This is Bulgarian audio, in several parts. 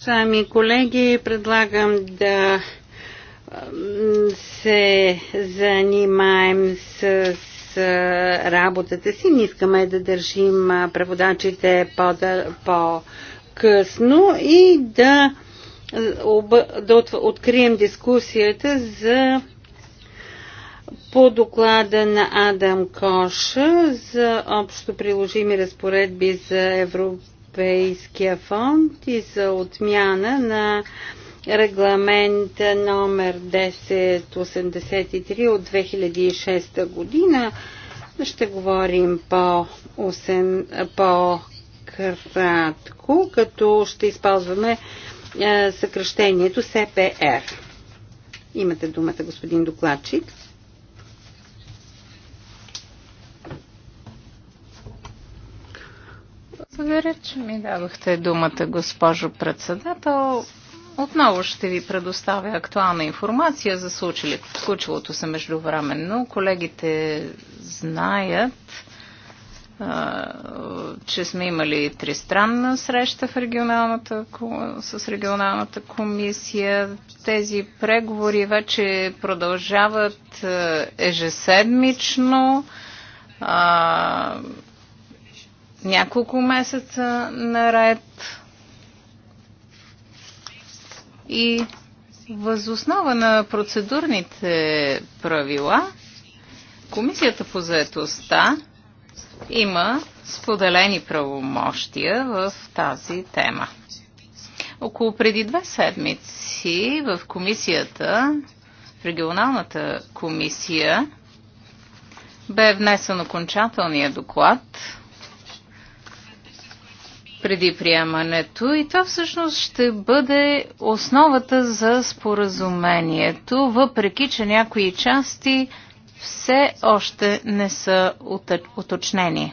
Сами колеги, предлагам да се занимаем с, с работата си. Не искаме да държим преводачите по-късно и да, да открием дискусията за по доклада на Адам Коша за общо приложими разпоредби за Европейския Европейския фонд и за отмяна на регламент номер 1083 от 2006 година. Ще говорим по по-кратко, като ще използваме е, съкръщението СПР. Имате думата, господин докладчик. Благодаря, че ми дадохте думата, госпожо председател. Отново ще ви предоставя актуална информация за случилото се междувременно. Колегите знаят, че сме имали тристранна среща в регионалната, с регионалната комисия. Тези преговори вече продължават ежеседмично няколко месеца наред и възоснова на процедурните правила Комисията по заетостта има споделени правомощия в тази тема. Около преди две седмици в комисията, в регионалната комисия, бе внесен окончателния доклад – преди приемането и това всъщност ще бъде основата за споразумението, въпреки че някои части все още не са уточнени.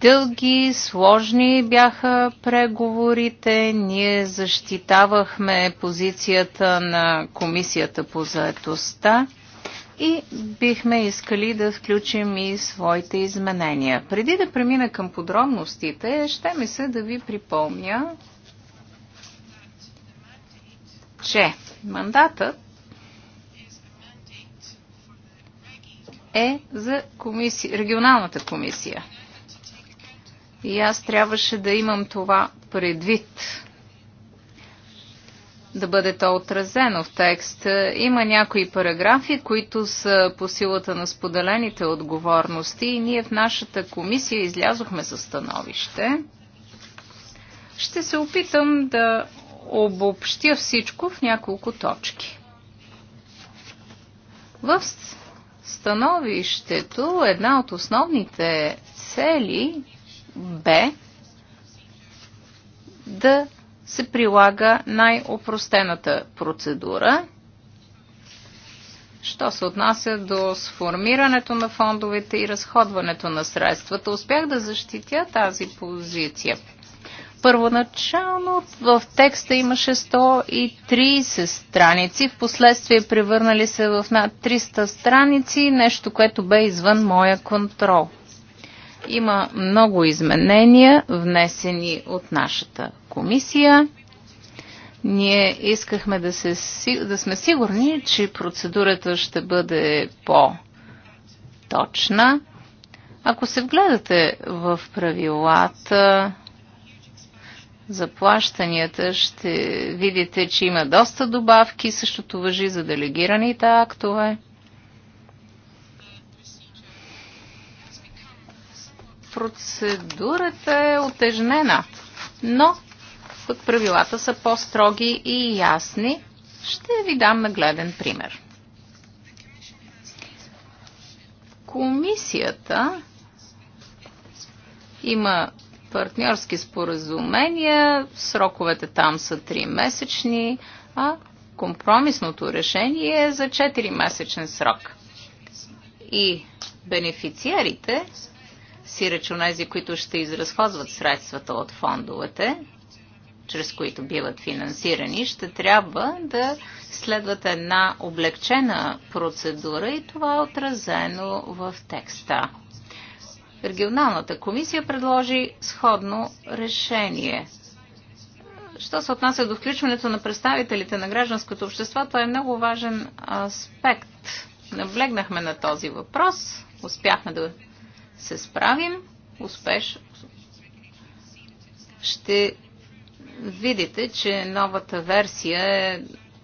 Дълги, сложни бяха преговорите. Ние защитавахме позицията на Комисията по заетостта и бихме искали да включим и своите изменения. Преди да премина към подробностите, ще ми се да ви припомня, че мандатът е за комисия, регионалната комисия. И аз трябваше да имам това предвид да бъде то отразено в текст. Има някои параграфи, които са по силата на споделените отговорности и ние в нашата комисия излязохме със становище. Ще се опитам да обобщя всичко в няколко точки. В становището една от основните цели бе да се прилага най-опростената процедура. Що се отнася до сформирането на фондовете и разходването на средствата, успях да защитя тази позиция. Първоначално в текста имаше 130 страници, в последствие превърнали се в над 300 страници, нещо, което бе извън моя контрол. Има много изменения, внесени от нашата комисия. Ние искахме да, се, да сме сигурни, че процедурата ще бъде по-точна. Ако се вгледате в правилата, заплащанията, ще видите, че има доста добавки, същото въжи за делегираните актове. Процедурата е отежнена, но пък правилата са по-строги и ясни. Ще ви дам нагледен пример. Комисията има партньорски споразумения, сроковете там са 3 месечни, а компромисното решение е за 4 месечен срок. И бенефициерите, сиреч онези, които ще изразходват средствата от фондовете, чрез които биват финансирани, ще трябва да следват една облегчена процедура и това е отразено в текста. Регионалната комисия предложи сходно решение. Що се отнася до включването на представителите на гражданското общество, това е много важен аспект. Наблегнахме на този въпрос, успяхме да се справим успеш. Ще видите, че новата версия е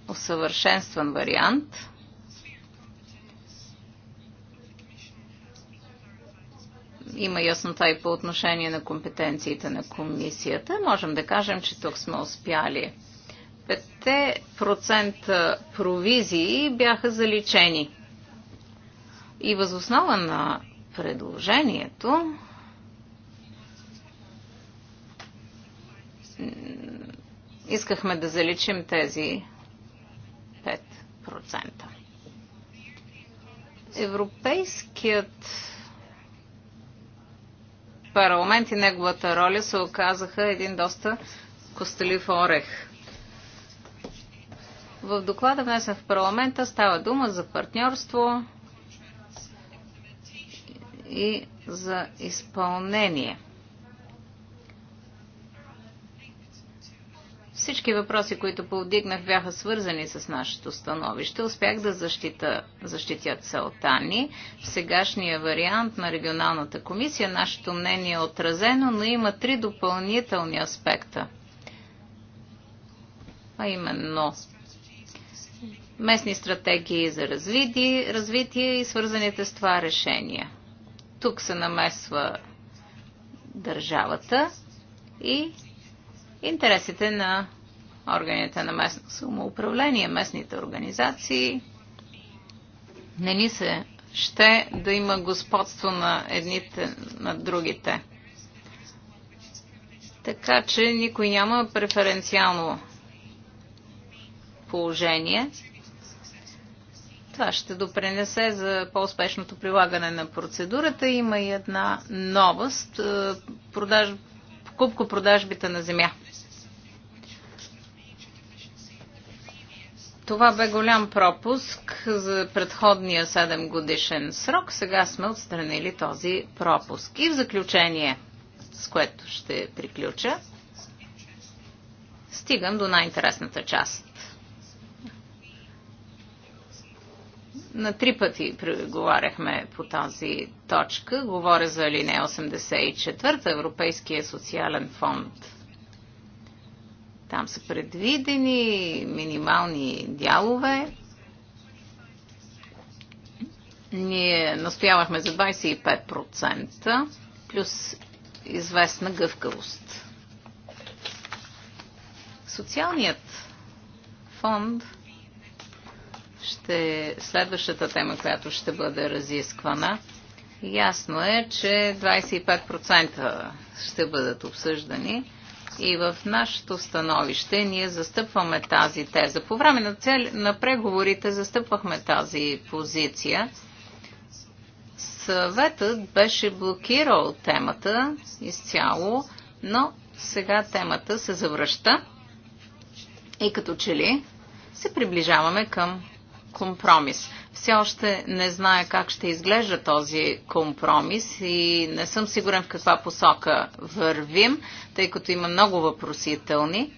усъвършенстван вариант. Има яснота и по отношение на компетенциите на комисията. Можем да кажем, че тук сме успяли. 5% провизии бяха заличени. И възоснова на предложението искахме да заличим тези 5%. Европейският парламент и неговата роля се оказаха един доста костелив орех. В доклада внесен в парламента става дума за партньорство и за изпълнение. Всички въпроси, които повдигнах, бяха свързани с нашето становище. Успях да защита, защитя целта ни. В сегашния вариант на регионалната комисия нашето мнение е отразено, но има три допълнителни аспекта. А именно местни стратегии за развитие, развитие и свързаните с това решения. Тук се намесва държавата и интересите на органите на местно самоуправление, местните организации. Не ни се ще да има господство на едните на другите. Така че никой няма преференциално положение. Това ще допренесе за по-успешното прилагане на процедурата. Има и една новост. Е, продаж... Покупко-продажбите на земя. Това бе голям пропуск за предходния 7 годишен срок. Сега сме отстранили този пропуск. И в заключение, с което ще приключа, стигам до най-интересната част. На три пъти говорихме по тази точка. Говоря за Линия 84, Европейския социален фонд. Там са предвидени минимални дялове. Ние настоявахме за 25% плюс известна гъвкавост. Социалният фонд ще следващата тема, която ще бъде разисквана. Ясно е, че 25% ще бъдат обсъждани. И в нашето становище ние застъпваме тази теза. По време на, цел, на преговорите застъпвахме тази позиция. Съветът беше блокирал темата изцяло, но сега темата се завръща и като че ли се приближаваме към компромис. Все още не зная как ще изглежда този компромис и не съм сигурен в каква посока вървим, тъй като има много въпросителни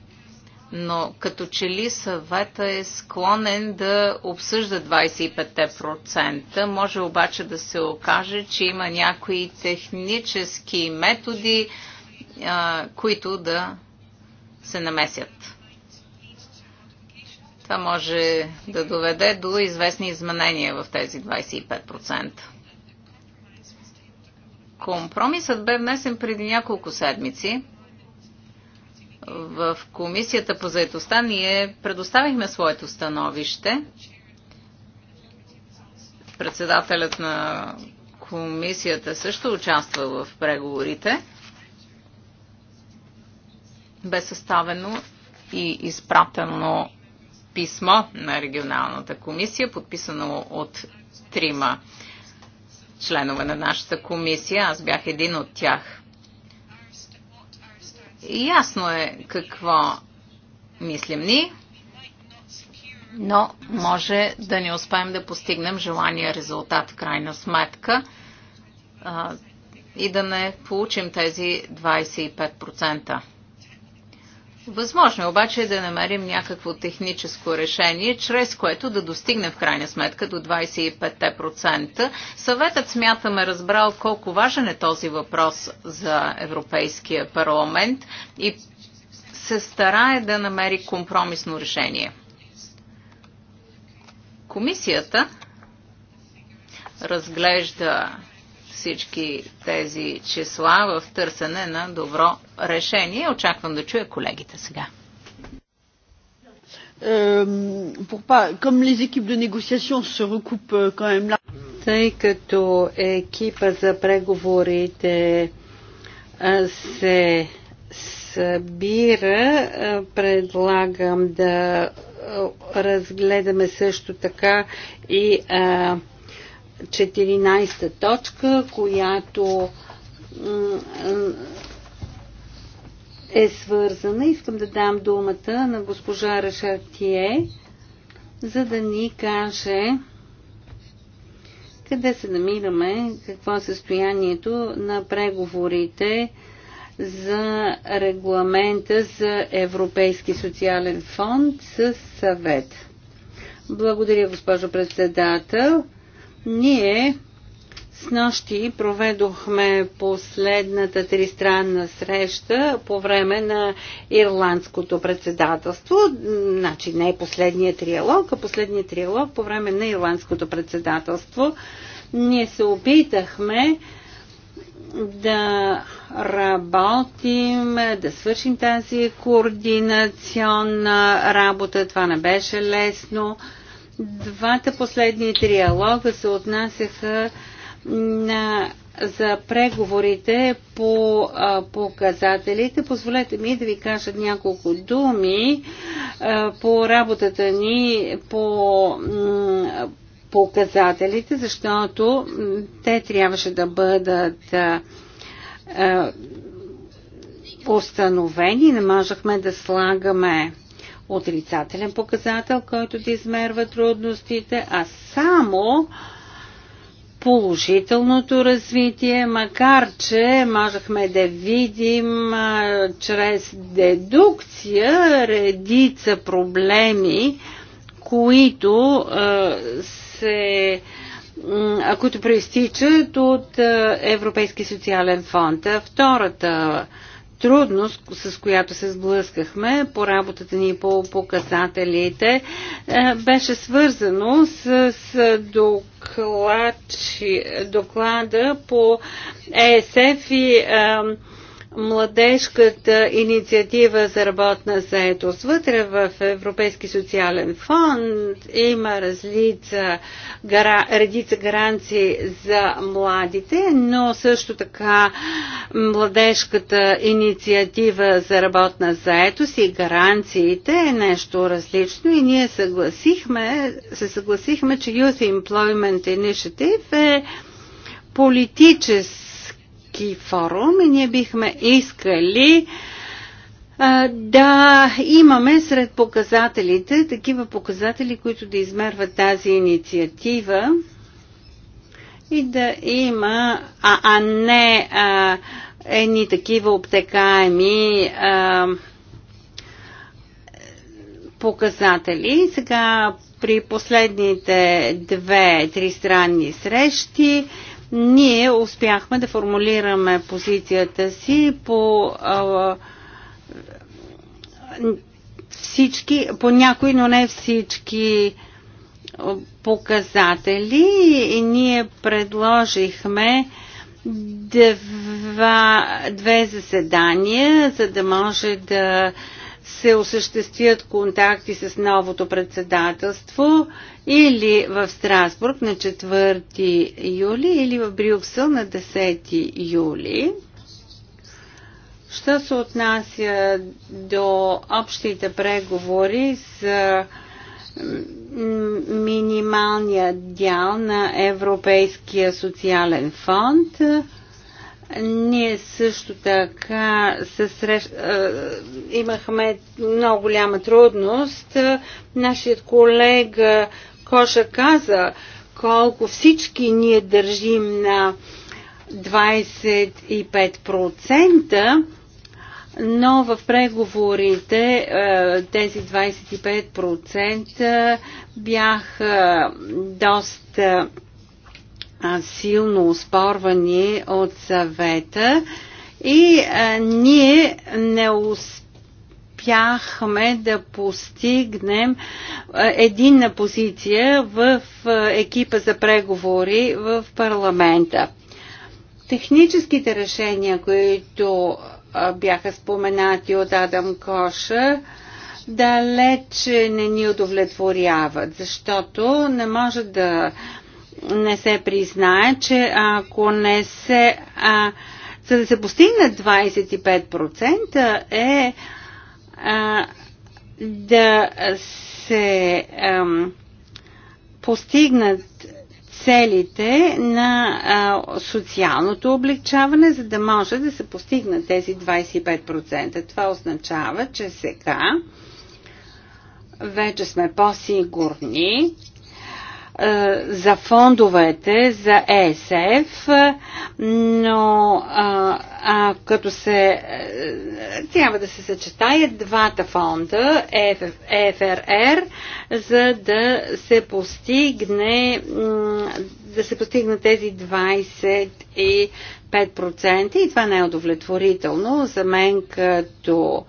но като че ли съвета е склонен да обсъжда 25%. Може обаче да се окаже, че има някои технически методи, които да се намесят. Това може да доведе до известни изменения в тези 25%. Компромисът бе внесен преди няколко седмици. В Комисията по заедостта ние предоставихме своето становище. Председателят на комисията също участва в преговорите. Бе съставено и изпратено писмо на регионалната комисия, подписано от трима членове на нашата комисия. Аз бях един от тях. И ясно е какво мислим ни, но може да не успеем да постигнем желания резултат в крайна сметка и да не получим тези 25%. Възможно е обаче да намерим някакво техническо решение, чрез което да достигне в крайна сметка до 25%. Съветът смятаме разбрал колко важен е този въпрос за Европейския парламент и се старае да намери компромисно решение. Комисията разглежда всички тези числа в търсене на добро решение. Очаквам да чуя колегите сега. Euh, Тъй като екипа за преговорите се събира, предлагам да разгледаме също така и а, 14 та точка, която е свързана. Искам да дам думата на госпожа Решартие, за да ни каже къде се намираме, какво е състоянието на преговорите за регламента за Европейски социален фонд с съвет. Благодаря, госпожо председател. Ние с нощи проведохме последната тристранна среща по време на ирландското председателство. Значи не е последния триалог, а последния триалог по време на ирландското председателство. Ние се опитахме да работим, да свършим тази координационна работа. Това не беше лесно. Двата последни триалога се отнасяха на, за преговорите по а, показателите. Позволете ми да ви кажа няколко думи а, по работата ни по показателите, защото те трябваше да бъдат а, установени. Не можехме да слагаме отрицателен показател, който да измерва трудностите, а само положителното развитие, макар че можехме да видим а, чрез дедукция редица проблеми, които а, се които проистичат от Европейски социален фонд. Втората трудност, с която се сблъскахме по работата ни по показателите, е, беше свързано с доклад, доклада по ЕСФ и младежката инициатива за работна заетост. Вътре в Европейски социален фонд има разлица, гара, редица гаранции за младите, но също така младежката инициатива за работна заедост и гаранциите е нещо различно и ние съгласихме, се съгласихме, че Youth Employment Initiative е политически Европейски форум и ние бихме искали да имаме сред показателите такива показатели, които да измерват тази инициатива и да има, а, а не а, едни такива обтекаеми а, показатели. Сега при последните две-три странни срещи ние успяхме да формулираме позицията си по а, всички, по някои, но не всички показатели и ние предложихме два, две заседания, за да може да се осъществят контакти с новото председателство или в Страсбург на 4 юли или в Брюксел на 10 юли. Що се отнася до общите преговори с минималния дял на Европейския социален фонд, ние също така се срещ... имахме много голяма трудност. Нашият колега Коша каза колко всички ние държим на 25%, но в преговорите тези 25% бяха доста силно оспорвани от съвета и а, ние не успяхме да постигнем единна позиция в екипа за преговори в парламента. Техническите решения, които бяха споменати от Адам Коша, далече не ни удовлетворяват, защото не може да не се признае, че ако не се. А, за да се постигне 25% е а, да се а, постигнат целите на а, социалното облегчаване, за да може да се постигнат тези 25%. Това означава, че сега вече сме по-сигурни, е, за фондовете за ЕСФ, но а, а, като се е, трябва да се съчетаят двата фонда ЕФРР, за да се постигне да се постигне тези 25% и това не е удовлетворително за мен като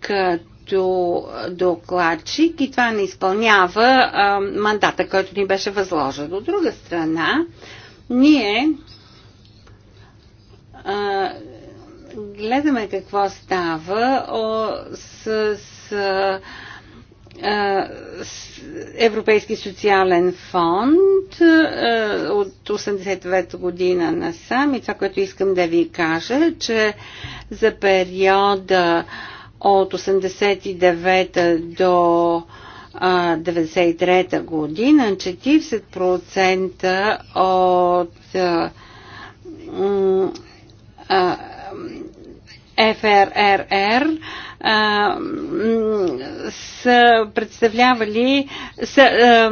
като като докладчик и това не изпълнява а, мандата, който ни беше възложен. От друга страна, ние а, гледаме какво става о, с, с а, Европейски социален фонд от 89 година насам и това, което искам да ви кажа, че за периода от 89 до 93 година 40% от ФРРР а, са представлявали са, а,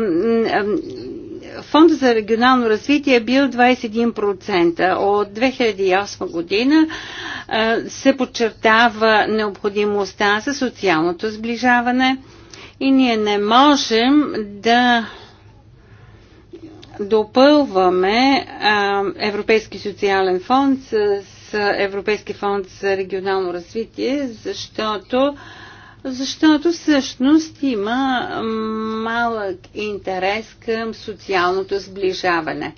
Фонда за регионално развитие е бил 21%. От 2008 година се подчертава необходимостта за социалното сближаване и ние не можем да допълваме Европейски социален фонд с Европейски фонд за регионално развитие, защото защото всъщност има малък интерес към социалното сближаване.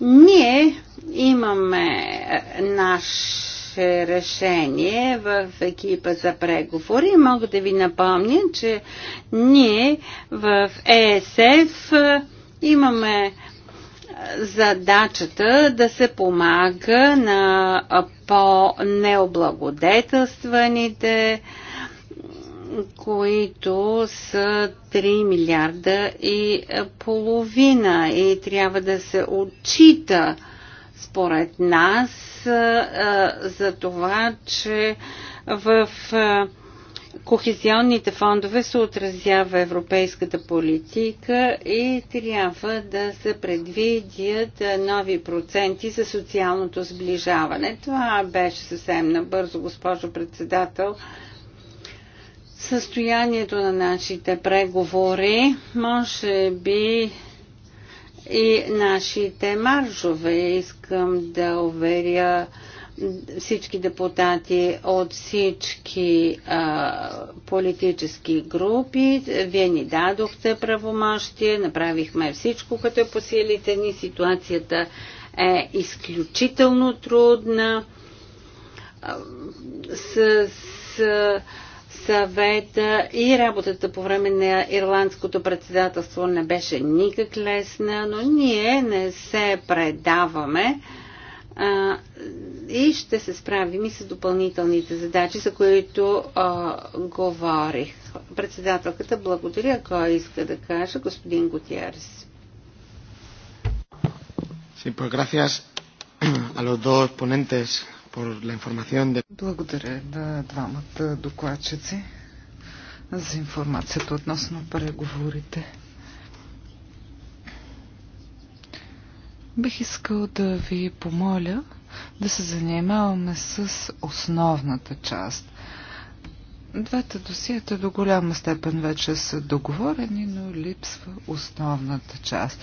Ние имаме е, наше решение в екипа за преговори. Мога да ви напомня, че ние в ЕСФ е, имаме е, задачата да се помага на по-необлагодетелстваните, които са 3 милиарда и половина и трябва да се отчита според нас за това, че в Кохезионните фондове се отразява европейската политика и трябва да се предвидят нови проценти за социалното сближаване. Това беше съвсем набързо, госпожо председател, състоянието на нашите преговори, може би и нашите маржове. Искам да уверя всички депутати от всички а, политически групи. Вие ни дадохте правомощие, направихме всичко, като е по силите ни. Ситуацията е изключително трудна. А, с, с съвета и работата по време на ирландското председателство не беше никак лесна, но ние не се предаваме а, и ще се справим и с допълнителните задачи, за които а, говорих. Председателката благодаря, кой иска да каже, господин Готиерс. Sí, pues gracias a los dos ponentes благодаря на двамата докладчици за информацията относно преговорите. Бих искал да ви помоля да се занимаваме с основната част Двата досията до голяма степен вече са договорени, но липсва основната част.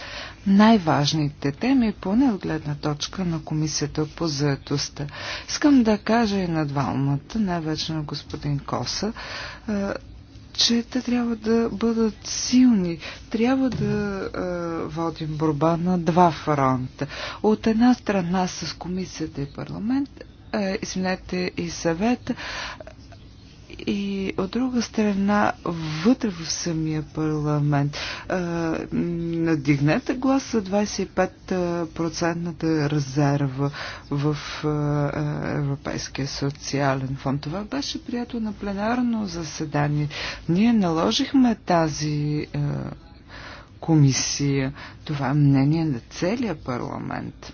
Най-важните теми, поне от гледна точка на комисията по заедостта. Искам да кажа и на двамата, най-вече на господин Коса, че те трябва да бъдат силни. Трябва да е, водим борба на два фронта. От една страна с комисията и парламент, е, извинете и съвет, и от друга страна вътре в самия парламент. Надигнете глас за 25 резерва в Европейския социален фонд. Това беше прието на пленарно заседание. Ние наложихме тази комисия. Това е мнение на целия парламент.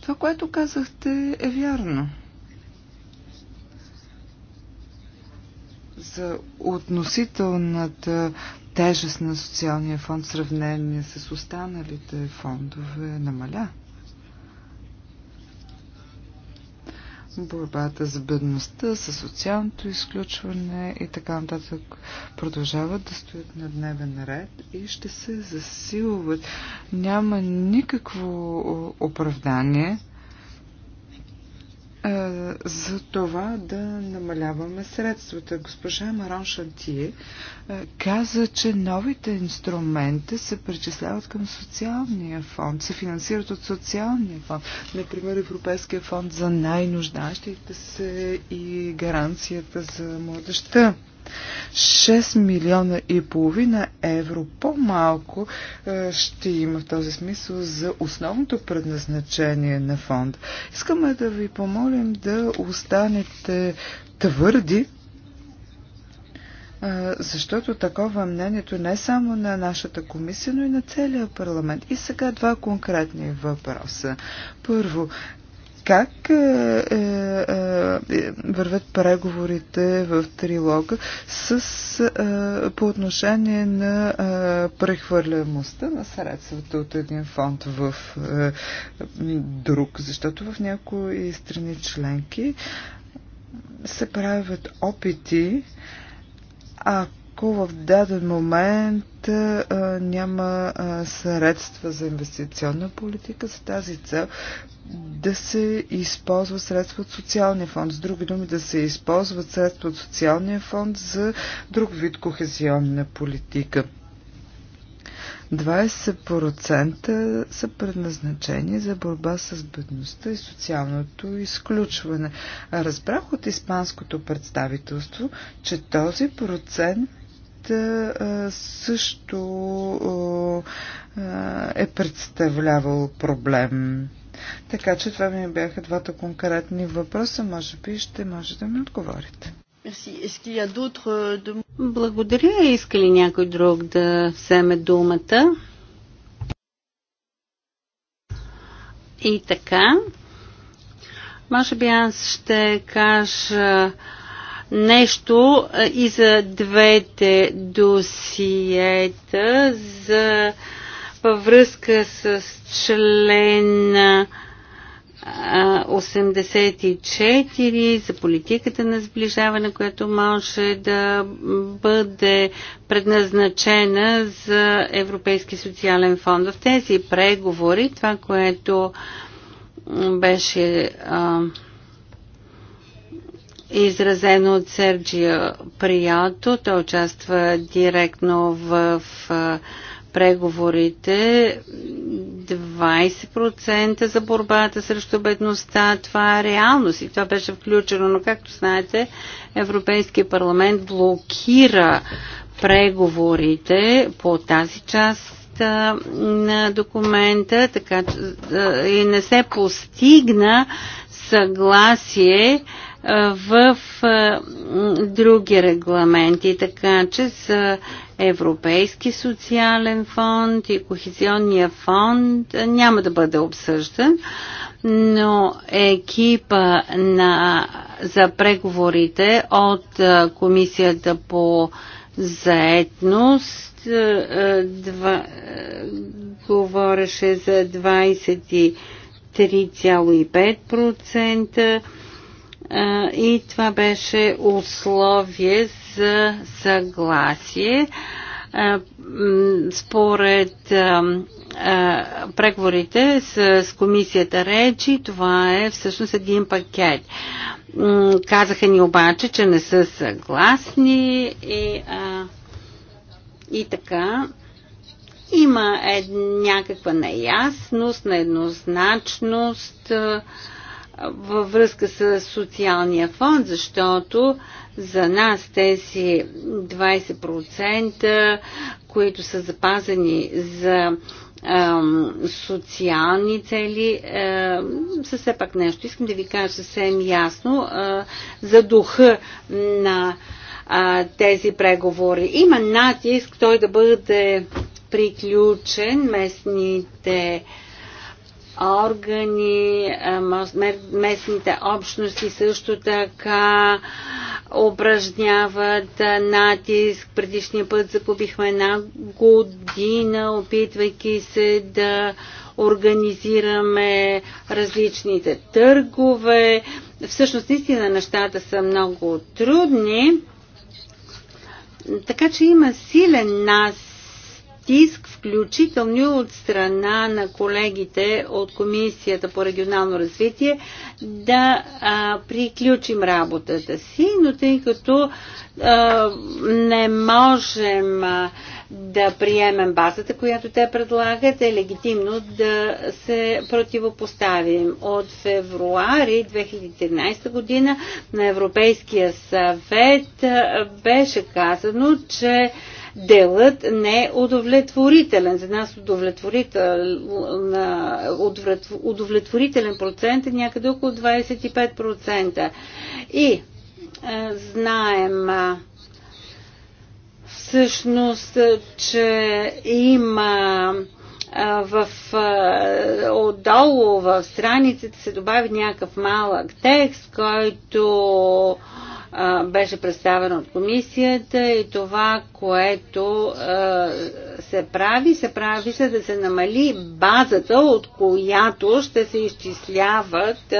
Това, което казахте, е вярно. за относителната тежест на социалния фонд в сравнение с останалите фондове намаля. борбата за бедността, с социалното изключване и така нататък продължават да стоят на дневен ред и ще се засилват. Няма никакво оправдание за това да намаляваме средствата. Госпожа Марон Шантие каза, че новите инструменти се причисляват към социалния фонд, се финансират от социалния фонд. Например, Европейския фонд за най-нуждащите се и гаранцията за младеща. 6 милиона и половина евро по-малко е, ще има в този смисъл за основното предназначение на фонд. Искаме да ви помолим да останете твърди е, защото такова мнението не само на нашата комисия, но и на целия парламент. И сега два конкретни въпроса. Първо, как е, е, е, вървят преговорите в трилога с, е, по отношение на е, прехвърляемостта на средствата от един фонд в е, друг, защото в някои страни членки се правят опити, ако ако в даден момент а, няма а, средства за инвестиционна политика за тази цел, да се използва средства от социалния фонд. С други думи, да се използват средства от социалния фонд за друг вид кохезионна политика. 20% са предназначени за борба с бедността и социалното изключване. Разбрах от испанското представителство, че този процент също е представлявал проблем. Така че това ми бяха двата конкретни въпроса. Може би ще може да ми отговорите. Euh, Благодаря. Иска ли някой друг да вземе думата? И така. Може би аз ще кажа нещо и за двете досиета за във връзка с член 84 за политиката на сближаване, която може да бъде предназначена за Европейски социален фонд. В тези преговори това, което беше а, изразено от Серджио Приято. Той участва директно в преговорите 20% за борбата срещу бедността. Това е реалност и това беше включено, но както знаете, Европейския парламент блокира преговорите по тази част на документа така, и не се постигна съгласие в други регламенти, така че с Европейски социален фонд и Кохезионния фонд няма да бъде обсъждан, но екипа на, за преговорите от Комисията по заетност два, говореше за 23,5% и това беше условие за съгласие. Според преговорите с комисията Речи, това е всъщност един пакет. Казаха ни обаче, че не са съгласни и, а, и така. Има ед, някаква неясност, нееднозначност. А, във връзка с социалния фонд, защото за нас тези 20%, които са запазени за социални цели са все пак нещо. Искам да ви кажа съвсем ясно за духа на тези преговори. Има натиск той да бъде приключен. Местните органи, местните общности също така упражняват натиск. Предишния път загубихме една година, опитвайки се да организираме различните търгове. Всъщност, наистина нещата са много трудни. Така че има силен нас натиск, включително от страна на колегите от Комисията по регионално развитие, да а, приключим работата си, но тъй като а, не можем а, да приемем базата, която те предлагат, е легитимно да се противопоставим. От февруари 2013 година на Европейския съвет беше казано, че делът не е удовлетворителен. За нас удовлетворителен процент е някъде около 25%. И а, е, знаем а, всъщност, е, че има е, в, отдолу в страницата се добави някакъв малък текст, който беше представено от комисията и това, което се прави, се прави за да се намали базата, от която ще се изчисляват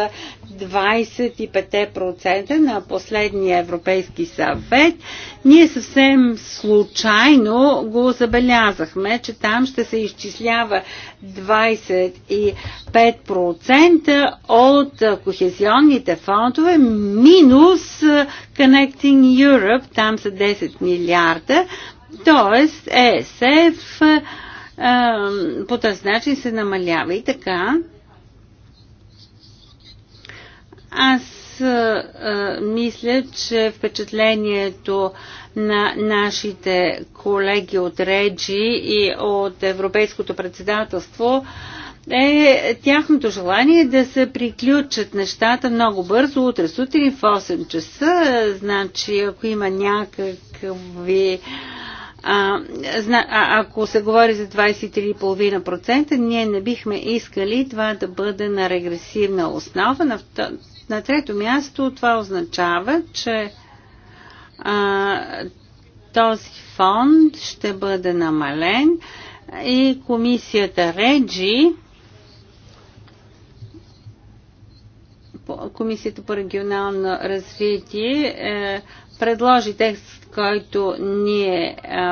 25% на последния Европейски съвет. Ние съвсем случайно го забелязахме, че там ще се изчислява 25% от кохезионните фондове минус Connecting Europe, там са 10 милиарда, т.е. ЕСФ по този начин се намалява и така. Аз а, мисля, че впечатлението на нашите колеги от Реджи и от Европейското председателство е тяхното желание да се приключат нещата много бързо, утре сутрин в 8 часа. Значи, ако има някакви. А, а, ако се говори за 23,5%, ние не бихме искали това да бъде на регресивна основа. На на трето място това означава, че а, този фонд ще бъде намален и комисията Реджи Комисията по регионално развитие е, предложи текст, който ние е,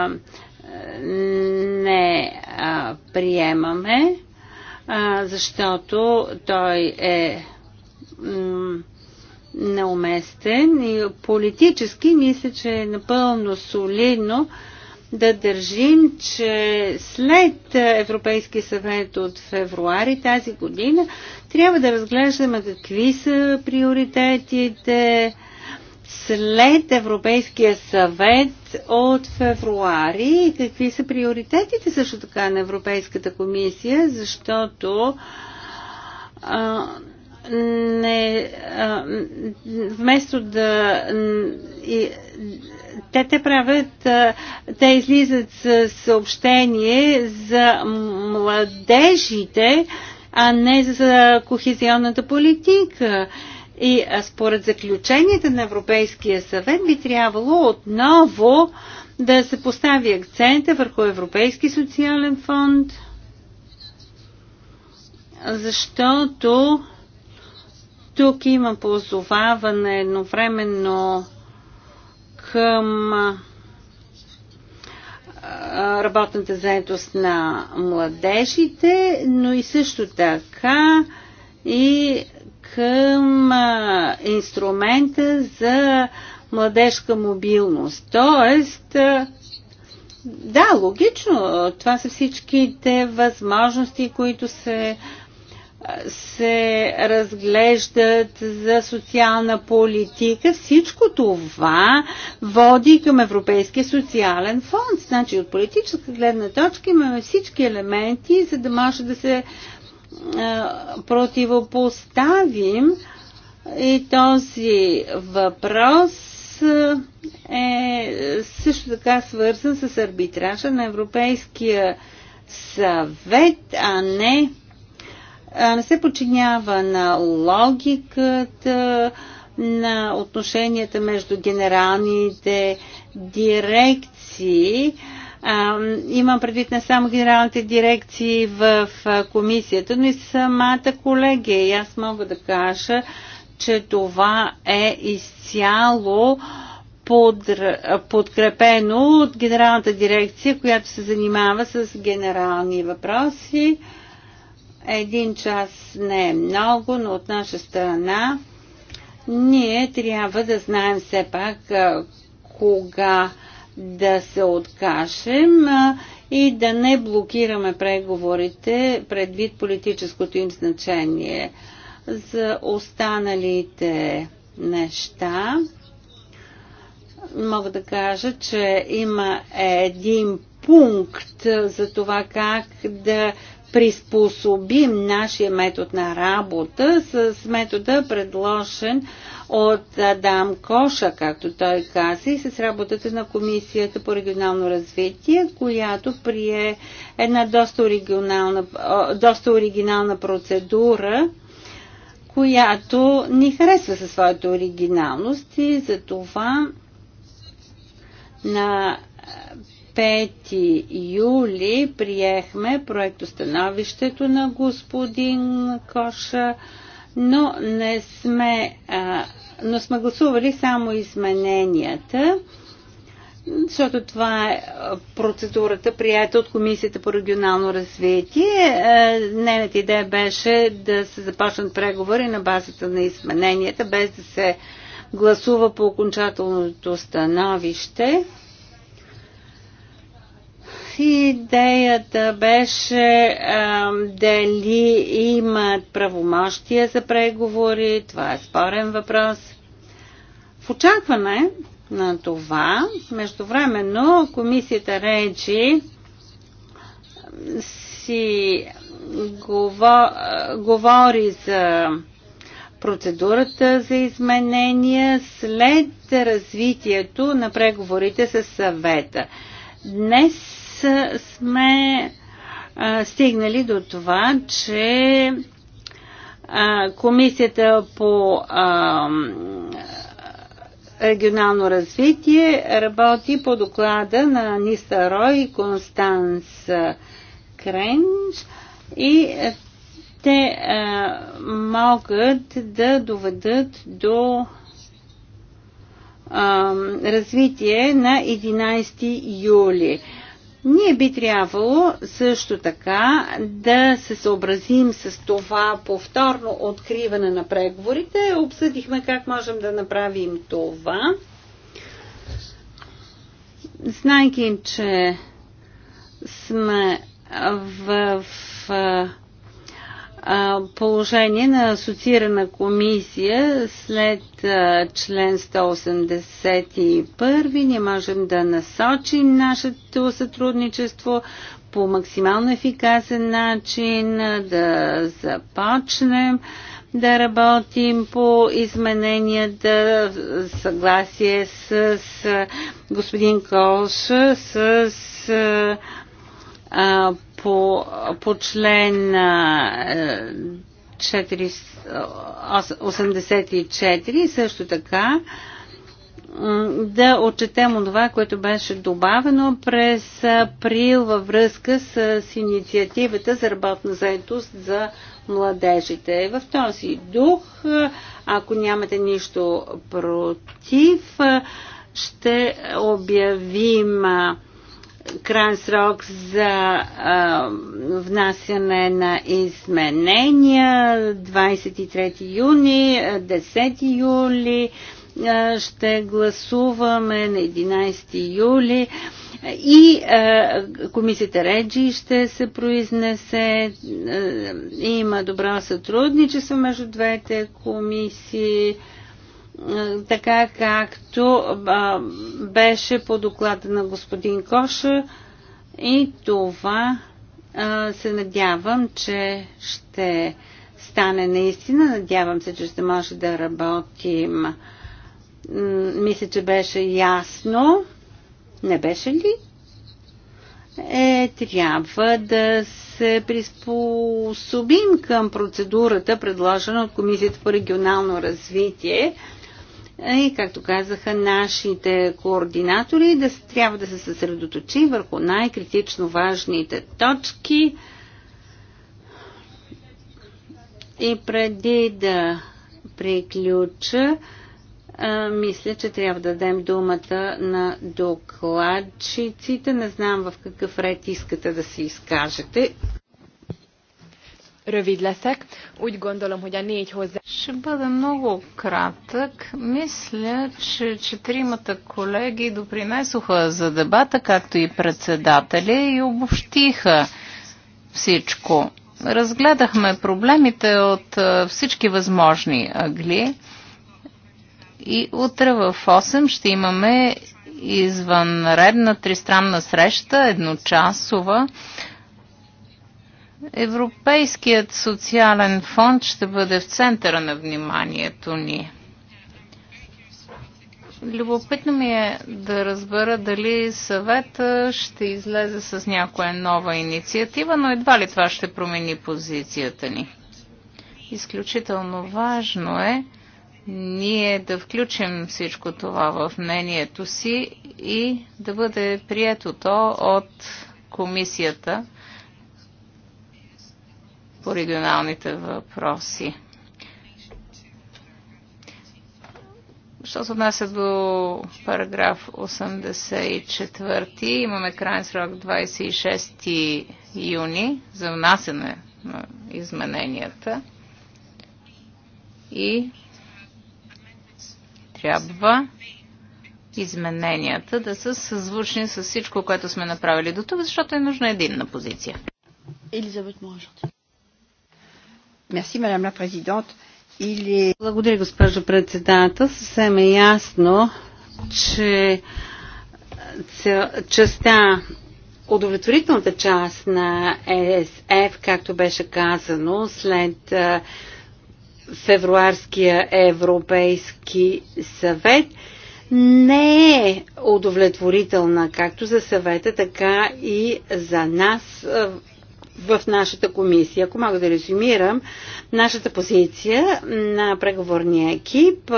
не е, приемаме, е, защото той е неуместен и политически мисля, че е напълно солидно да държим, че след Европейския съвет от февруари тази година трябва да разглеждаме какви са приоритетите след Европейския съвет от февруари и какви са приоритетите също така на Европейската комисия, защото а, не, а, вместо да и, те те правят, а, те излизат с съобщение за младежите, а не за кохезионната политика. И според заключенията на Европейския съвет би трябвало отново да се постави акцента върху Европейски социален фонд, защото тук има позоваване едновременно към работната заедост на младежите, но и също така и към инструмента за младежка мобилност. Тоест, да, логично, това са всичките възможности, които се се разглеждат за социална политика. Всичко това води към Европейския социален фонд. Значи от политическа гледна точка имаме всички елементи, за да може да се а, противопоставим и този въпрос е също така свързан с арбитража на Европейския съвет, а не не се подчинява на логиката, на отношенията между генералните дирекции. Имам предвид не само генералните дирекции в комисията, но и самата колегия. И аз мога да кажа, че това е изцяло подкрепено от генералната дирекция, която се занимава с генерални въпроси. Един час не е много, но от наша страна ние трябва да знаем все пак кога да се откажем и да не блокираме преговорите предвид политическото им значение. За останалите неща мога да кажа, че има един пункт за това как да приспособим нашия метод на работа с метода предложен от Адам Коша, както той каза, и с работата на Комисията по регионално развитие, която прие една доста, оригинална, доста оригинална процедура, която ни харесва със своята оригиналност и за това на 5 юли приехме проектостановището на господин Коша, но не сме, а, но сме гласували само измененията, защото това е процедурата, прията от Комисията по регионално развитие. Е, нейната идея беше да се започнат преговори на базата на измененията, без да се гласува по окончателното становище. Идеята беше а, дали имат правомощия за преговори. Това е спорен въпрос. В очакване на това, междувременно комисията речи си говор, говори за процедурата за изменения след развитието на преговорите с съвета. Днес сме а, стигнали до това, че а, комисията по а, регионално развитие работи по доклада на Ниста Рой и Констанс Кренч и те а, могат да доведат до а, развитие на 11 юли. Ние би трябвало също така да се съобразим с това повторно откриване на преговорите. Обсъдихме как можем да направим това. Знайки, че сме в, в положение на асоциирана комисия след член 181 ние можем да насочим нашето сътрудничество по максимално ефикасен начин, да започнем да работим по измененията да съгласие с, с господин Колша, с а, по, по член 84 е, също така да отчетем от това, което беше добавено през април във връзка с инициативата за работна заедост за младежите. В този дух, ако нямате нищо против, ще обявим крайен срок за а, внасяне на изменения 23 юни, 10 юли а, ще гласуваме на 11 юли и а, комисията Реджи ще се произнесе. А, има добро сътрудничество между двете комисии. А, така както а, беше по доклада на господин Коша и това а, се надявам, че ще стане наистина. Надявам се, че ще може да работим. Мисля, че беше ясно. Не беше ли? Е, трябва да се приспособим към процедурата, предложена от Комисията по регионално развитие. Е, и, както казаха нашите координатори, да трябва да се съсредоточим върху най-критично важните точки. И преди да приключа, мисля, че трябва да дадем думата на докладчиците. Не знам в какъв ред искате да се изкажете rövid leszek. Úgy gondolom, hogy a négy hozzá... Ще бъда много кратък. Мисля, че четиримата колеги допринесоха за дебата, както и председатели, и обобщиха всичко. Разгледахме проблемите от всички възможни агли и утре в 8 ще имаме извънредна тристранна среща, едночасова, Европейският социален фонд ще бъде в центъра на вниманието ни. Любопитно ми е да разбера дали съвета ще излезе с някоя нова инициатива, но едва ли това ще промени позицията ни. Изключително важно е ние да включим всичко това в мнението си и да бъде прието то от комисията по регионалните въпроси. Що се отнася до параграф 84, имаме крайен срок 26 юни за внасяне на измененията и трябва измененията да са съзвучни с всичко, което сме направили до тук, защото е нужна единна позиция. Елизабет madame la présidente. Благодаря, госпожо председател. Съвсем е ясно, че частта удовлетворителната част на ЕСФ, както беше казано, след февруарския Европейски съвет, не е удовлетворителна както за съвета, така и за нас в нашата комисия. Ако мога да резюмирам, нашата позиция на преговорния екип,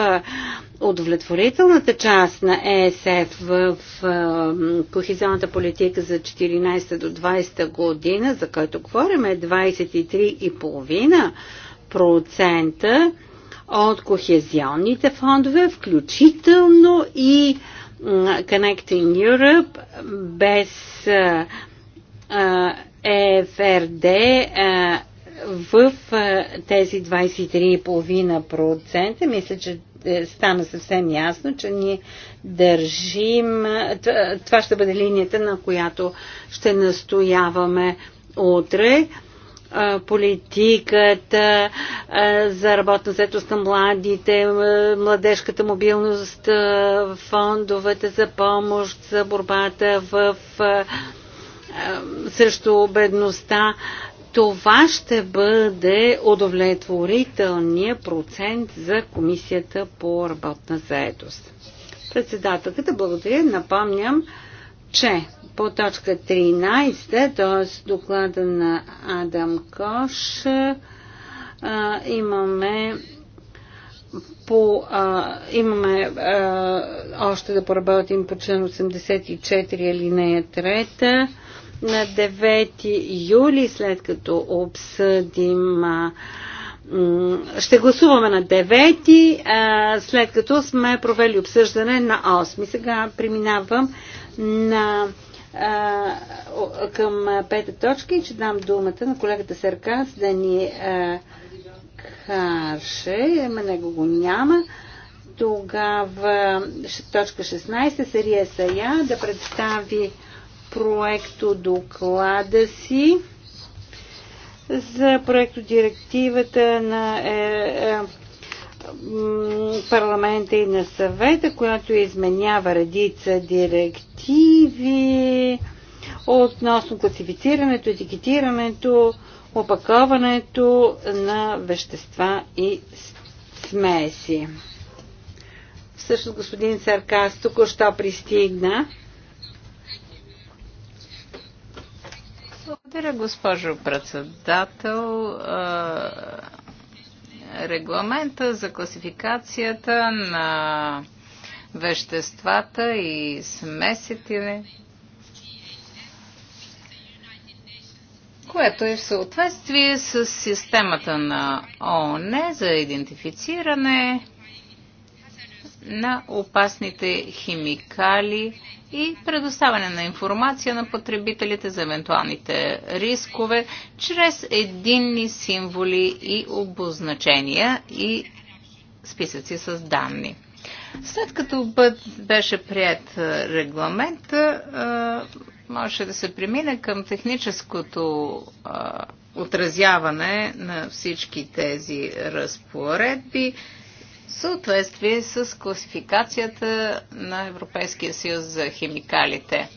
удовлетворителната част на ЕСФ в кохезионната политика за 14 до 20 година, за който говорим, е 23,5% от кохезионните фондове, включително и Connecting Europe без е, ФРД е, в е, тези 23,5%. Мисля, че стана съвсем ясно, че ние държим. Това ще бъде линията, на която ще настояваме утре политиката за работна заетост на младите, младежката мобилност, фондовете за помощ, за борбата в срещу бедността, това ще бъде удовлетворителният процент за комисията по работна заедост. Председателката, благодаря, напомням, че по точка 13, т.е. доклада на Адам Кош, имаме по, а, имаме а, още да поработим по член 84 алинея 3 на 9 юли, след като обсъдим ще гласуваме на 9, след като сме провели обсъждане на 8. Сега преминавам на, към пета точка и ще дам думата на колегата Серкас да ни каже, ама него го няма. Тогава точка 16, Сария Сая да представи проекто доклада си за проекто директивата на е, е, парламента и на съвета, която изменява редица директиви относно класифицирането, етикетирането, опаковането на вещества и смеси. Всъщност господин Саркас току-що пристигна. Благодаря, госпожо председател. Регламента за класификацията на веществата и смесите, което е в съответствие с системата на ООН за идентифициране на опасните химикали и предоставяне на информация на потребителите за евентуалните рискове чрез единни символи и обозначения и списъци с данни. След като беше прият регламент, можеше да се премине към техническото отразяване на всички тези разпоредби съответствие с класификацията на Европейския съюз за химикалите.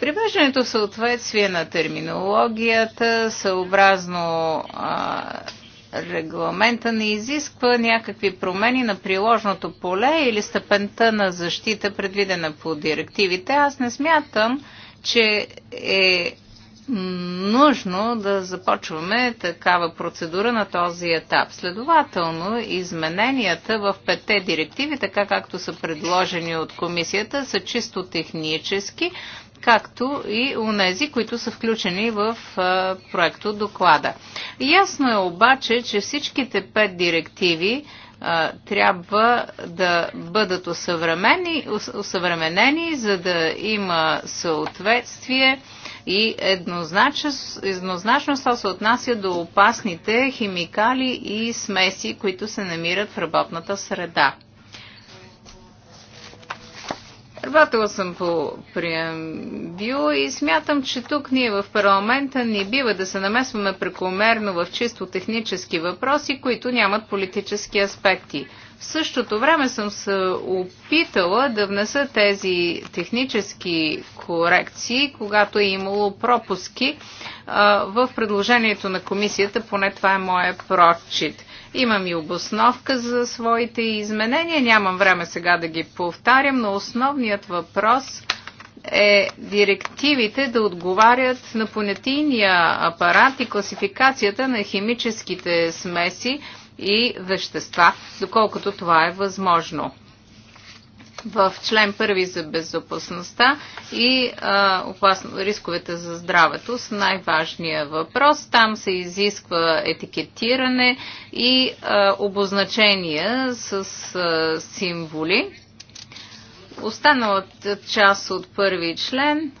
Привеждането в съответствие на терминологията съобразно а, регламента не изисква някакви промени на приложното поле или степента на защита, предвидена по директивите. Аз не смятам, че е нужно да започваме такава процедура на този етап. Следователно, измененията в петте директиви, така както са предложени от комисията, са чисто технически, както и у нези, които са включени в проекто доклада. Ясно е обаче, че всичките пет директиви трябва да бъдат усъвременени, за да има съответствие и еднозначно, еднозначно се отнася до опасните химикали и смеси, които се намират в работната среда. Работила съм по преамбюл и смятам, че тук ние в парламента не бива да се намесваме прекомерно в чисто технически въпроси, които нямат политически аспекти. В същото време съм се опитала да внеса тези технически корекции, когато е имало пропуски а, в предложението на комисията, поне това е моя прочит. Имам и обосновка за своите изменения, нямам време сега да ги повтарям, но основният въпрос е директивите да отговарят на понятийния апарат и класификацията на химическите смеси, и вещества, доколкото това е възможно в член първи за безопасността и а, опасно, рисковете за здравето с най-важния въпрос. Там се изисква етикетиране и а, обозначения с а, символи. Останалата част от първи член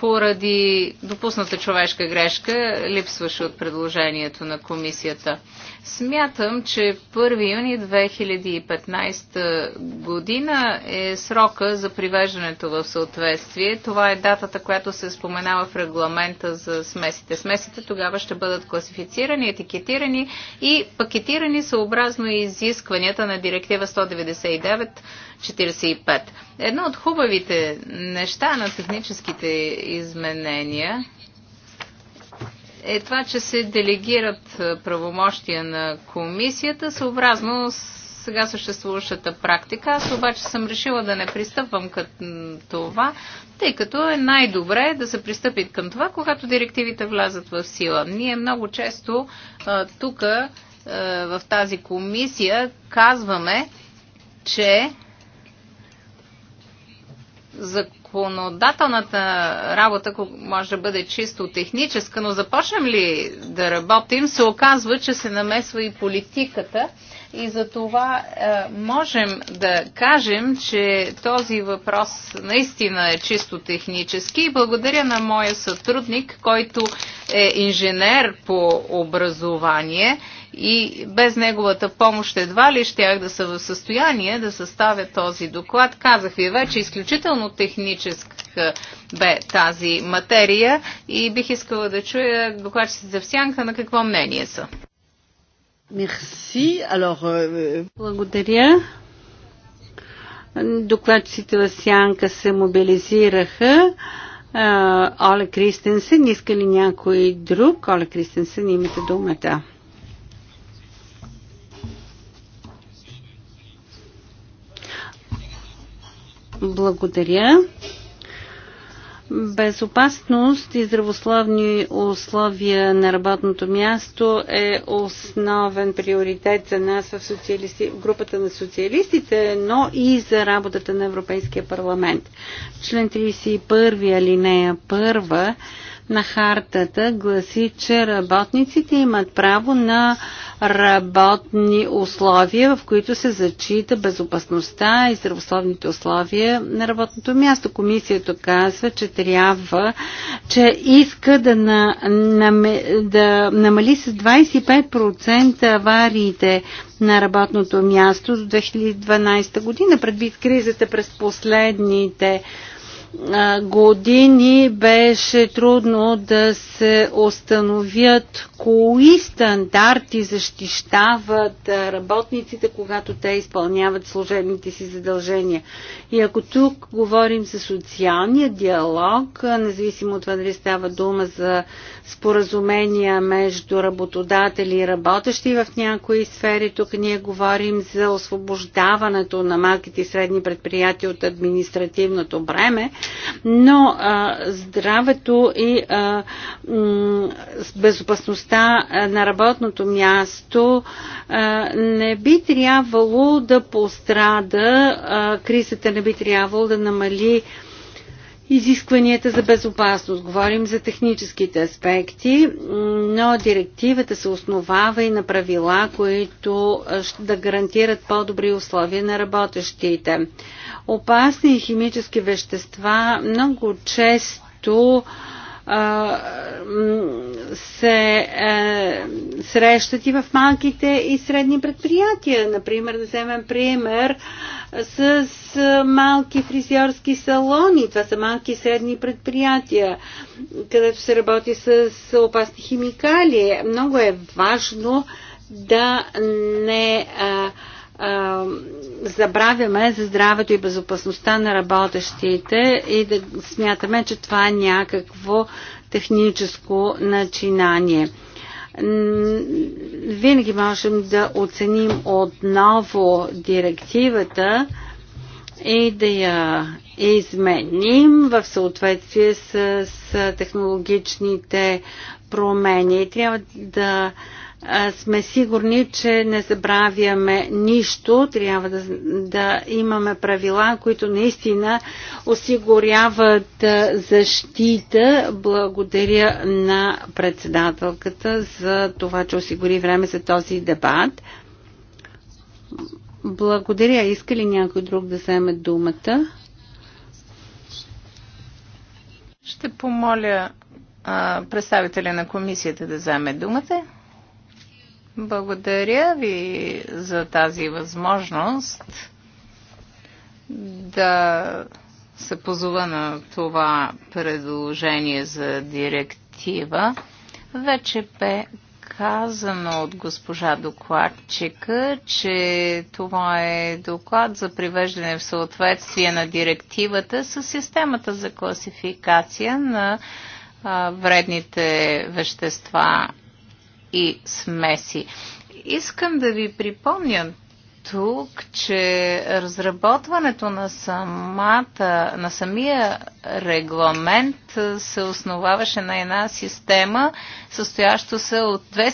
поради допусната човешка грешка липсваше от предложението на комисията. Смятам, че 1 юни 2015 година е срока за привеждането в съответствие. Това е датата, която се споменава в регламента за смесите. Смесите тогава ще бъдат класифицирани, етикетирани и пакетирани съобразно изискванията на директива 199 45. Едно от хубавите неща на техническите изменения е това, че се делегират е, правомощия на комисията, съобразно сега съществуващата практика. Аз обаче съм решила да не пристъпвам към това, тъй като е най-добре да се пристъпи към това, когато директивите влязат в сила. Ние много често е, тук е, в тази комисия казваме, че за законодателната работа може да бъде чисто техническа, но започнем ли да работим, се оказва, че се намесва и политиката. И за това е, можем да кажем, че този въпрос наистина е чисто технически. И благодаря на моя сътрудник, който е инженер по образование и без неговата помощ едва ли щях да са в състояние да съставя този доклад. Казах ви вече, изключително техническа бе тази материя и бих искала да чуя докладчиците в сянка на какво мнение са. Мерси. Euh, Благодаря. Докладчиците в сянка се мобилизираха. Оле Кристенсен, иска ли някой друг? Оле Кристенсен, имате думата. Благодаря. Безопасност и здравословни условия на работното място е основен приоритет за нас в, социалисти, в групата на социалистите, но и за работата на Европейския парламент. Член 31 алинея 1 на хартата гласи, че работниците имат право на работни условия, в които се зачита безопасността и здравословните условия на работното място. Комисията казва, че трябва, че иска да, на, на, да намали с 25% авариите на работното място до 2012 година, предвид кризата през последните години беше трудно да се установят кои стандарти защищават работниците, когато те изпълняват служебните си задължения. И ако тук говорим за социалния диалог, независимо от това дали става дума за споразумения между работодатели и работещи в някои сфери, тук ние говорим за освобождаването на малките и средни предприятия от административното бреме, но а, здравето и а, безопасността места на работното място не би трябвало да пострада, кризата не би трябвало да намали изискванията за безопасност. Говорим за техническите аспекти, но директивата се основава и на правила, които да гарантират по-добри условия на работещите. Опасни химически вещества много често често се е, срещат и в малките и средни предприятия. Например, да вземем пример с, с е, малки фризьорски салони. Това са малки и средни предприятия, където се работи с, опасни химикали. Много е важно да не. А, е, забравяме за здравето и безопасността на работещите и да смятаме, че това е някакво техническо начинание. Винаги можем да оценим отново директивата и да я изменим в съответствие с, технологичните промени. Трябва да сме сигурни, че не забравяме нищо. Трябва да, да имаме правила, които наистина осигуряват защита. Благодаря на председателката за това, че осигури време за този дебат. Благодаря. Иска ли някой друг да вземе думата? Ще помоля а, представителя на комисията да вземе думата. Благодаря ви за тази възможност да се позова на това предложение за директива. Вече бе казано от госпожа докладчика, че това е доклад за привеждане в съответствие на директивата с системата за класификация на вредните вещества и смеси. Искам да ви припомня тук, че разработването на, самата, на самия регламент се основаваше на една система, състояща се от две,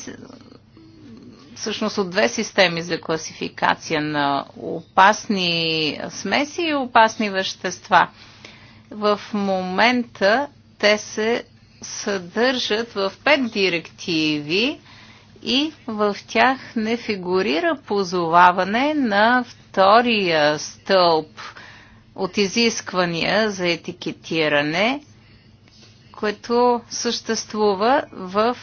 всъщност от две системи за класификация на опасни смеси и опасни вещества. В момента те се съдържат в пет директиви, и в тях не фигурира позоваване на втория стълб от изисквания за етикетиране, което съществува в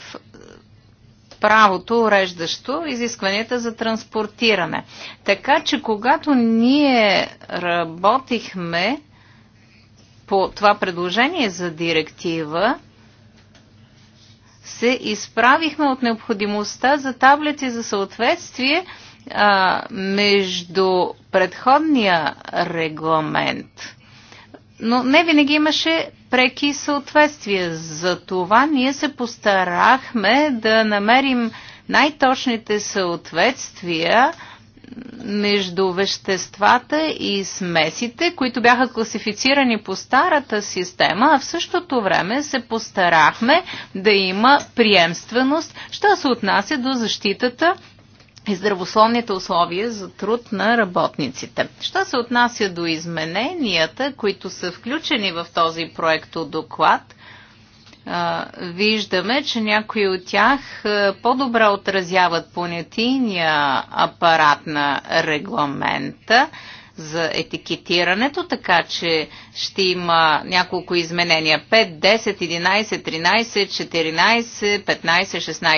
правото, уреждащо изискванията за транспортиране. Така че, когато ние работихме по това предложение за директива, се изправихме от необходимостта за таблети за съответствие а, между предходния регламент. Но не винаги имаше преки съответствия. За това ние се постарахме да намерим най-точните съответствия между веществата и смесите, които бяха класифицирани по старата система, а в същото време се постарахме да има приемственост, що се отнася до защитата и здравословните условия за труд на работниците. Що се отнася до измененията, които са включени в този проект от доклад, виждаме, че някои от тях по-добре отразяват понятийния апарат на регламента за етикетирането, така че ще има няколко изменения 5, 10, 11, 13, 14, 15,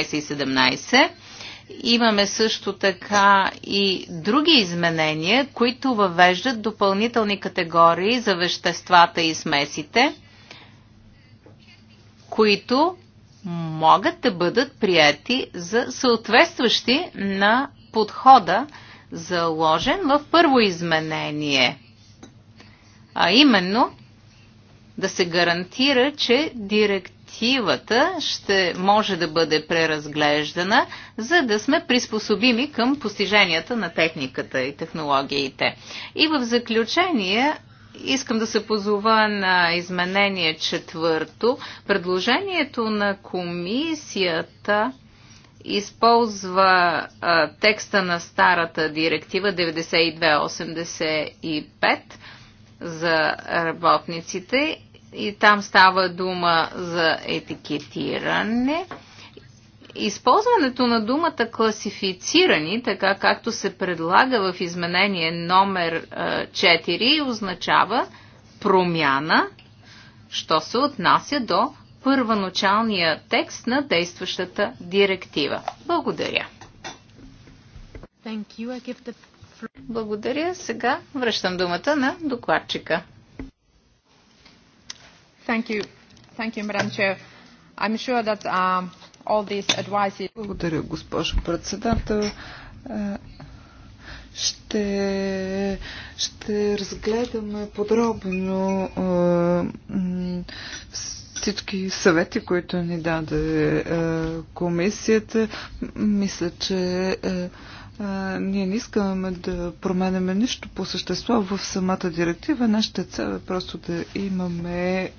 16 и 17. Имаме също така и други изменения, които въвеждат допълнителни категории за веществата и смесите които могат да бъдат прияти за съответстващи на подхода, заложен в първо изменение. А именно да се гарантира, че директивата ще може да бъде преразглеждана, за да сме приспособими към постиженията на техниката и технологиите. И в заключение Искам да се позова на изменение четвърто. Предложението на комисията използва а, текста на старата директива 9285 за работниците и там става дума за етикетиране. Използването на думата класифицирани, така както се предлага в изменение номер 4, означава промяна, що се отнася до първоначалния текст на действащата директива. Благодаря. The... Благодаря. Сега връщам думата на докладчика. Thank you. Thank you, I'm sure that um, благодаря, госпожо председател. Е, ще, ще разгледаме подробно е, всички съвети, които ни даде е, комисията. Мисля, че ние не искаме да променяме нищо по същество в самата директива. Нашата цел е просто да имаме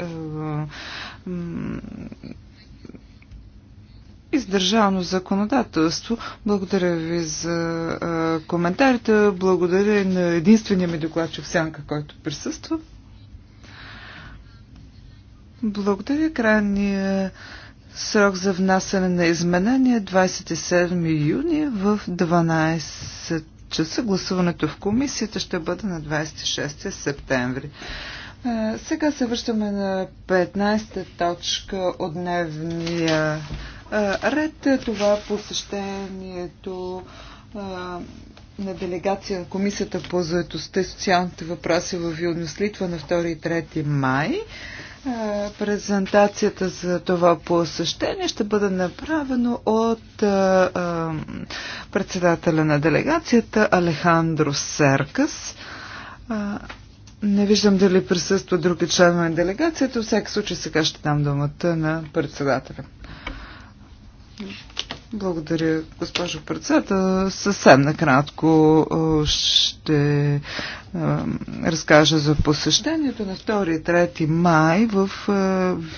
издържано законодателство. Благодаря ви за а, коментарите. Благодаря на единствения ми докладчик Сянка, който присъства. Благодаря. Крайния срок за внасяне на изменения 27 е юни в 12 часа. Гласуването в комисията ще бъде на 26 септември. Сега се връщаме на 15 точка от дневния ред. Е, това посещението на делегация на Комисията по заедостта и социалните въпроси в Вилнюс, Литва на 2 и 3 май. Презентацията за това посещение ще бъде направено от председателя на делегацията Алехандро Серкас. Не виждам дали присъства други членове на делегацията. В всеки случай сега ще дам думата на председателя. Благодаря, госпожо председател. Съвсем накратко ще разкажа за посещението на 2 и 3 май в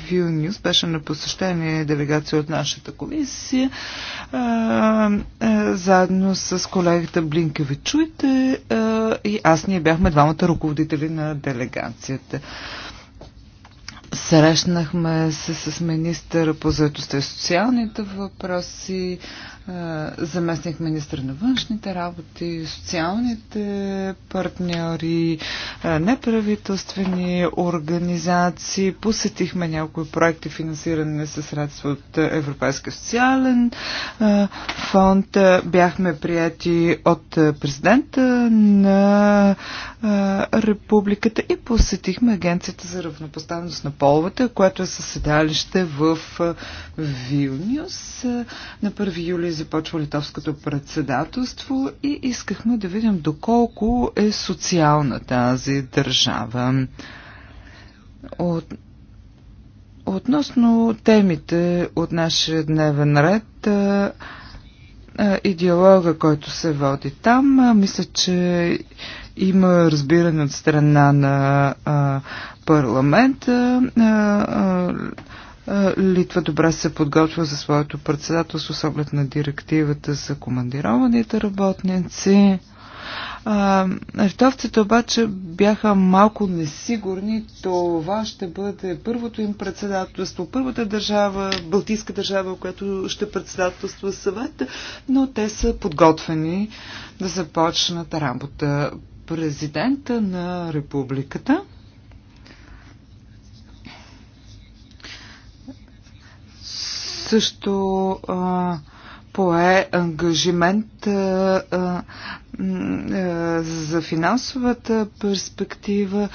Вилнюс. Беше на посещение делегация от нашата комисия заедно с колегата Блинкеви Чуйте и аз ние бяхме двамата руководители на делегацията. Срещнахме се с министър по заедостта и социалните въпроси, е, заместник министър на външните работи, социалните партньори, е, неправителствени организации. Посетихме някои проекти, финансирани със средства от Европейския социален е, фонд. Бяхме прияти от президента на републиката и посетихме Агенцията за равнопоставеност на Полвата, което е със седалище в Вилнюс. На 1 юли започва литовското председателство и искахме да видим доколко е социална тази държава. От Относно темите от нашия дневен ред и диалога, който се води там, мисля, че има разбиране от страна на а, парламента. А, а, Литва добре се подготвя за своето председателство с оглед на директивата за командированите работници. Литовците обаче бяха малко несигурни. Това ще бъде първото им председателство, първата държава, Балтийска държава, която ще председателства съвета, но те са подготвени да започнат работа президента на републиката. Също а, пое ангажимент а, а, за финансовата перспектива.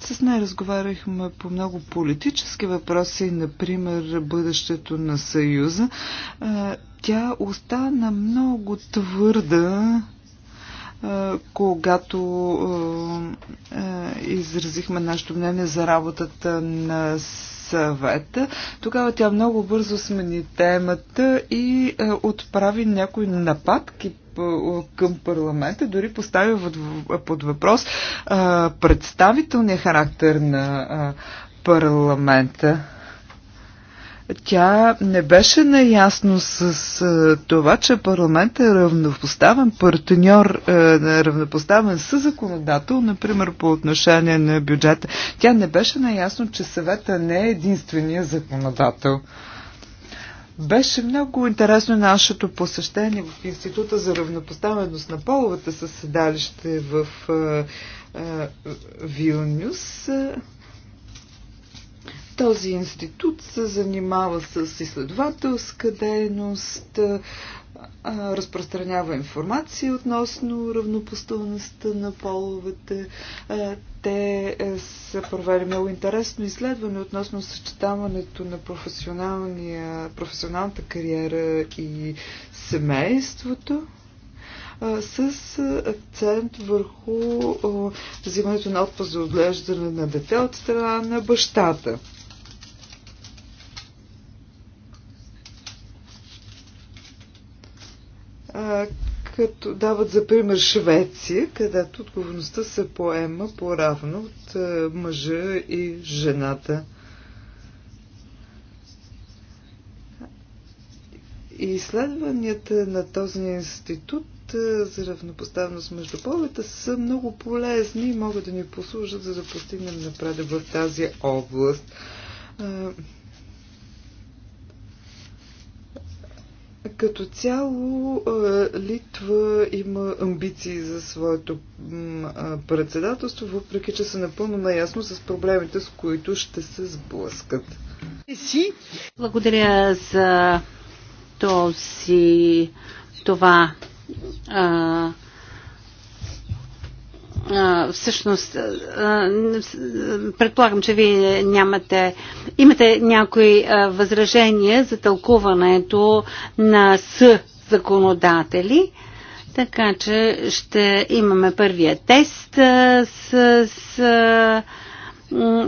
С нея разговаряхме по много политически въпроси, например бъдещето на Съюза. Тя остана много твърда когато изразихме нашето мнение за работата на съвета. Тогава тя много бързо смени темата и отправи някои нападки към парламента, дори поставя под въпрос представителния характер на парламента. Тя не беше наясно с а, това, че парламент е равнопоставен партньор, е, а, равнопоставен със законодател, например по отношение на бюджета. Тя не беше наясно, че съвета не е единствения законодател. Беше много интересно нашето посещение в Института за равнопоставеност на половата със седалище в а, е, а, е, Вилнюс. Този институт се занимава с изследователска дейност, разпространява информация относно равнопоставеността на половете. Те е, са провели много интересно изследване относно съчетаването на професионалната кариера и семейството с акцент върху взимането на отпуск за отглеждане на дете от страна на бащата. като дават за пример Швеция, където отговорността се поема по-равно от мъжа и жената. И изследванията на този институт за равнопоставност между половете са много полезни и могат да ни послужат, за да постигнем напредък в тази област. Като цяло Литва има амбиции за своето председателство, въпреки че са напълно наясно с проблемите, с които ще се сблъскат. Благодаря за този това а, всъщност, предполагам, че вие нямате, имате някои възражения за тълкуването на с законодатели, така че ще имаме първия тест с, с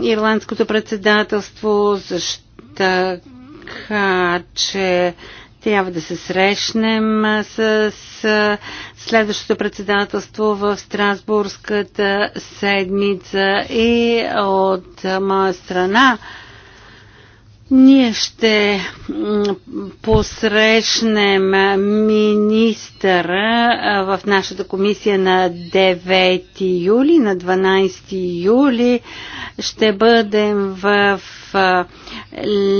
ирландското председателство, защото така че трябва да се срещнем с следващото председателство в Страсбургската седмица и от моя страна ние ще посрещнем министъра в нашата комисия на 9 юли, на 12 юли ще бъдем в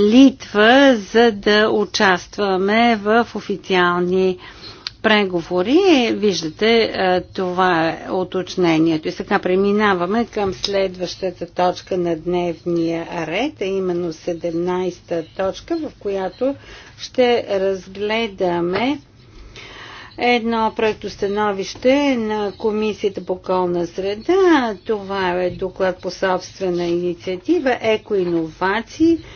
Литва, за да участваме в официални преговори. Виждате, е, това е И сега преминаваме към следващата точка на дневния ред, а именно 17-та точка, в която ще разгледаме едно становище на Комисията по околна среда. Това е доклад по собствена инициатива Екоинновации –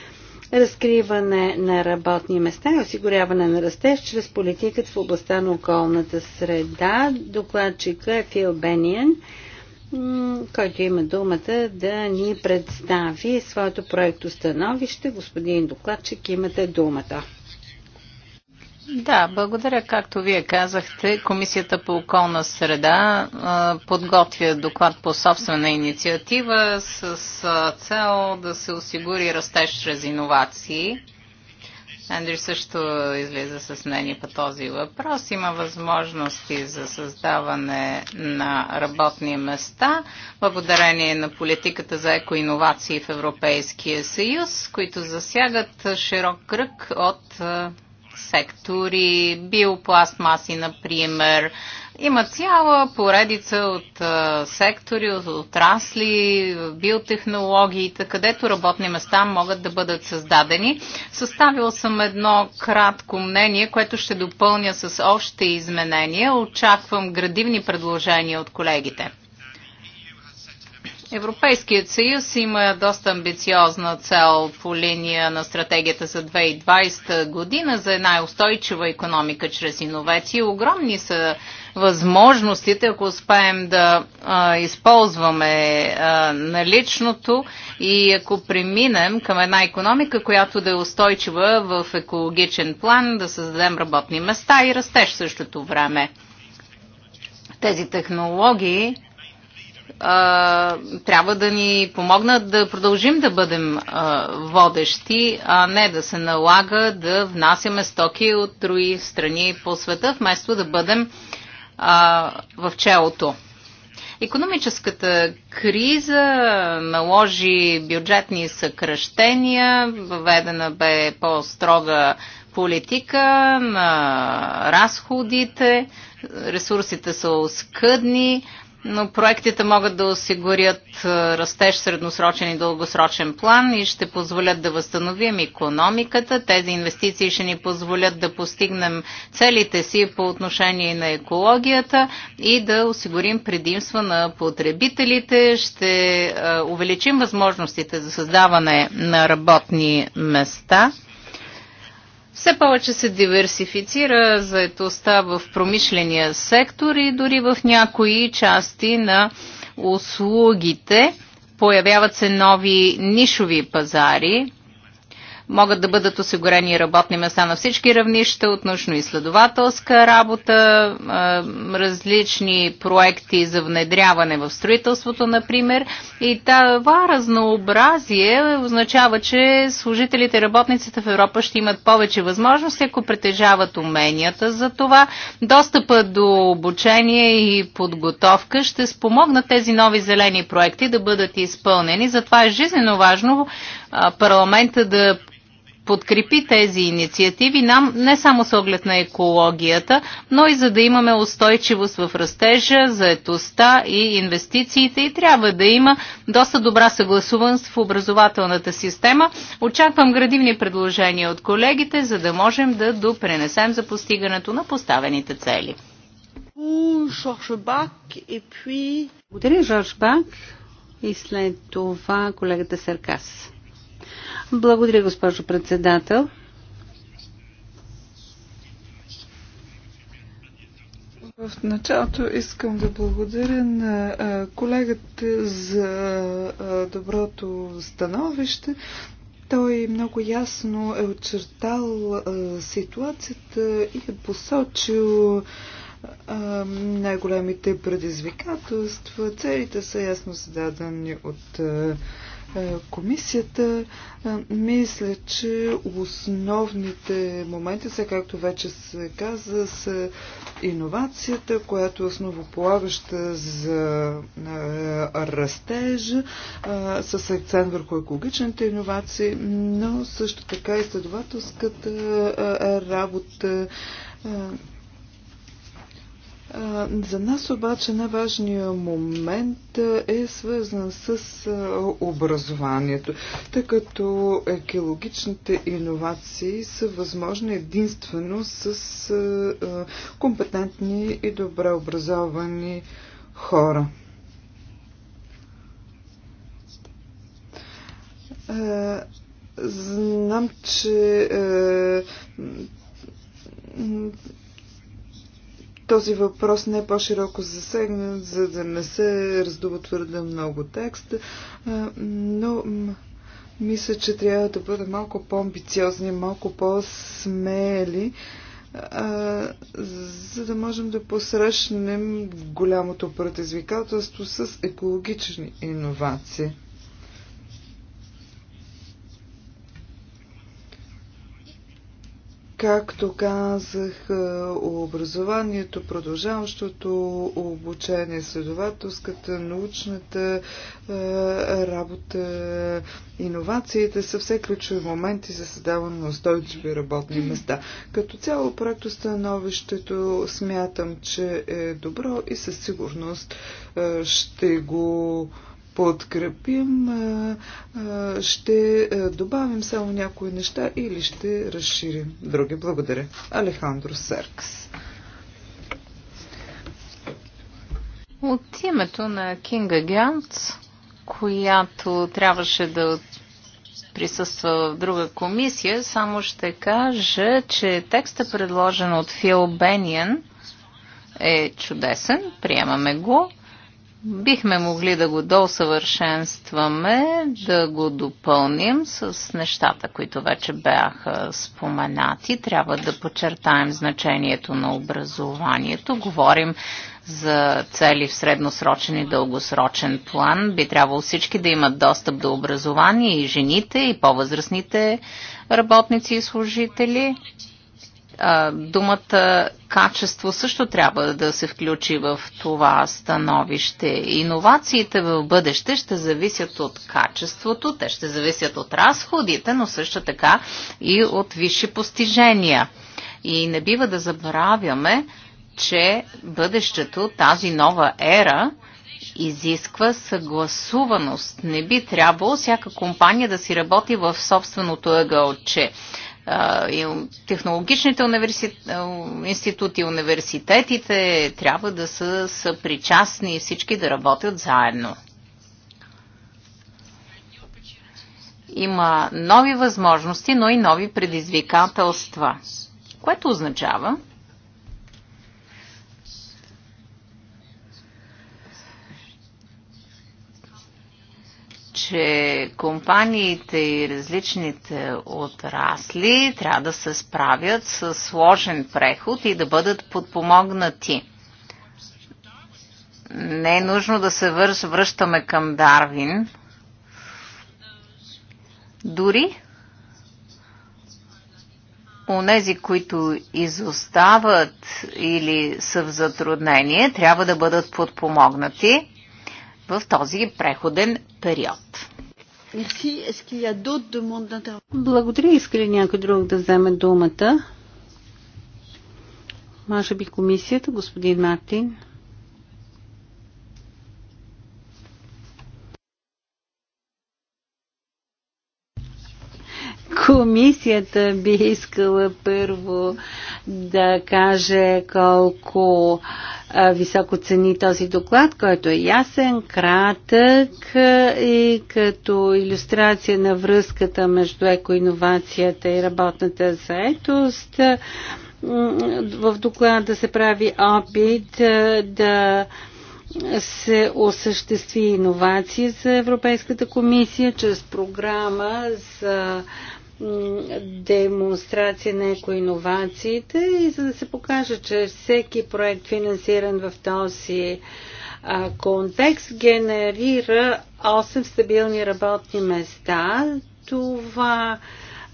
разкриване на работни места и осигуряване на растеж чрез политиката в областта на околната среда. Докладчика е Фил Бениен, който има думата да ни представи своето проекто становище. Господин докладчик, имате думата. Да, благодаря. Както вие казахте, Комисията по околна среда подготвя доклад по собствена инициатива с цел да се осигури растеж чрез иновации. Андрю също излиза с мнение по този въпрос. Има възможности за създаване на работни места, благодарение на политиката за екоинновации в Европейския съюз, които засягат широк кръг от сектори, биопластмаси, например. Има цяла поредица от сектори, от отрасли, биотехнологиите, където работни места могат да бъдат създадени. Съставил съм едно кратко мнение, което ще допълня с още изменения. Очаквам градивни предложения от колегите. Европейският съюз има доста амбициозна цел по линия на стратегията за 2020 година за една устойчива економика чрез иновации. Огромни са възможностите, ако успеем да а, използваме а, наличното и ако преминем към една економика, която да е устойчива в екологичен план, да създадем работни места и растеж в същото време. Тези технологии а, трябва да ни помогнат да продължим да бъдем а, водещи, а не да се налага да внасяме стоки от други страни по света, вместо да бъдем а, в челото. Економическата криза наложи бюджетни съкръщения, въведена бе по-строга политика на разходите, ресурсите са оскъдни, но проектите могат да осигурят е, растеж средносрочен и дългосрочен план и ще позволят да възстановим економиката. Тези инвестиции ще ни позволят да постигнем целите си по отношение на екологията и да осигурим предимства на потребителите. Ще е, увеличим възможностите за създаване на работни места все повече се диверсифицира заетостта в промишления сектор и дори в някои части на услугите. Появяват се нови нишови пазари, могат да бъдат осигурени работни места на всички равнища, от научно-изследователска работа, различни проекти за внедряване в строителството, например. И това разнообразие означава, че служителите и работниците в Европа ще имат повече възможности, ако притежават уменията за това. Достъпа до обучение и подготовка ще спомогнат тези нови зелени проекти да бъдат изпълнени. Затова е жизненно важно парламента да подкрепи тези инициативи нам не само с оглед на екологията, но и за да имаме устойчивост в растежа, заетостта и инвестициите и трябва да има доста добра съгласуваност в образователната система. Очаквам градивни предложения от колегите, за да можем да допренесем за постигането на поставените цели. Благодаря, Жорж Бак. И след това колегата Серкас. Благодаря, госпожо председател. В началото искам да благодаря на колегата за доброто становище. Той много ясно е очертал ситуацията и е посочил най-големите предизвикателства. Целите са ясно зададени от е, комисията, е, мисля, че основните моменти са, както вече се каза, са иновацията, която е основополагаща за е, растеж, с акцент върху екологичните иновации, но също така и следователската работа за нас обаче най-важният момент е свързан с образованието, тъй като екологичните иновации са възможни единствено с компетентни и добре образовани хора. Знам, че този въпрос не е по-широко засегнат, за да не се раздува твърде много текст, но мисля, че трябва да бъдем малко по-амбициозни, малко по-смели, за да можем да посрещнем голямото предизвикателство с екологични иновации. Както казах, е, образованието, продължаващото обучение, следователската, научната е, работа, иновациите са все ключови моменти за създаване на устойчиви работни места. Като цяло проекто становището смятам, че е добро и със сигурност е, ще го подкрепим, ще добавим само някои неща или ще разширим други. Благодаря. Алехандро Серкс. От името на Кинга Гянц, която трябваше да присъства в друга комисия, само ще кажа, че текстът предложен от Фил Бениен е чудесен, приемаме го. Бихме могли да го доусъвършенстваме, да го допълним с нещата, които вече бяха споменати. Трябва да подчертаем значението на образованието. Говорим за цели в средносрочен и дългосрочен план. Би трябвало всички да имат достъп до образование и жените, и по-възрастните работници и служители Думата качество също трябва да се включи в това становище. Иновациите в бъдеще ще зависят от качеството, те ще зависят от разходите, но също така и от висши постижения. И не бива да забравяме, че бъдещето, тази нова ера, изисква съгласуваност. Не би трябвало всяка компания да си работи в собственото ъгълче и технологичните институти, университетите трябва да са съпричастни и всички да работят заедно. Има нови възможности, но и нови предизвикателства, което означава, че компаниите и различните отрасли трябва да се справят с сложен преход и да бъдат подпомогнати. Не е нужно да се връщаме към Дарвин. Дори Онези, които изостават или са в затруднение, трябва да бъдат подпомогнати в този преходен период. Благодаря. Иска ли някой друг да вземе думата? Може би комисията, господин Мартин. Комисията би искала първо да каже колко високо цени този доклад, който е ясен, кратък и като иллюстрация на връзката между екоинновацията и работната заетост в доклада се прави опит да се осъществи иновация за Европейската комисия чрез програма за демонстрация на екоинновациите и за да се покаже, че всеки проект финансиран в този контекст генерира 8 стабилни работни места. Това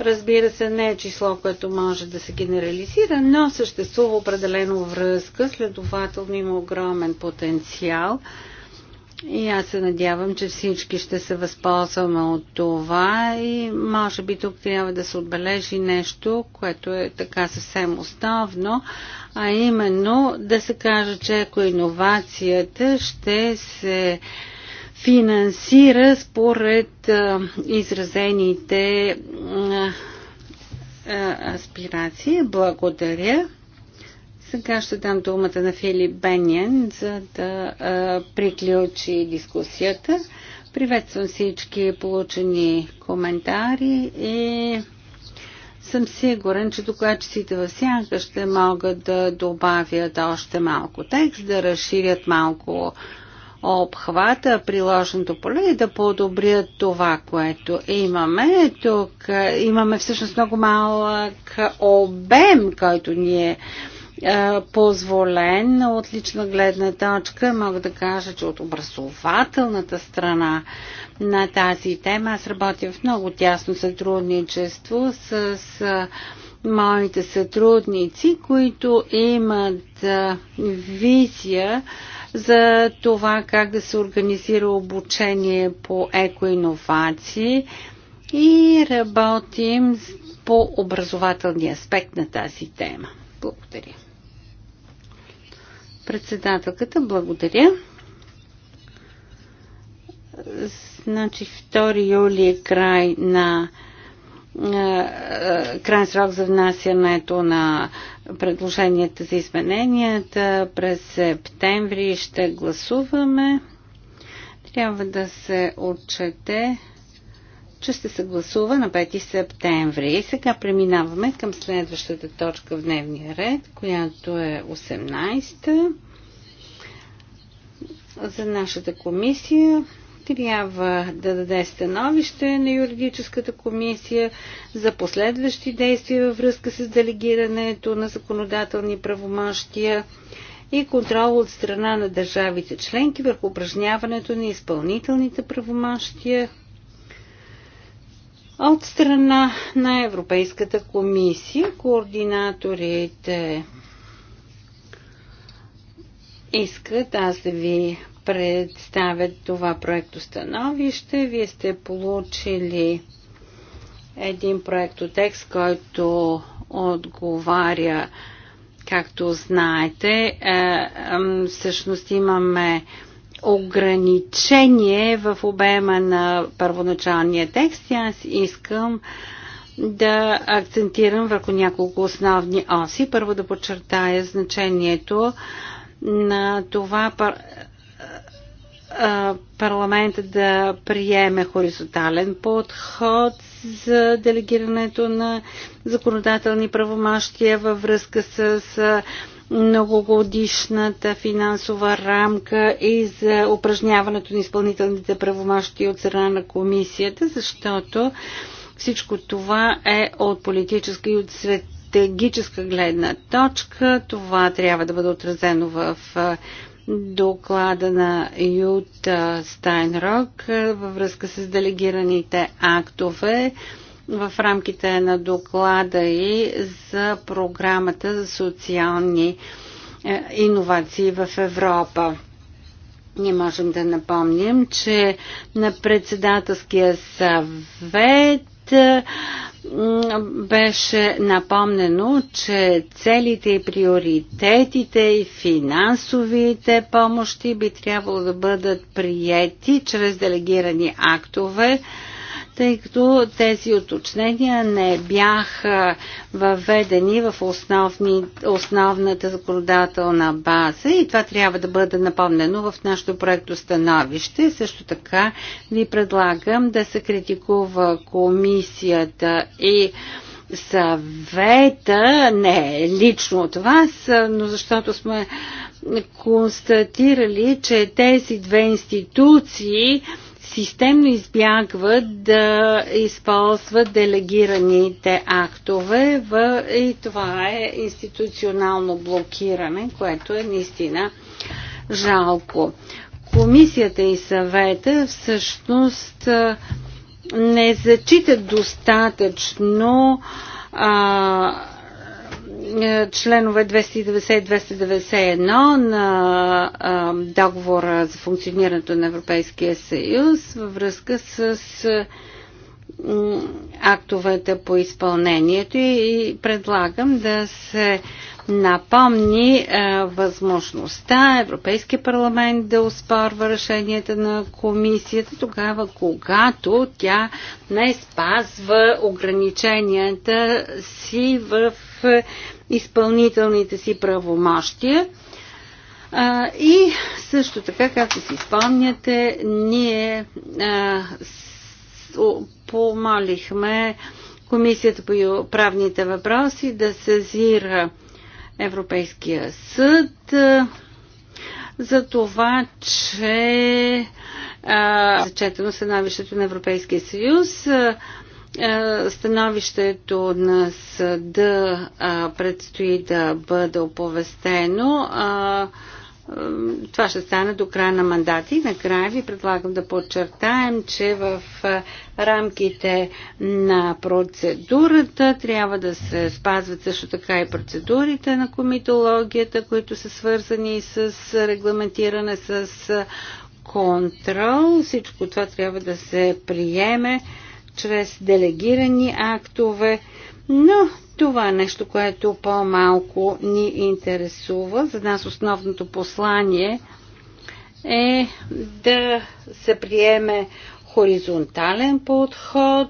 Разбира се, не е число, което може да се генерализира, но съществува определено връзка, следователно има огромен потенциал и аз се надявам, че всички ще се възползваме от това и може би тук трябва да се отбележи нещо, което е така съвсем основно, а именно да се каже, че ако иновацията ще се финансира според а, изразените а, а, аспирации. Благодаря. Сега ще дам думата на Филип Бенен, за да а, приключи дискусията. Приветствам всички получени коментари и съм сигурен, че докладчиците във сянка ще могат да добавят още малко текст, да разширят малко обхвата, приложеното поле и да подобрят това, което имаме. Тук имаме всъщност много малък обем, който ние позволен от лична гледна точка. Мога да кажа, че от образователната страна на тази тема аз работя в много тясно сътрудничество с моите сътрудници, които имат визия за това как да се организира обучение по екоинновации и работим по образователния аспект на тази тема. Благодаря. Председателката, благодаря. Значи 2 юли е край на крайен срок за внасянето на предложенията за измененията. През септември ще гласуваме. Трябва да се отчете че ще се гласува на 5 септември. И сега преминаваме към следващата точка в дневния ред, която е 18-та. За нашата комисия трябва да даде становище на юридическата комисия за последващи действия във връзка с делегирането на законодателни правомощия и контрол от страна на държавите членки върху упражняването на изпълнителните правомощия от страна на Европейската комисия координаторите искат аз да ви представя това проекто становище. Вие сте получили един проектотекст, който отговаря, както знаете, е, всъщност имаме ограничение в обема на първоначалния текст и аз искам да акцентирам върху няколко основни оси. Първо да подчертая значението на това пар... парламента да приеме хоризонтален подход за делегирането на законодателни правомащия във връзка с многогодишната финансова рамка и за упражняването на изпълнителните правомощи от страна на комисията, защото всичко това е от политическа и от стратегическа гледна точка. Това трябва да бъде отразено в доклада на Юта Стайнрок във връзка с делегираните актове в рамките на доклада и за програмата за социални е, иновации в Европа. Ние можем да напомним, че на председателския съвет е, беше напомнено, че целите и приоритетите и финансовите помощи би трябвало да бъдат приети чрез делегирани актове тъй като тези уточнения не бяха въведени в основни, основната законодателна база и това трябва да бъде напомнено в нашото проекто становище. Също така ви предлагам да се критикува комисията и съвета, не е лично от вас, но защото сме констатирали, че тези две институции системно избягват да използват делегираните актове в... и това е институционално блокиране, което е наистина жалко. Комисията и съвета всъщност не зачитат достатъчно а, е, членове 290-291 на договора за функционирането на Европейския съюз във връзка с е, актовете по изпълнението и предлагам да се напомни е, възможността Европейския парламент да успорва решенията на комисията тогава, когато тя не спазва ограниченията си в изпълнителните си правомощия. А, и също така, както си спомняте, ние а, с, о, помолихме Комисията по правните въпроси да сезира Европейския съд а, за това, че а, зачетено становището на Европейския съюз а, е, становището на съда предстои да бъде оповестено. Е, това ще стане до края на мандата и накрая ви предлагам да подчертаем, че в е, рамките на процедурата трябва да се спазват също така и процедурите на комитологията, които са свързани с регламентиране с контрол. Всичко това трябва да се приеме чрез делегирани актове, но това е нещо, което по-малко ни интересува. За нас основното послание е да се приеме хоризонтален подход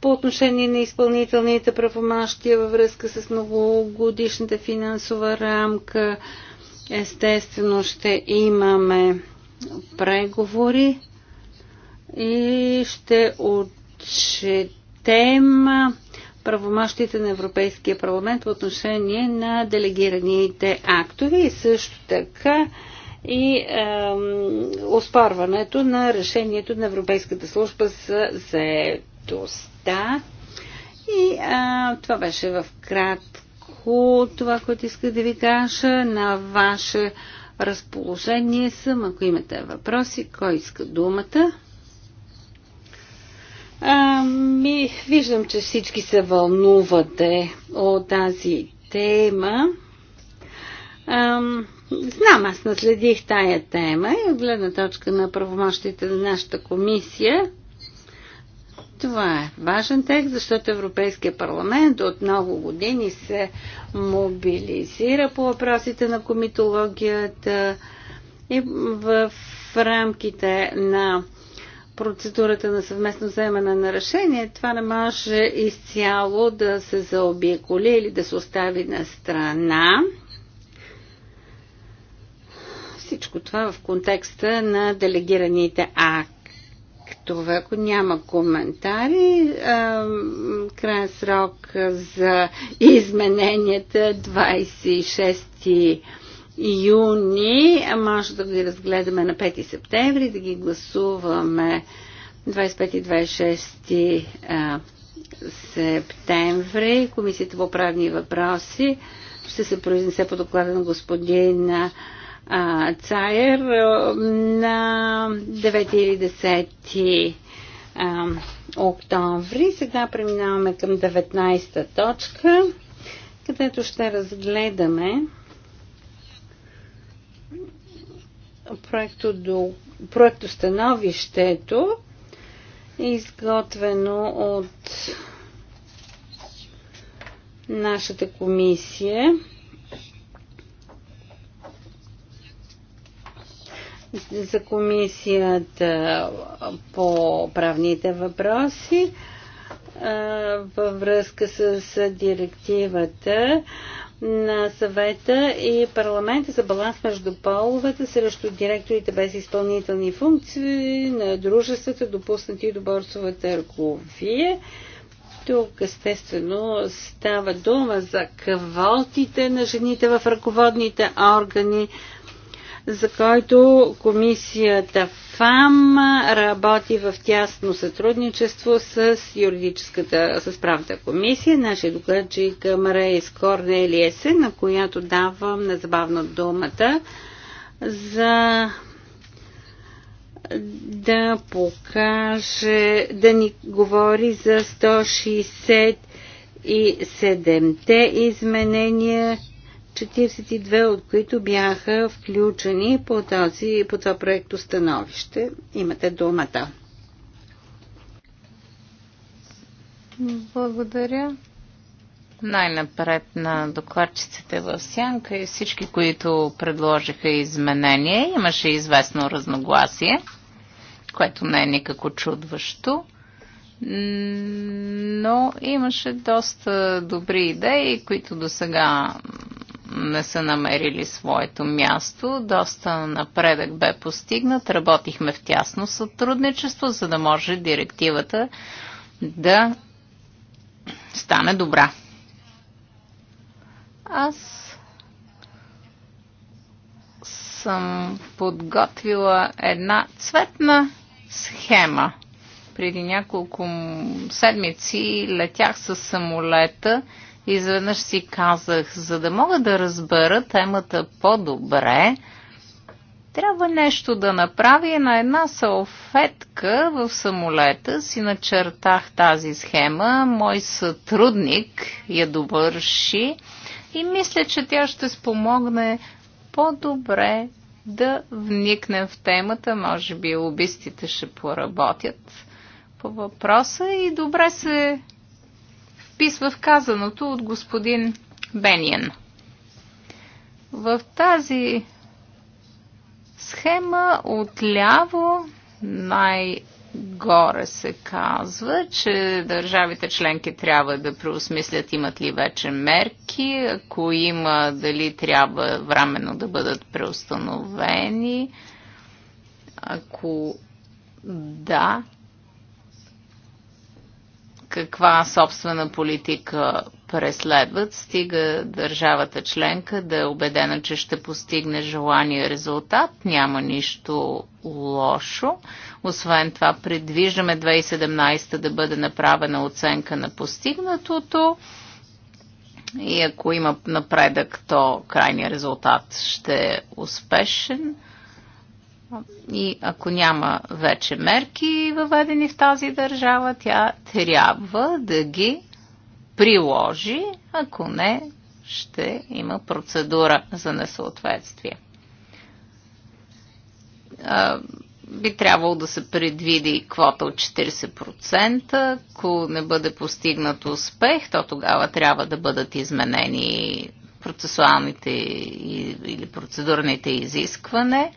по отношение на изпълнителните правомащия във връзка с многогодишната финансова рамка. Естествено ще имаме преговори и ще от Тема правомощите на Европейския парламент в отношение на делегираните актове и също така и е, оспарването на решението на Европейската служба за заедостта. И а, това беше в кратко това, което исках да ви кажа. На ваше разположение съм, ако имате въпроси, кой иска думата. Ами, виждам, че всички се вълнувате от тази тема. Ам, знам, аз наследих тая тема и от гледна точка на правомощите на нашата комисия. Това е важен текст, защото Европейския парламент от много години се мобилизира по въпросите на комитологията и в рамките на процедурата на съвместно вземане на решение, това не може изцяло да се заобиколи или да се остави на страна. Всичко това в контекста на делегираните актове. Ако няма коментари, крайен срок за измененията 26 е юни, може да ги разгледаме на 5 септември, да ги гласуваме 25 и 26 септември. Комисията по правни въпроси ще се произнесе по доклада на господин Цайер на 9 или 10 октомври. Сега преминаваме към 19 точка, където ще разгледаме проекто, до, проекто изготвено от нашата комисия. за комисията по правните въпроси във връзка с директивата на съвета и парламента за баланс между половете срещу директорите без изпълнителни функции на дружествата, допуснати до борсова търговия. Тук естествено става дума за квалтите на жените в ръководните органи за който комисията ФАМ работи в тясно сътрудничество с юридическата, с правната комисия. Нашия докладчик Марейс Корнелиесе, на която давам незабавно думата за да покаже, да ни говори за 160 и 7-те изменения 42 от които бяха включени по, този, по това проекто становище. Имате думата. Благодаря. Най-напред на докладчиците в Сянка и всички, които предложиха изменения. Имаше известно разногласие, което не е никак очудващо но имаше доста добри идеи, които до сега не са намерили своето място. Доста напредък бе постигнат. Работихме в тясно сътрудничество, за да може директивата да стане добра. Аз съм подготвила една цветна схема. Преди няколко седмици летях с самолета изведнъж си казах, за да мога да разбера темата по-добре, трябва нещо да направя на една салфетка в самолета. Си начертах тази схема. Мой сътрудник я довърши и мисля, че тя ще спомогне по-добре да вникнем в темата. Може би лобистите ще поработят по въпроса и добре се вписва в казаното от господин Бениен. В тази схема отляво най-горе се казва, че държавите членки трябва да преосмислят имат ли вече мерки, ако има дали трябва временно да бъдат преустановени, ако да, каква собствена политика преследват, стига държавата членка да е убедена, че ще постигне желания резултат. Няма нищо лошо. Освен това, предвиждаме 2017 да бъде направена оценка на постигнатото и ако има напредък, то крайният резултат ще е успешен. И ако няма вече мерки въведени в тази държава, тя трябва да ги приложи, ако не, ще има процедура за несъответствие. би трябвало да се предвиди квота от 40%. Ако не бъде постигнат успех, то тогава трябва да бъдат изменени процесуалните или процедурните изисквания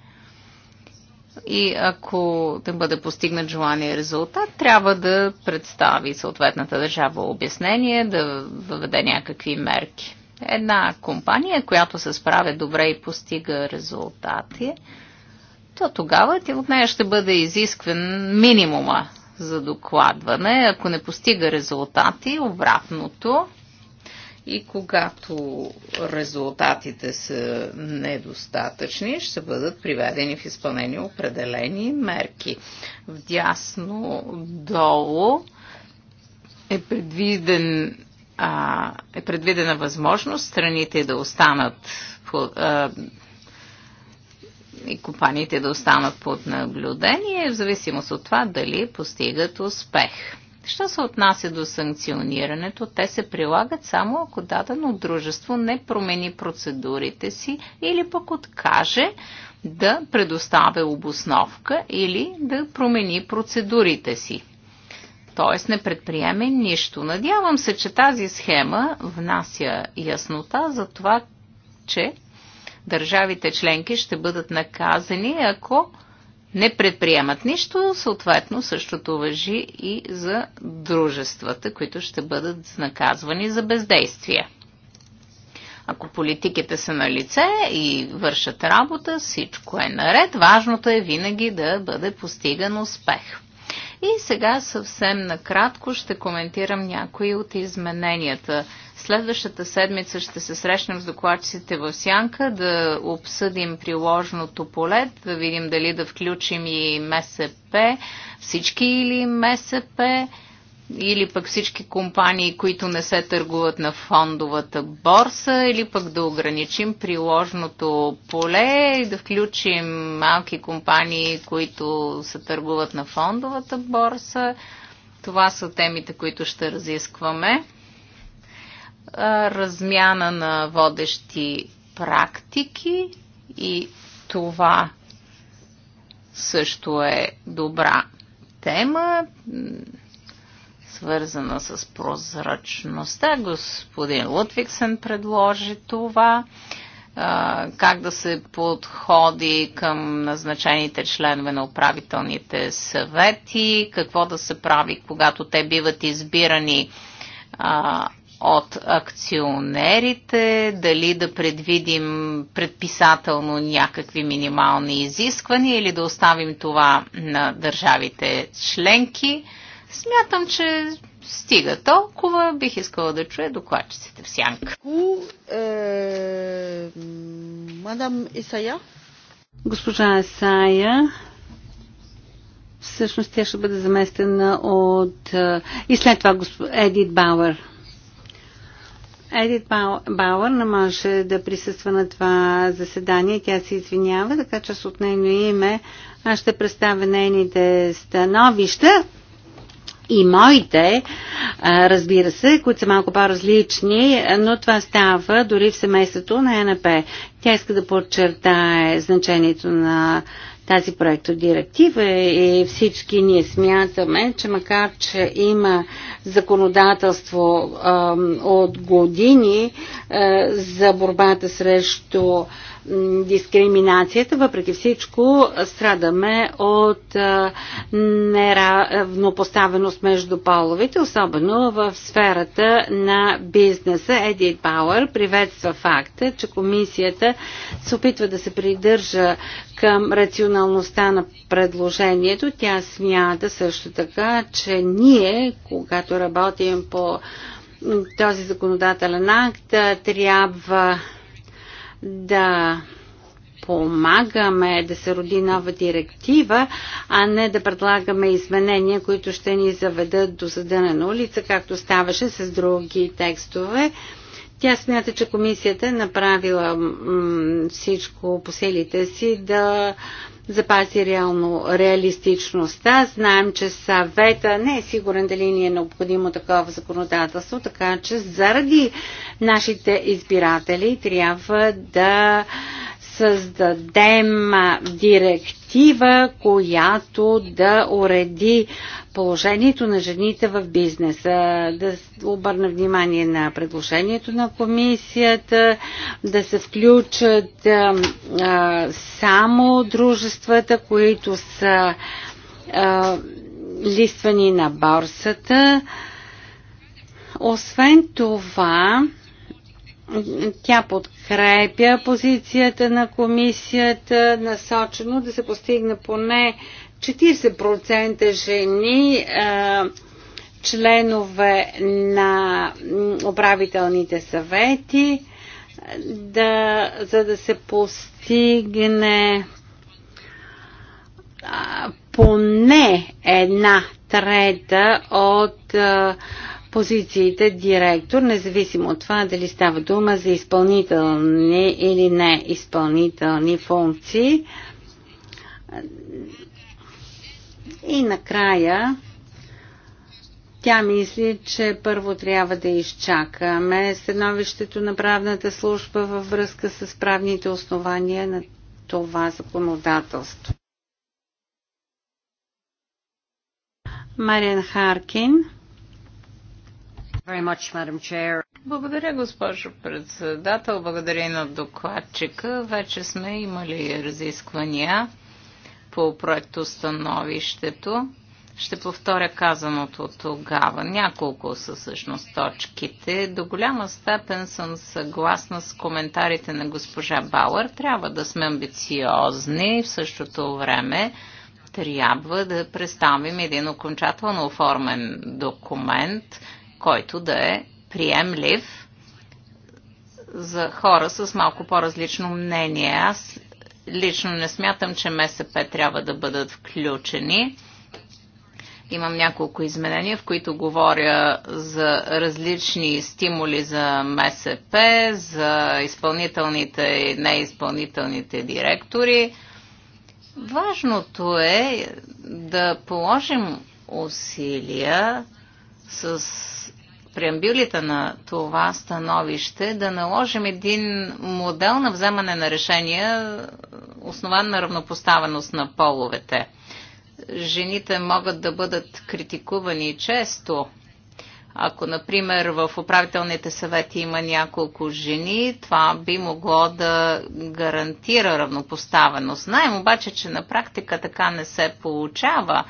и ако да бъде постигнат желания резултат, трябва да представи съответната държава обяснение, да въведе някакви мерки. Една компания, която се справя добре и постига резултати, то тогава от нея ще бъде изискван минимума за докладване. Ако не постига резултати, обратното, и когато резултатите са недостатъчни, ще бъдат приведени в изпълнение определени мерки. Вдясно долу е предвиден а, е предвидена възможност страните да останат по, а, и компаниите да останат под наблюдение, в зависимост от това дали постигат успех. Що се отнася до санкционирането, те се прилагат само ако дадено дружество не промени процедурите си или пък откаже да предоставя обосновка или да промени процедурите си. Т.е. не предприеме нищо. Надявам се, че тази схема внася яснота за това, че държавите членки ще бъдат наказани, ако не предприемат нищо, съответно същото въжи и за дружествата, които ще бъдат наказвани за бездействие. Ако политиките са на лице и вършат работа, всичко е наред. Важното е винаги да бъде постиган успех. И сега съвсем накратко ще коментирам някои от измененията. Следващата седмица ще се срещнем с докладчиците в Сянка, да обсъдим приложното поле, да видим дали да включим и МСП, всички или МСП или пък всички компании, които не се търгуват на фондовата борса, или пък да ограничим приложното поле и да включим малки компании, които се търгуват на фондовата борса. Това са темите, които ще разискваме. Размяна на водещи практики и това също е добра тема свързана с прозрачността. Господин Лутвиксен предложи това как да се подходи към назначените членове на управителните съвети, какво да се прави, когато те биват избирани от акционерите, дали да предвидим предписателно някакви минимални изисквания или да оставим това на държавите членки. Смятам, че стига толкова. Бих искала да чуя докладчиците в сянка. Е, мадам Исая? Госпожа Исая, всъщност тя ще бъде заместена от... Е, и след това госп... Едит Бауър. Едит Бауър не може да присъства на това заседание. Тя се извинява, така че с от нейно име аз ще представя нейните становища и моите, разбира се, които са малко по-различни, но това става дори в семейството на НП. Тя иска да подчертае значението на тази проектодиректива и всички ние смятаме, че макар, че има законодателство от години е, за борбата срещу дискриминацията. Въпреки всичко, страдаме от е, неравнопоставеност между половите, особено в сферата на бизнеса. Едит Бауър приветства факта, че комисията се опитва да се придържа към рационалността на предложението. Тя смята също така, че ние, когато когато работим по този законодателен акт, трябва да помагаме да се роди нова директива, а не да предлагаме изменения, които ще ни заведат до съдена на улица, както ставаше с други текстове. Тя смята, че комисията е направила всичко по силите си да запази реално реалистичността. Знаем, че съвета не е сигурен дали ни е необходимо такова законодателство, така че заради нашите избиратели трябва да създадем директива, която да уреди положението на жените в бизнеса, да обърна внимание на предложението на комисията, да се включат а, само дружествата, които са а, листвани на борсата. Освен това, тя под подкрепя позицията на комисията, насочено да се постигне поне 40% жени членове на управителните съвети, да, за да се постигне поне една трета от а, позициите директор, независимо от това дали става дума за изпълнителни или не изпълнителни функции. И накрая тя мисли, че първо трябва да изчакаме становището на правната служба във връзка с правните основания на това законодателство. Мариан Харкин благодаря, госпожо председател. Благодаря и на докладчика. Вече сме имали разисквания по проекто становището. Ще повторя казаното тогава. Няколко са всъщност точките. До голяма степен съм съгласна с коментарите на госпожа Бауър. Трябва да сме амбициозни в същото време трябва да представим един окончателно оформен документ, който да е приемлив за хора с малко по-различно мнение. Аз лично не смятам, че МСП трябва да бъдат включени. Имам няколко изменения, в които говоря за различни стимули за МСП, за изпълнителните и неизпълнителните директори. Важното е да положим усилия с преамбюлите на това становище да наложим един модел на вземане на решения, основан на равнопоставеност на половете. Жените могат да бъдат критикувани често. Ако, например, в управителните съвети има няколко жени, това би могло да гарантира равнопоставеност. Знаем обаче, че на практика така не се получава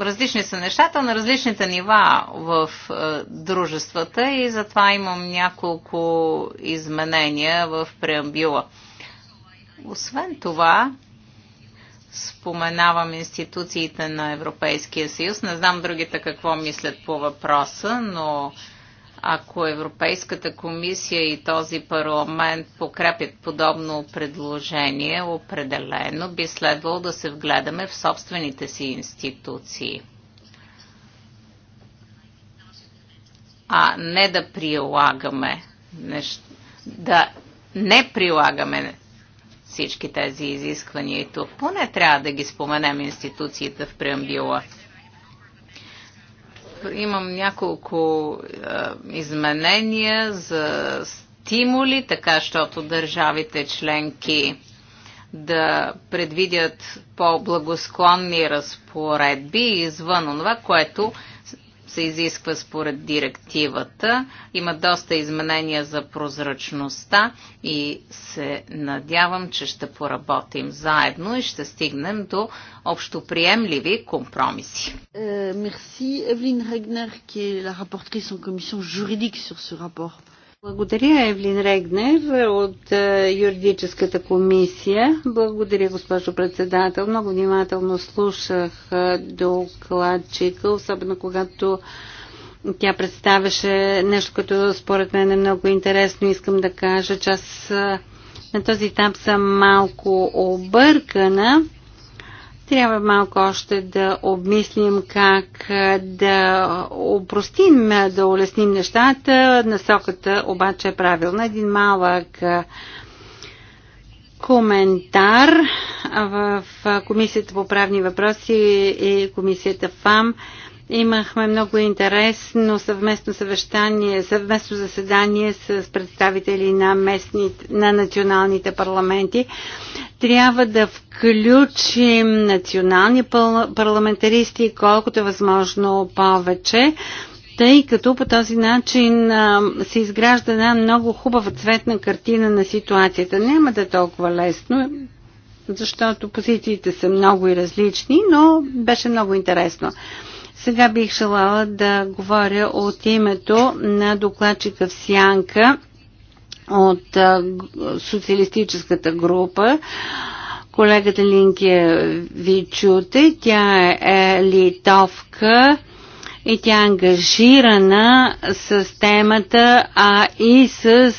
различни са нещата на различните нива в дружествата и затова имам няколко изменения в преамбюла. Освен това, споменавам институциите на Европейския съюз. Не знам другите какво мислят по въпроса, но ако Европейската комисия и този парламент покрепят подобно предложение, определено би следвало да се вгледаме в собствените си институции. А не да прилагаме нещо. да не прилагаме всички тези изисквания и тук. Поне трябва да ги споменем институциите в преамбила. Имам няколко а, е, изменения за стимули, така щото държавите членки да предвидят по-благосклонни разпоредби извън това, което се изисква според директивата. Има доста изменения за прозрачността и се надявам, че ще поработим заедно и ще стигнем до общоприемливи компромиси. Е, мерси, Евлин Регнер, qui е la rapportrice en комисион juridique сур ce благодаря, Евлин Регнер от е, юридическата комисия. Благодаря, госпожо председател. Много внимателно слушах е, докладчика, особено когато тя представяше нещо, което според мен е много интересно. Искам да кажа, че аз е, на този етап съм малко объркана трябва малко още да обмислим как да упростим, да улесним нещата. Насоката обаче е правилна. Един малък коментар в Комисията по правни въпроси и Комисията ФАМ. Имахме много интересно съвместно съвещание, съвместно заседание с представители на, местните, на националните парламенти. Трябва да включим национални парламентаристи колкото е възможно повече, тъй като по този начин а, се изгражда една много хубава цветна картина на ситуацията. Няма да е толкова лесно, защото позициите са много и различни, но беше много интересно. Сега бих желала да говоря от името на докладчика в Сянка от социалистическата група. Колегата Линкия ви чуте. Тя е, е литовка и тя е ангажирана с темата, а и с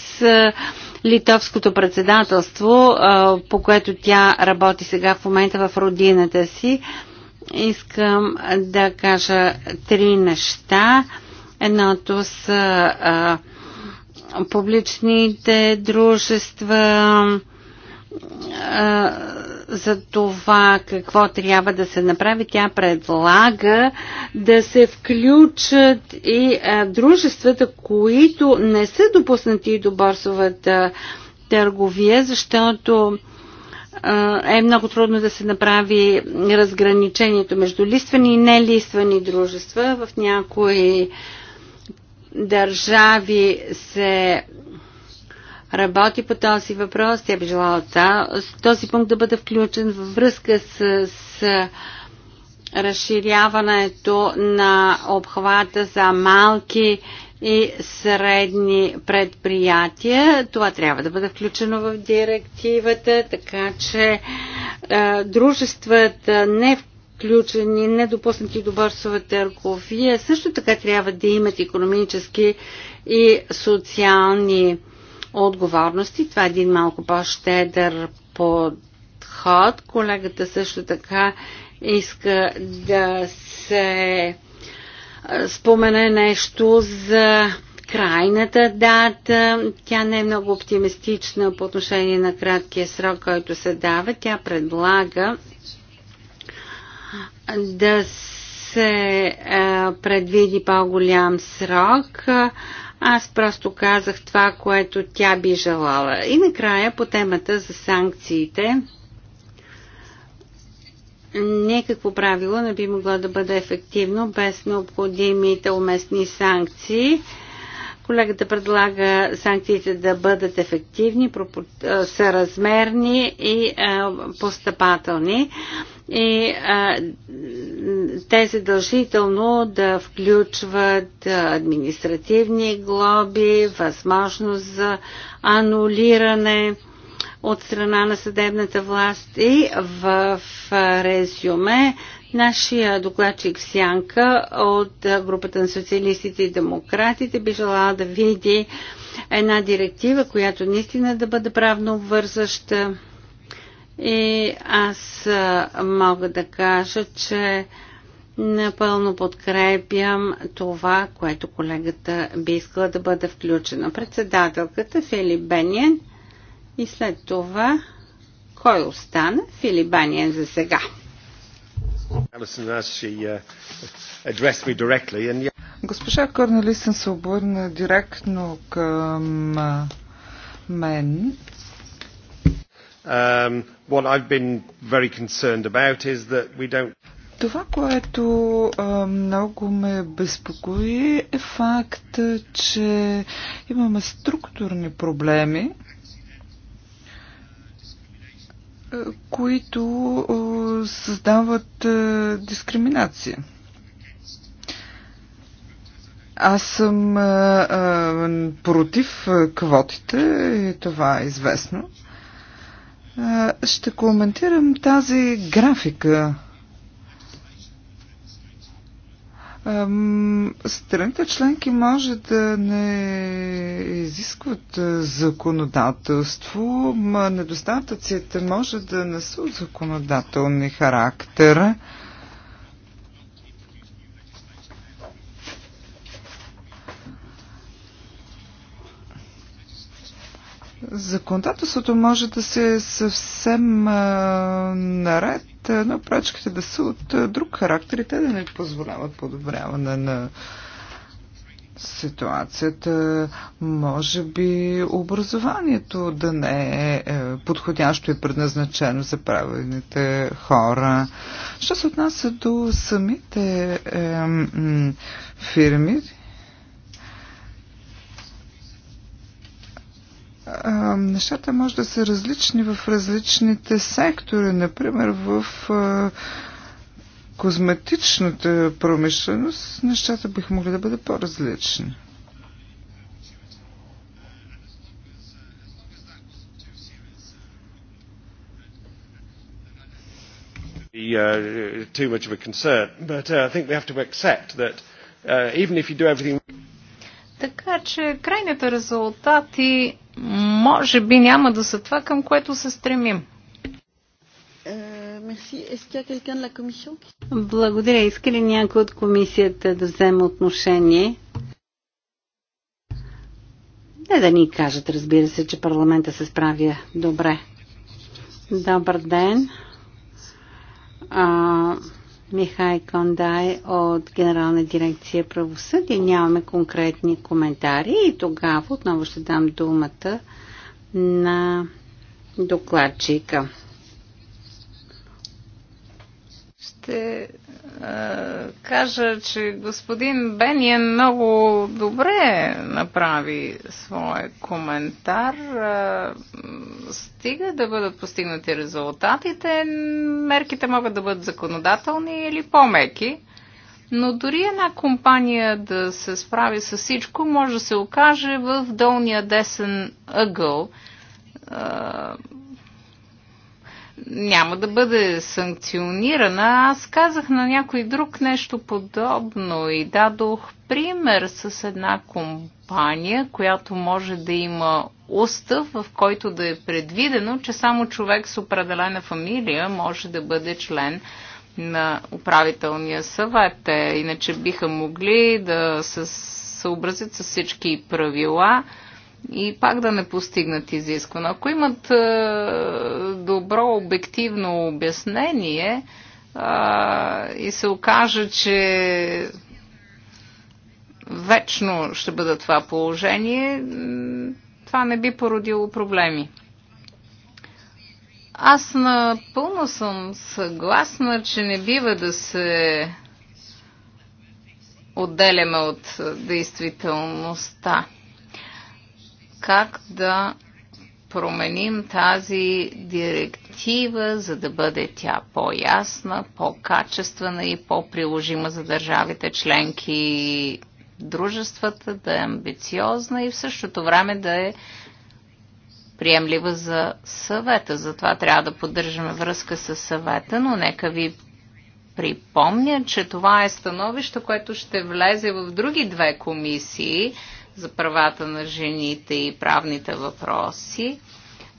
литовското председателство, по което тя работи сега в момента в родината си искам да кажа три неща. Едното са а, публичните дружества, а, за това какво трябва да се направи. Тя предлага да се включат и а, дружествата, които не са допуснати до борсовата търговия, защото е много трудно да се направи разграничението между листвани и нелиствани дружества. В някои държави се работи по този въпрос. Тя би желала този пункт да бъде включен във връзка с, с разширяването на обхвата за малки и средни предприятия. Това трябва да бъде включено в директивата, така че е, дружествата не включени, недопуснати до борсова търговия, също така трябва да имат економически и социални отговорности. Това е един малко по-щедър подход. Колегата също така иска да се спомена нещо за крайната дата. Тя не е много оптимистична по отношение на краткия срок, който се дава. Тя предлага да се предвиди по-голям срок. Аз просто казах това, което тя би желала. И накрая по темата за санкциите никакво правило не би могло да бъде ефективно без необходимите уместни санкции. Колегата предлага санкциите да бъдат ефективни, съразмерни и постъпателни и те задължително да включват административни глоби, възможност за анулиране от страна на съдебната власт и в резюме нашия докладчик Сянка от групата на социалистите и демократите би желала да види една директива, която наистина да бъде правно обвързаща. И аз мога да кажа, че Напълно подкрепям това, което колегата би искала да бъде включена. Председателката Филип Бенин и след това, кой остана? Филибаниен за сега. Uh, Госпожа Корнелисен се обърна директно към мен. Um, what I've been very concerned about is that we don't това, което много ме безпокои е факт, че имаме структурни проблеми които създават дискриминация. Аз съм против квотите, и това е известно. ще коментирам тази графика Страните членки може да не изискват законодателство, недостатъците може да не са от законодателни характера. Законодателството може да се е съвсем а, наред, но прачките да са от а, друг характер и те да не позволяват подобряване на ситуацията. Може би образованието да не е, е подходящо и предназначено за правилните хора. Що се отнася до самите е, фирми, нещата може да са различни в различните сектори. Например, в козметичната промишленост нещата бих могли да бъдат по-различни. Uh, too much of a concern. But uh, I think we have to accept that uh, even if you do everything. Така че крайните резултати може би няма да са това, към което се стремим. Е, е-, Благодаря. Иска ли някой от комисията да вземе отношение? Не да ни кажат, разбира се, че парламента се справя добре. Добър ден. А, Михай Кондай от Генерална дирекция правосъдие. Нямаме конкретни коментари и тогава отново ще дам думата на докладчика. Ще е, кажа, че господин Бениен много добре направи своя коментар. Е, стига да бъдат постигнати резултатите, мерките могат да бъдат законодателни или по-меки. Но дори една компания да се справи с всичко, може да се окаже в долния десен ъгъл е, няма да бъде санкционирана. Аз казах на някой друг нещо подобно и дадох пример с една компания, която може да има устав, в който да е предвидено, че само човек с определена фамилия може да бъде член на управителния съвет. Иначе биха могли да се съобразят с всички правила и пак да не постигнат изискване. Ако имат е, добро обективно обяснение е, и се окаже, че вечно ще бъде това положение, това не би породило проблеми. Аз напълно съм съгласна, че не бива да се отделяме от е, действителността как да променим тази директива, за да бъде тя по-ясна, по-качествена и по-приложима за държавите членки и дружествата, да е амбициозна и в същото време да е приемлива за съвета. Затова трябва да поддържаме връзка с съвета, но нека ви припомня, че това е становище, което ще влезе в други две комисии – за правата на жените и правните въпроси.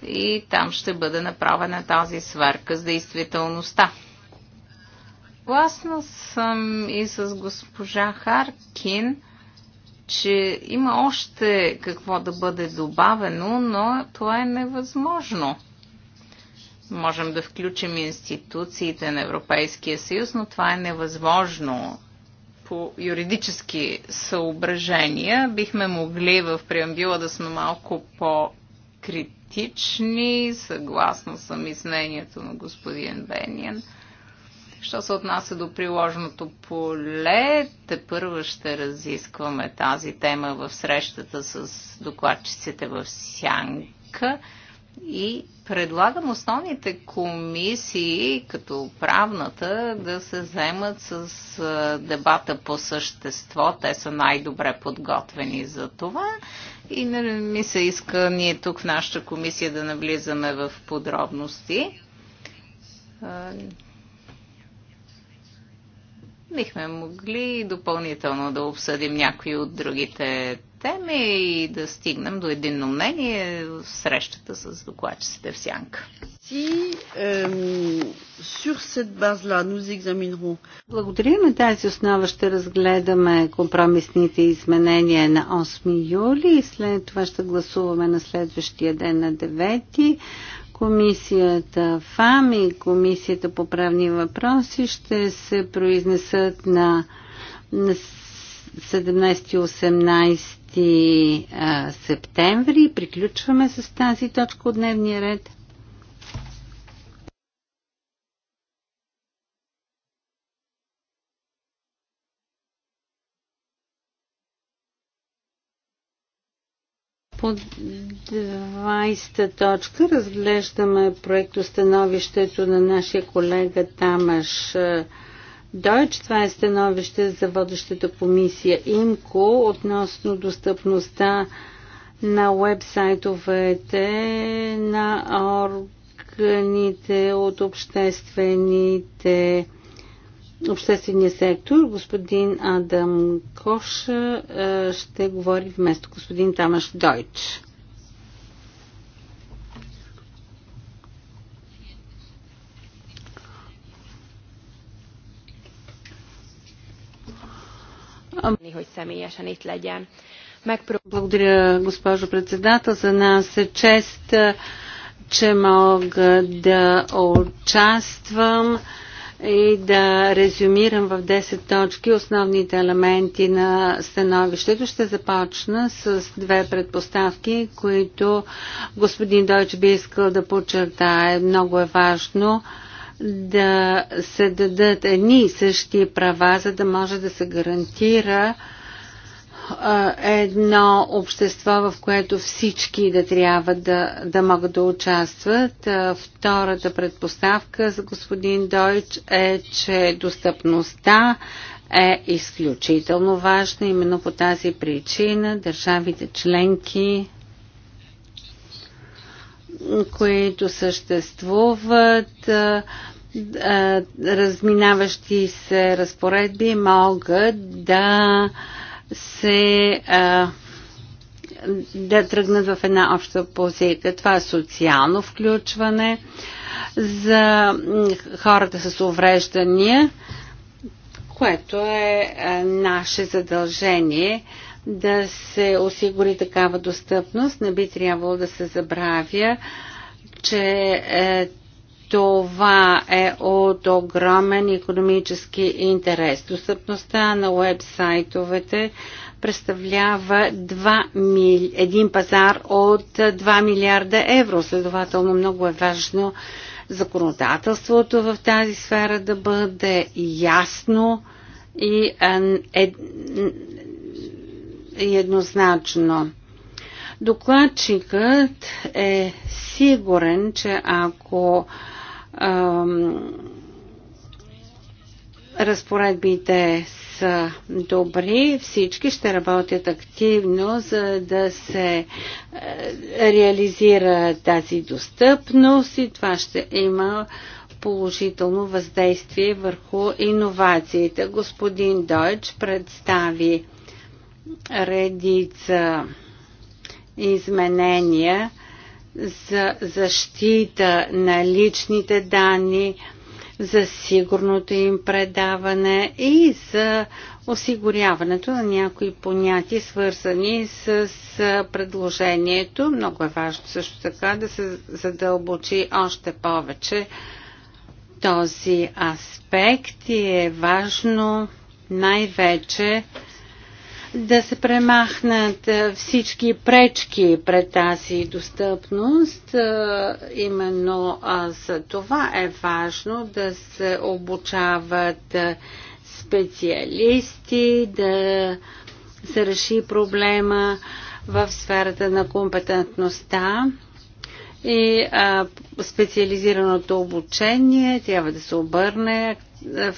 И там ще бъде направена тази сварка с действителността. Гласна съм и с госпожа Харкин, че има още какво да бъде добавено, но това е невъзможно. Можем да включим институциите на Европейския съюз, но това е невъзможно по юридически съображения. Бихме могли в преамбила да сме малко по-критични. Съгласна съм и с мнението на господин Бениен. Що се отнася до приложеното поле, те първо ще разискваме тази тема в срещата с докладчиците в Сянка и предлагам основните комисии, като правната, да се заемат с дебата по същество. Те са най-добре подготвени за това. И не нали, ми се иска ние тук в нашата комисия да навлизаме в подробности. Бихме могли допълнително да обсъдим някои от другите теми и да стигнем до единно мнение в срещата с докладчиците в Сянка. Благодаря на тази основа ще разгледаме компромисните изменения на 8 юли и след това ще гласуваме на следващия ден на 9. Комисията ФАМ и Комисията по правни въпроси ще се произнесат на 17-18 30 септември. Приключваме с тази точка от дневния ред. По 20-та точка разглеждаме становището на нашия колега Тамаш Тамаш Дойч. Това е становище за водещата комисия ИМКО относно достъпността на вебсайтовете на органите от обществените обществения сектор. Господин Адам Коша е, ще говори вместо господин Тамаш Дойч. Благодаря, госпожо председател. За нас е чест, че мога да участвам и да резюмирам в 10 точки основните елементи на становището. Ще започна с две предпоставки, които господин Дойч би искал да подчертае. Много е важно да се дадат едни и същи права, за да може да се гарантира едно общество, в което всички да трябва да, да могат да участват. Втората предпоставка за господин Дойч е, че достъпността е изключително важна. Именно по тази причина държавите членки които съществуват, разминаващи се разпоредби могат да се да тръгнат в една обща позиция. Това е социално включване за хората с увреждания, което е наше задължение да се осигури такава достъпност. Не би трябвало да се забравя, че е, това е от огромен економически интерес. Достъпността на уебсайтовете представлява 2 мили... един пазар от 2 милиарда евро. Следователно много е важно законодателството в тази сфера да бъде ясно и е, е, еднозначно. Докладчикът е сигурен, че ако ам, разпоредбите са добри, всички ще работят активно, за да се е, реализира тази достъпност и това ще има положително въздействие върху иновациите. Господин Дойч представи редица изменения за защита на личните данни, за сигурното им предаване и за осигуряването на някои поняти, свързани с предложението. Много е важно също така да се задълбочи още повече този аспект и е важно най-вече да се премахнат всички пречки пред тази достъпност. Именно за това е важно да се обучават специалисти, да се реши проблема в сферата на компетентността и специализираното обучение трябва да се обърне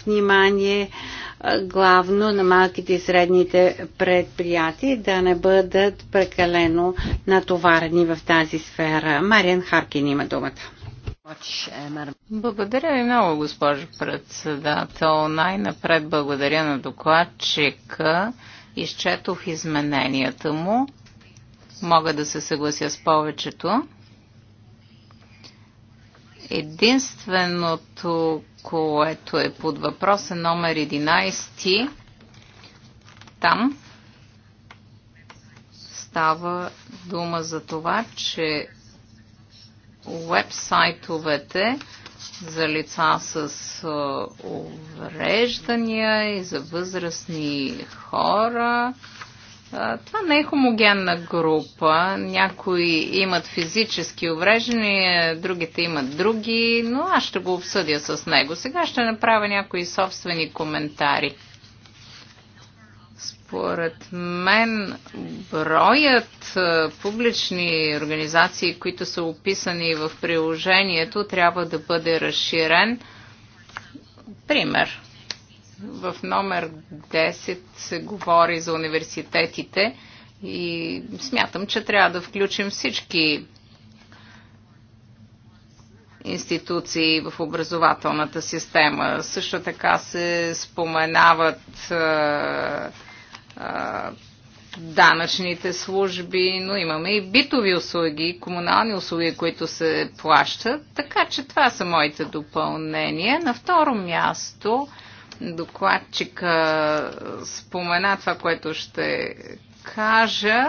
внимание главно на малките и средните предприятия да не бъдат прекалено натоварени в тази сфера. Мариан Харкин има думата. Благодаря ви много, госпожо председател. Най-напред благодаря на докладчика. Изчетох измененията му. Мога да се съглася с повечето. Единственото, което е под въпроса номер 11. Там става дума за това, че вебсайтовете за лица с увреждания и за възрастни хора това не е хомогенна група. Някои имат физически увреждания, другите имат други, но аз ще го обсъдя с него. Сега ще направя някои собствени коментари. Според мен броят публични организации, които са описани в приложението, трябва да бъде разширен. Пример в номер 10 се говори за университетите и смятам, че трябва да включим всички институции в образователната система. Също така се споменават а, а, данъчните служби, но имаме и битови услуги, комунални услуги, които се плащат. Така че това са моите допълнения. На второ място Докладчика спомена това, което ще кажа,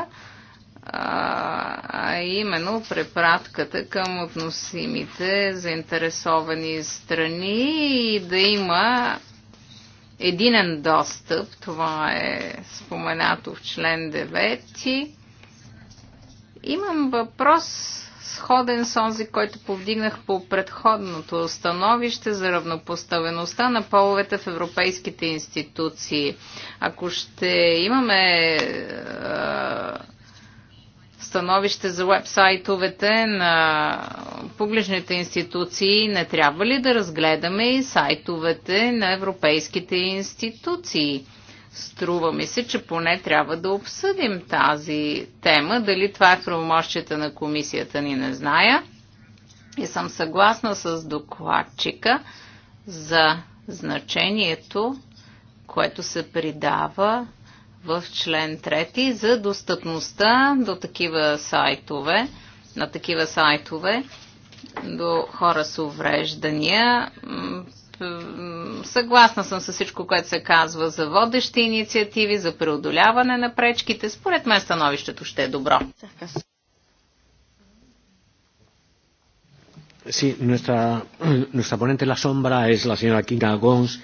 а именно препратката към относимите заинтересовани страни и да има единен достъп, това е споменато в член 9. Имам въпрос сходен с онзи, който повдигнах по предходното становище за равнопоставеността на половете в европейските институции. Ако ще имаме е, становище за вебсайтовете на публичните институции, не трябва ли да разгледаме и сайтовете на европейските институции? Струва ми се, че поне трябва да обсъдим тази тема. Дали това е в правомощията на комисията ни, не зная. И съм съгласна с докладчика за значението, което се придава в член 3 за достъпността до такива сайтове, на такива сайтове до хора с увреждания Съгласна съм с всичко, което се казва за водещи инициативи, за преодоляване на пречките. Според мен становището ще е добро. Sí, nuestra, nuestra ponente en la sombra es la señora Kinga Gons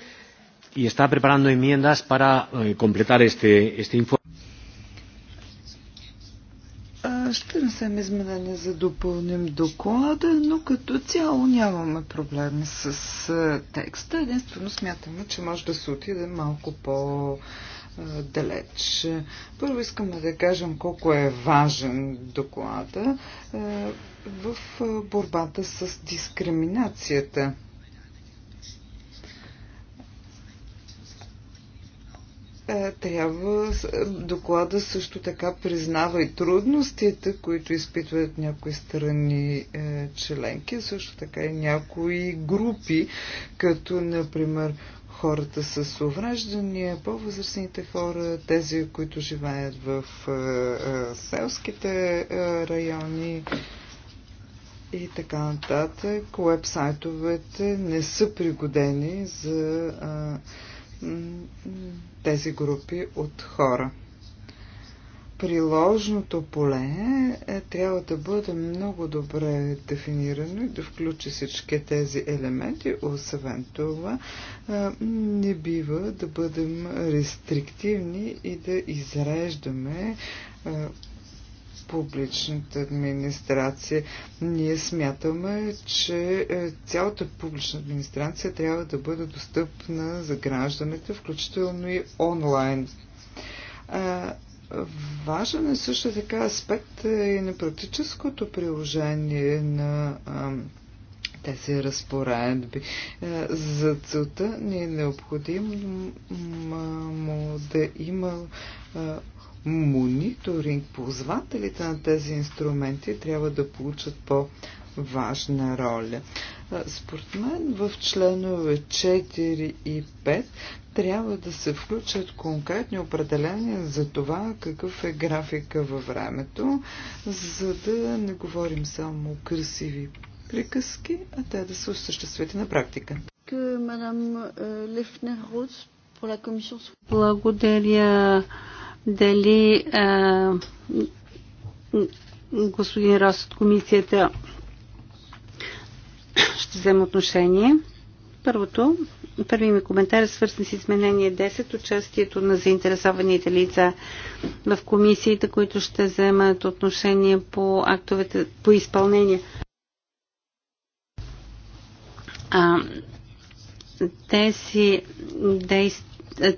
y está preparando enmiendas para eh, completar este, este informe. Ще не съм изменени за допълним доклада, но като цяло нямаме проблеми с текста. Единствено смятаме, че може да се отиде малко по- далеч. Първо искаме да кажем колко е важен доклада в борбата с дискриминацията. Е, трябва доклада също така признава и трудностите, които изпитват някои страни е, членки, също така и някои групи, като например хората с увреждания, по-възрастните хора, тези, които живеят в е, селските райони и така нататък. Уебсайтовете не са пригодени за тези групи от хора. Приложното поле е, трябва да бъде много добре дефинирано и да включи всички тези елементи. Освен това, е, не бива да бъдем рестриктивни и да изреждаме е, публичната администрация. Ние смятаме, че е, цялата публична администрация трябва да бъде достъпна за гражданите, включително и онлайн. Важен е също така аспект е, и на практическото приложение на тези разпоредби. Е, за целта ни е необходимо да има мониторинг, ползвателите на тези инструменти трябва да получат по-важна роля. Според мен в членове 4 и 5 трябва да се включат конкретни определения за това какъв е графика във времето, за да не говорим само красиви приказки, а те да се осъществят и на практика. Е, Благодаря дали а, господин Рос от комисията ще взема отношение. Първото, първи ми коментар е свързан с изменение 10, участието на заинтересованите лица в комисиите, които ще вземат отношение по актовете по изпълнение. А, тези,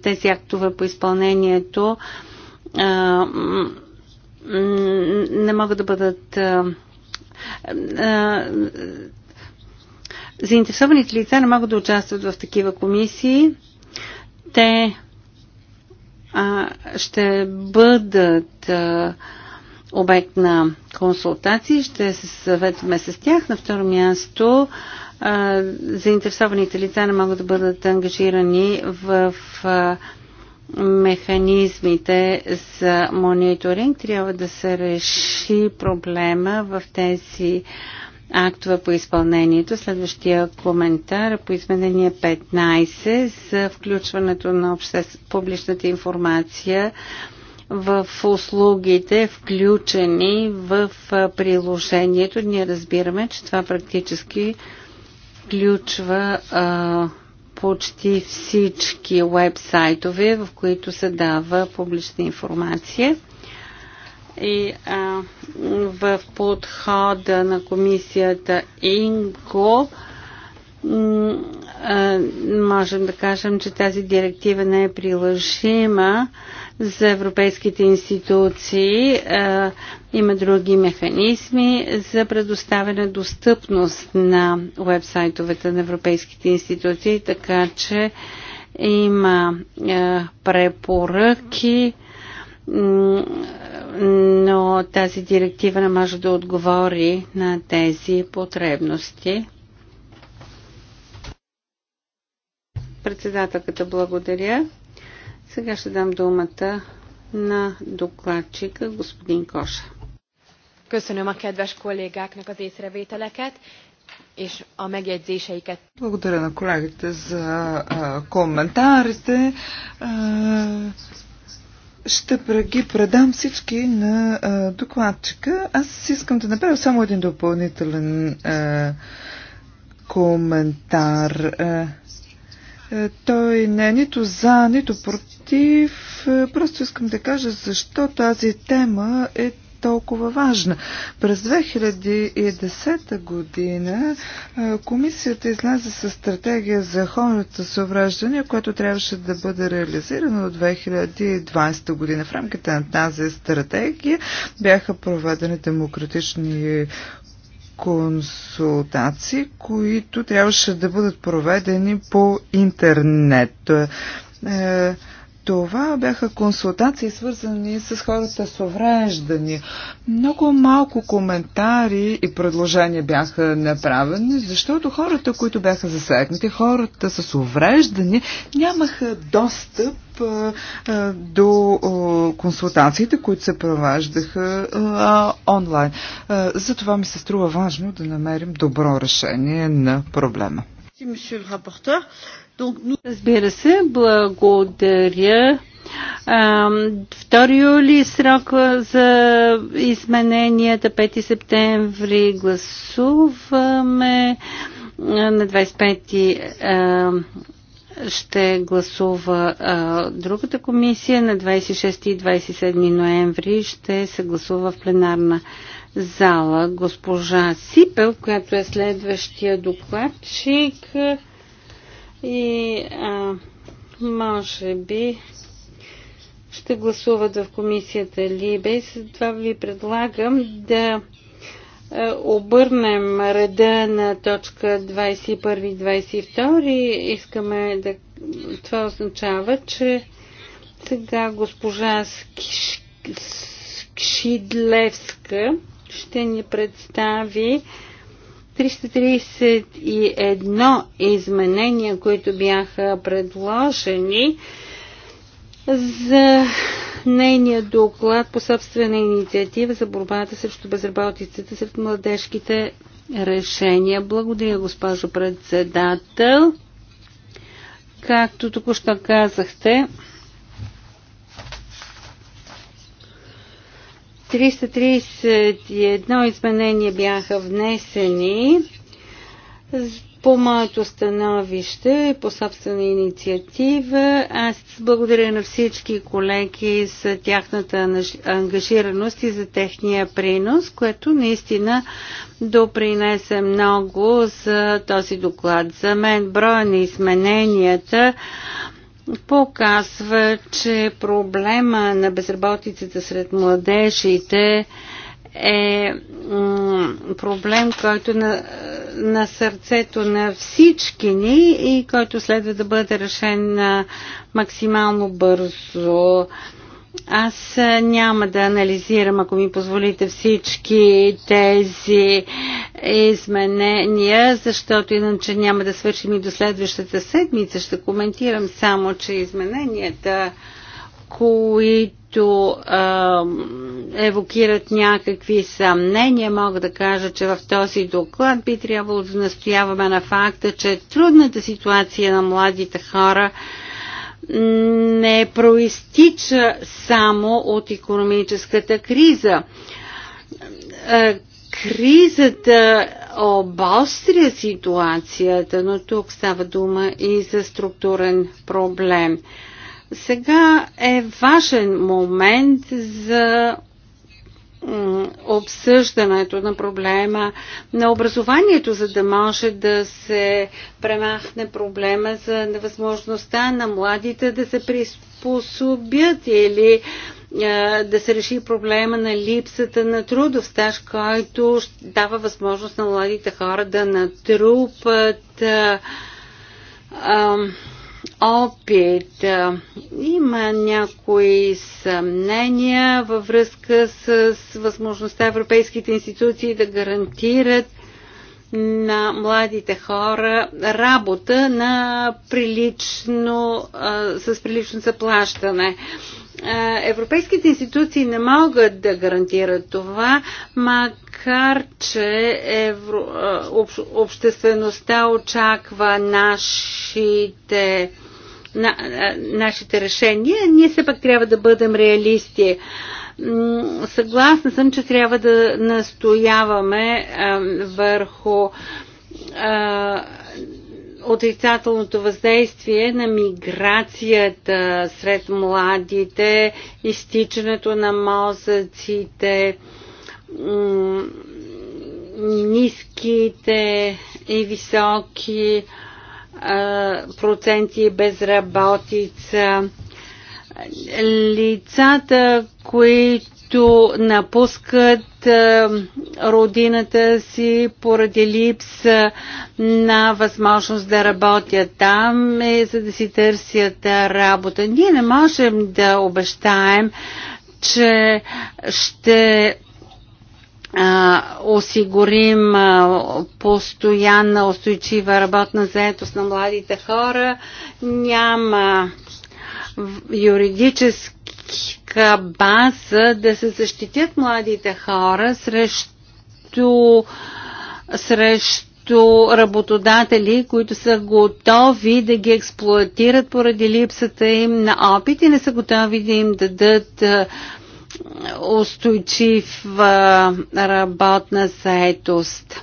тези актове по изпълнението а, не могат да бъдат заинтересованите лица не могат да участват в такива комисии. Те а, ще бъдат а, обект на консултации, ще се съветваме с тях. На второ място, а, заинтересованите лица не могат да бъдат ангажирани в а, механизмите за мониторинг, трябва да се реши проблема в тези актове по изпълнението. Следващия коментар по изменение 15 за включването на обще... публичната информация в услугите, включени в приложението. Ние разбираме, че това практически включва а, почти всички вебсайтове, в които се дава публична информация. И а, в подхода на комисията ИНКО можем да кажем, че тази директива не е приложима за европейските институции. Има други механизми за предоставяне достъпност на вебсайтовете на европейските институции, така че има препоръки, но тази директива не може да отговори на тези потребности. Председателката благодаря. Сега ще дам думата на докладчика господин Коша. Köszönöm a kedves kollégáknak az észrevételeket, és a megjegyzéseiket. Благодаря на колегите за коментарите. ще ги предам всички на докладчика. Аз искам да направя само един допълнителен коментар. Е, той не е нито за, нито против. Е, просто искам да кажа защо тази тема е толкова важна. През 2010 година е, комисията излезе с стратегия за хората с увреждания, която трябваше да бъде реализирана от 2020 година. В рамките на тази стратегия бяха проведени демократични консултации, които трябваше да бъдат проведени по интернет. Е, това бяха консултации, свързани с хората с увреждани. Много малко коментари и предложения бяха направени, защото хората, които бяха засегнати, хората с увреждани, нямаха достъп до консултациите, които се проваждаха онлайн. Затова ми се струва важно да намерим добро решение на проблема. Разбира се, благодаря. Втори юли е срок за измененията, 5 септември гласуваме на 25 ще гласува а, другата комисия на 26 и 27 ноември ще се гласува в пленарна зала. Госпожа Сипел, която е следващия докладчик и а, може би ще гласуват в комисията Либе и затова ви предлагам да е, обърнем реда на точка 21 22, искаме да... Това означава, че сега госпожа Скиш... Шидлевска ще ни представи 331 изменения, които бяха предложени за нейния доклад по собствена инициатива за борбата срещу безработицата сред младежките решения. Благодаря, госпожо председател. Както току-що казахте, 331 изменения бяха внесени по моето становище, по собствена инициатива, аз благодаря на всички колеги за тяхната ангажираност и за техния принос, което наистина допринесе много за този доклад. За мен броя на измененията показва, че проблема на безработицата сред младежите е проблем, който е на, на сърцето на всички ни и който следва да бъде решен максимално бързо. Аз няма да анализирам, ако ми позволите, всички тези изменения, защото иначе няма да свършим и до следващата седмица. Ще коментирам само, че измененията. Да които а, евокират някакви съмнения, мога да кажа, че в този доклад би трябвало да настояваме на факта, че трудната ситуация на младите хора не проистича само от економическата криза. Кризата обостря ситуацията, но тук става дума и за структурен проблем. Сега е важен момент за обсъждането на проблема на образованието, за да може да се премахне проблема за невъзможността на младите да се приспособят или е, да се реши проблема на липсата на трудов стаж, който дава възможност на младите хора да натрупат е, опит. Има някои съмнения във връзка с възможността европейските институции да гарантират на младите хора работа на прилично, с прилично заплащане. Европейските институции не могат да гарантират това, макар че евро, обществеността очаква нашите на, нашите решения, ние все пак трябва да бъдем реалисти. Съгласна съм, че трябва да настояваме а, върху а, отрицателното въздействие на миграцията сред младите, изтичането на мозъците, ниските и високи а, проценти безработица. Лицата, които напускат родината си поради липса на възможност да работят там, и е, за да си търсят работа. Ние не можем да обещаем, че ще осигурим постоянна устойчива работна заетост на младите хора, няма юридическа база да се защитят младите хора срещу, срещу работодатели, които са готови да ги експлуатират поради липсата им на опит и не са готови да им дадат устойчива работна заетост.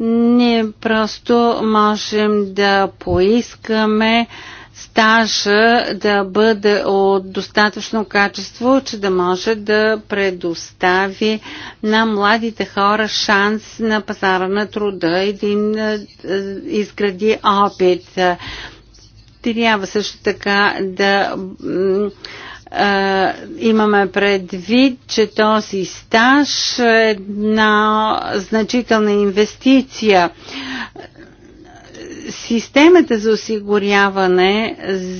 Ние просто можем да поискаме стажа да бъде от достатъчно качество, че да може да предостави на младите хора шанс на пазара на труда и да изгради опит. Трябва също така да имаме предвид, че този стаж е една значителна инвестиция. Системата за осигуряване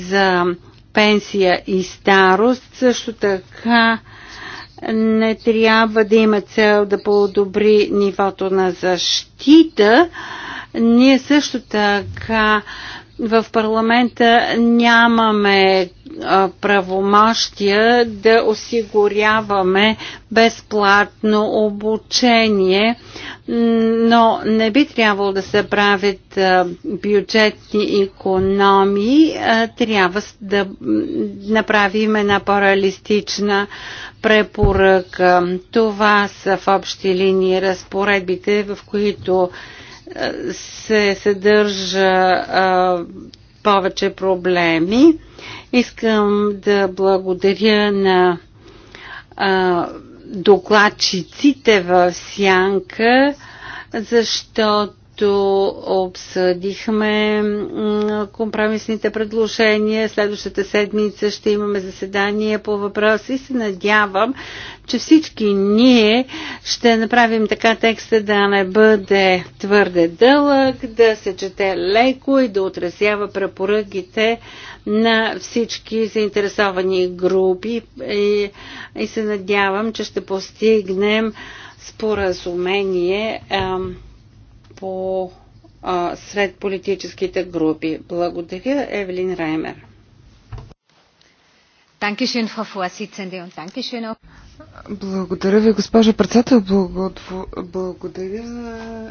за пенсия и старост също така не трябва да има цел да подобри нивото на защита. Ние също така в парламента нямаме правомощия да осигуряваме безплатно обучение, но не би трябвало да се правят бюджетни економии, трябва да направим една по-реалистична препоръка. Това са в общи линии разпоредбите, в които се съдържа повече проблеми. Искам да благодаря на докладчиците в Сянка, защото когато обсъдихме компромисните предложения. Следващата седмица ще имаме заседание по въпроси, и се надявам, че всички ние ще направим така текста да не бъде твърде дълъг, да се чете леко и да отразява препоръките на всички заинтересовани групи и, и се надявам, че ще постигнем споразумение. Ам, по, а, сред политическите групи. Благодаря, Евелин Раймер. Благодаря ви, госпожа председател. Благодаря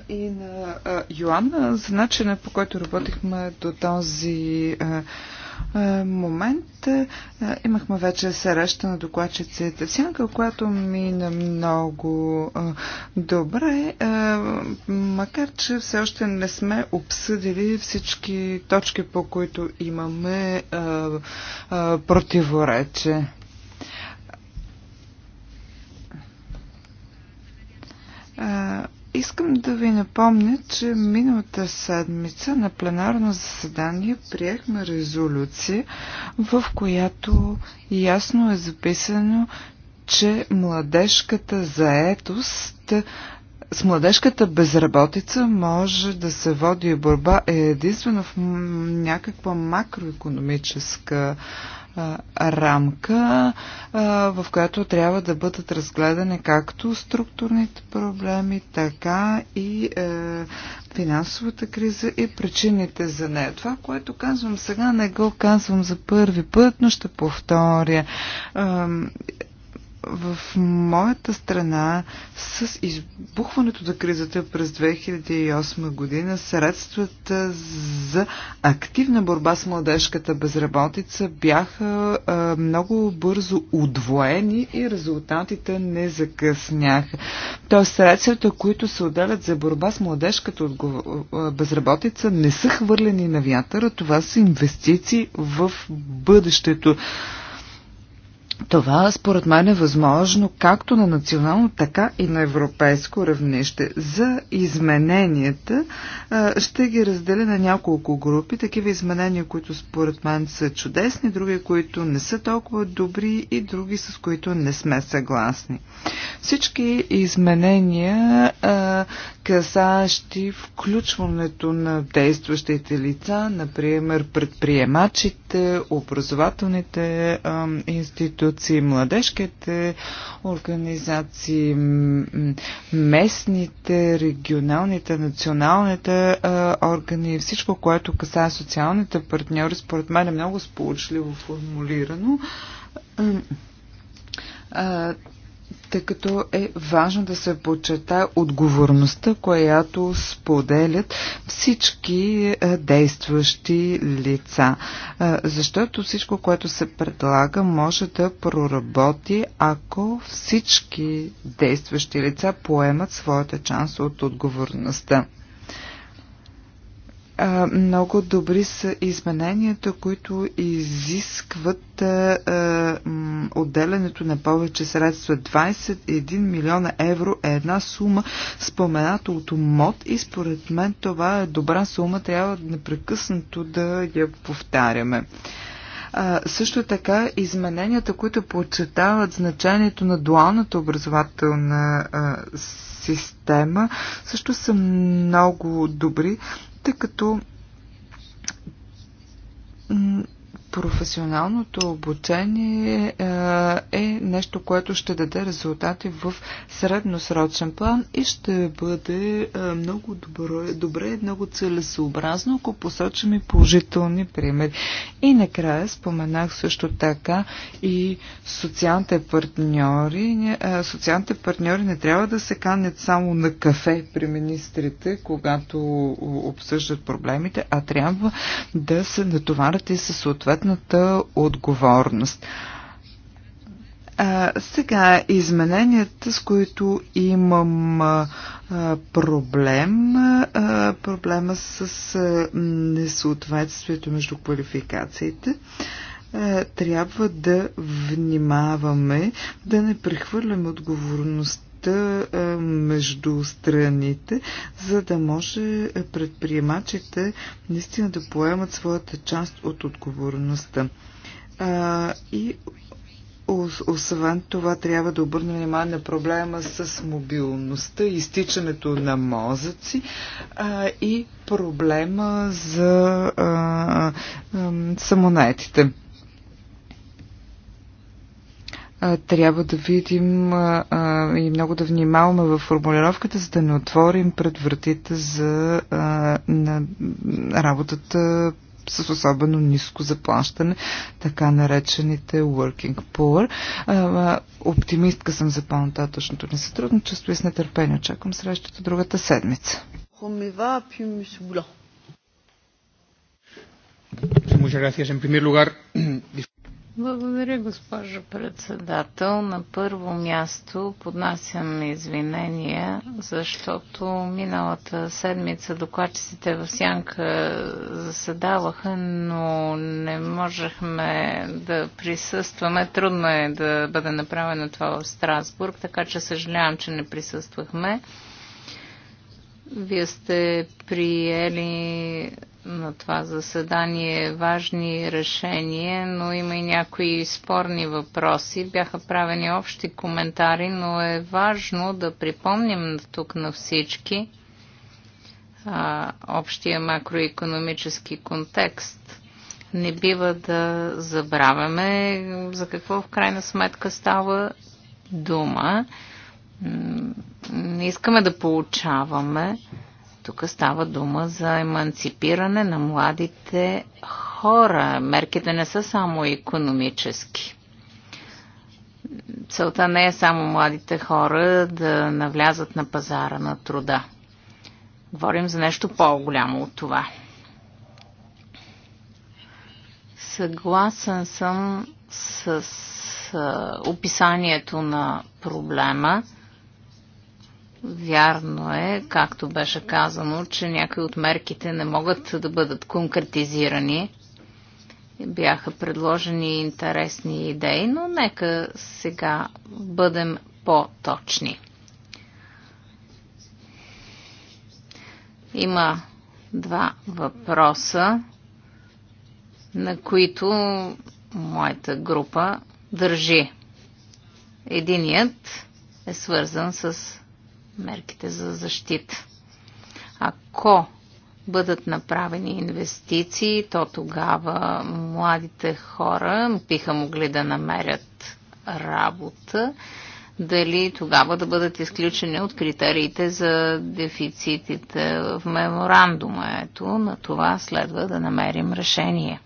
и на Йоанна за начина по който работихме до този е, момент е, имахме вече среща на докладчицата в Сянка, която мина много е, добре, макар че все още не сме обсъдили всички точки, по които имаме противорече. А, Искам да ви напомня, че миналата седмица на пленарно заседание приехме резолюция, в която ясно е записано, че младежката заетост с младежката безработица може да се води борба единствено в някаква макроекономическа рамка, в която трябва да бъдат разгледани както структурните проблеми, така и е, финансовата криза и причините за нея. Това, което казвам сега, не го казвам за първи път, но ще повторя в моята страна с избухването на кризата през 2008 година средствата за активна борба с младежката безработица бяха а, много бързо удвоени и резултатите не закъсняха. Тоест средствата, които се отделят за борба с младежката безработица не са хвърлени на вятъра, това са инвестиции в бъдещето. Това според мен е възможно както на национално, така и на европейско равнище. За измененията ще ги разделя на няколко групи. Такива изменения, които според мен са чудесни, други, които не са толкова добри и други, с които не сме съгласни. Всички изменения, касащи включването на действащите лица, например предприемачите, образователните институции, институции, младежките организации, местните, регионалните, националните а, органи, всичко, което касае социалните партньори, според мен е много сполучливо формулирано тъй като е важно да се почета отговорността, която споделят всички е, действащи лица. Е, защото всичко, което се предлага, може да проработи, ако всички действащи лица поемат своята част от отговорността. А, много добри са измененията, които изискват а, а, отделянето на повече средства. 21 милиона евро е една сума, спомената от МОД и според мен това е добра сума, трябва непрекъснато да я повтаряме. А, също така измененията, които подчертават значението на дуалната образователна а, система, също са много добри тъй като професионалното обучение е, е нещо, което ще даде резултати в средносрочен план и ще бъде е, много добро, добре, много целесообразно, ако посочим и положителни примери. И накрая споменах също така и социалните партньори. Е, социалните партньори не трябва да се канят само на кафе при министрите, когато обсъждат проблемите, а трябва да се натоварят и със съответно тяхната отговорност. А, сега, измененията, с които имам а, проблем, а, проблема с а, несъответствието между квалификациите, а, трябва да внимаваме да не прехвърляме отговорността връзката между страните, за да може предприемачите наистина да поемат своята част от отговорността. И освен това, трябва да обърнем внимание на проблема с мобилността, изтичането на мозъци а, и проблема за а, а, самонетите трябва да видим и много да внимаваме в формулировката, за да не отворим пред вратите за на работата с особено ниско заплащане, така наречените working poor. Оптимистка съм за по-нататъчното ни сътрудничество и с нетърпение очаквам срещата другата седмица. Muchas gracias. En primer lugar, благодаря, госпожо председател. На първо място поднасям извинения, защото миналата седмица докладчиците в Сянка заседаваха, но не можехме да присъстваме. Трудно е да бъде направено това в Страсбург, така че съжалявам, че не присъствахме. Вие сте приели на това заседание важни решения, но има и някои спорни въпроси. Бяха правени общи коментари, но е важно да припомним тук на всички а, общия макроекономически контекст. Не бива да забравяме за какво в крайна сметка става дума. Не искаме да получаваме тук става дума за еманципиране на младите хора. Мерките не са само економически. Целта не е само младите хора да навлязат на пазара на труда. Говорим за нещо по-голямо от това. Съгласен съм с описанието на проблема. Вярно е, както беше казано, че някои от мерките не могат да бъдат конкретизирани. Бяха предложени интересни идеи, но нека сега бъдем по-точни. Има два въпроса, на които моята група държи. Единият е свързан с мерките за защита. Ако бъдат направени инвестиции, то тогава младите хора биха могли да намерят работа. Дали тогава да бъдат изключени от критериите за дефицитите в меморандума? Ето, на това следва да намерим решение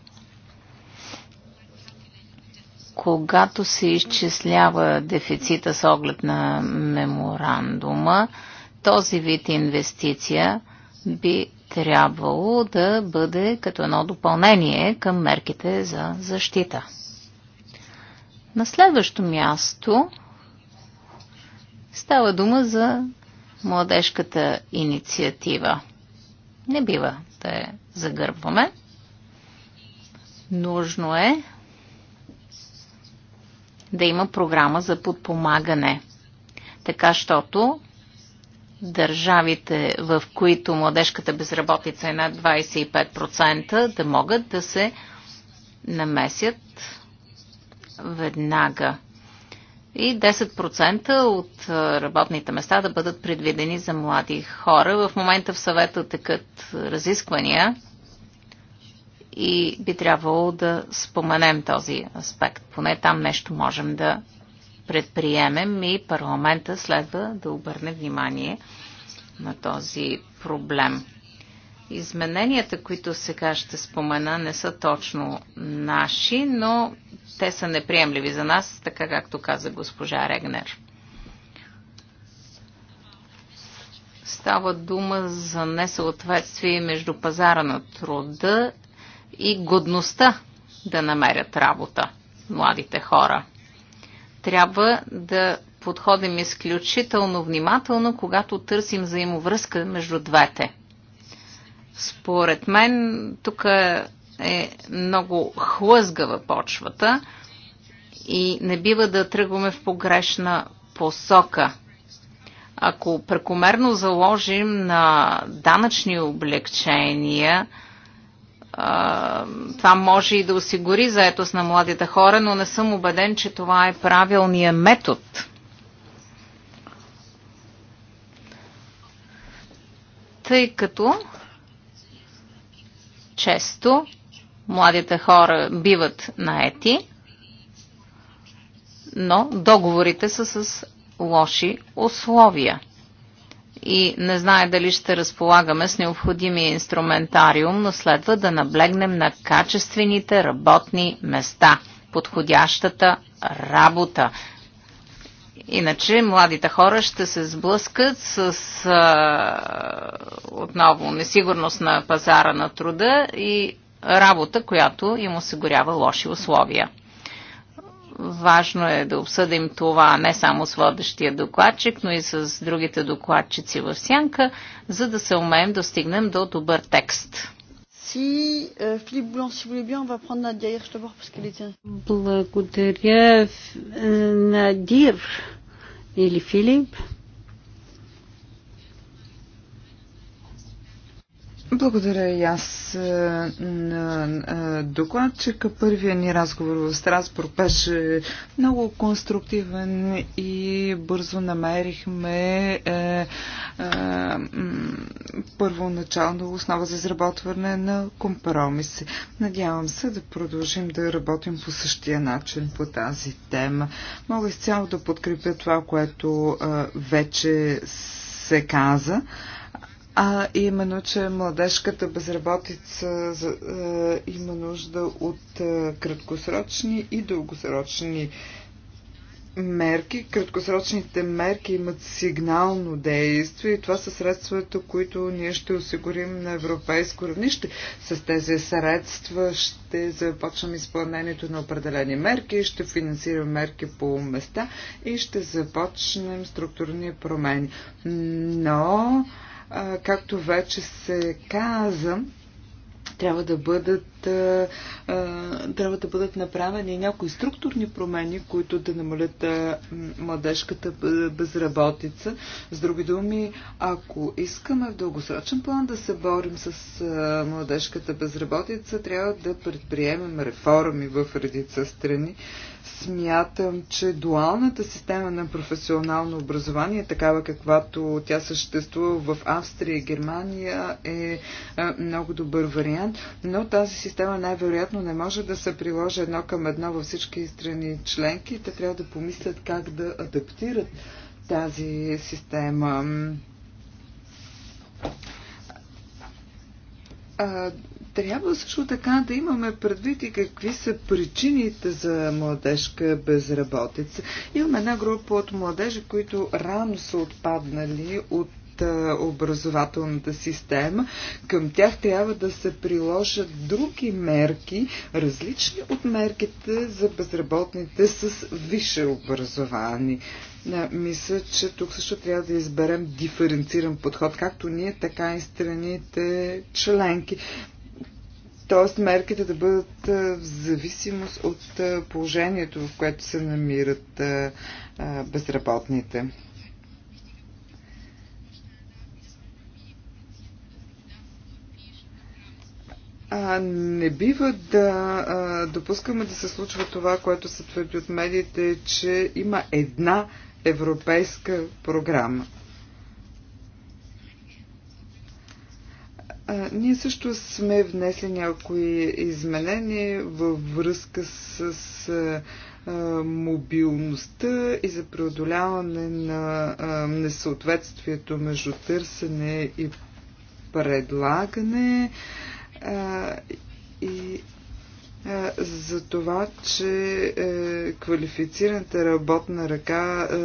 когато се изчислява дефицита с оглед на меморандума, този вид инвестиция би трябвало да бъде като едно допълнение към мерките за защита. На следващо място става дума за младежката инициатива. Не бива да я загърбваме. Нужно е да има програма за подпомагане. Така, щото държавите, в които младежката безработица е над 25%, да могат да се намесят веднага. И 10% от работните места да бъдат предвидени за млади хора. В момента в съвета такът разисквания и би трябвало да споменем този аспект. Поне там нещо можем да предприемем и парламента следва да обърне внимание на този проблем. Измененията, които сега ще спомена, не са точно наши, но те са неприемливи за нас, така както каза госпожа Регнер. Става дума за несъответствие между пазара на труда и годността да намерят работа младите хора. Трябва да подходим изключително внимателно, когато търсим взаимовръзка между двете. Според мен тук е много хлъзгава почвата и не бива да тръгваме в погрешна посока. Ако прекомерно заложим на данъчни облегчения, това може и да осигури заетост на младите хора, но не съм убеден, че това е правилният метод. Тъй като често младите хора биват наети, но договорите са с лоши условия и не знае дали ще разполагаме с необходимия инструментариум, но следва да наблегнем на качествените работни места, подходящата работа. Иначе младите хора ще се сблъскат с а, отново несигурност на пазара на труда и работа, която им осигурява лоши условия. Важно е да обсъдим това не само с водещия докладчик, но и с другите докладчици в сянка, за да се умеем да стигнем до добър текст. Е, Благодаря, е, Надир или Филип. Благодаря и аз е, на е, докладчика. Първия ни разговор в Страсбург беше много конструктивен и бързо намерихме е, е, първоначално основа за изработване на компромиси. Надявам се да продължим да работим по същия начин по тази тема. Мога изцяло да подкрепя това, което е, вече се каза. Е, а именно, че младежката безработица е, има нужда от е, краткосрочни и дългосрочни мерки. Краткосрочните мерки имат сигнално действие и това са средствата, които ние ще осигурим на европейско равнище. С тези средства ще започнем изпълнението на определени мерки, ще финансираме мерки по места и ще започнем структурни промени. Но както вече се каза, трябва да бъдат, трябва да бъдат направени някои структурни промени, които да намалят младежката безработица. С други думи, ако искаме в дългосрочен план да се борим с младежката безработица, трябва да предприемем реформи в редица страни. Смятам, че дуалната система на професионално образование, такава каквато тя съществува в Австрия и Германия, е, е много добър вариант, но тази система най-вероятно не може да се приложи едно към едно във всички страни членки. Те трябва да помислят как да адаптират тази система. А, трябва също така да имаме предвид и какви са причините за младежка безработица. Имаме една група от младежи, които рано са отпаднали от образователната система. Към тях трябва да се приложат други мерки, различни от мерките за безработните с висше образование. Да, мисля, че тук също трябва да изберем диференциран подход, както ние, така и страните членки. Тоест мерките да бъдат в зависимост от положението, в което се намират безработните. А, не бива да а, допускаме да се случва това, което се твърди от медиите, че има една европейска програма. А, ние също сме внесли някои изменения във връзка с, с а, мобилността и за преодоляване на а, несъответствието между търсене и предлагане. А, и за това, че е, квалифицираната работна ръка е,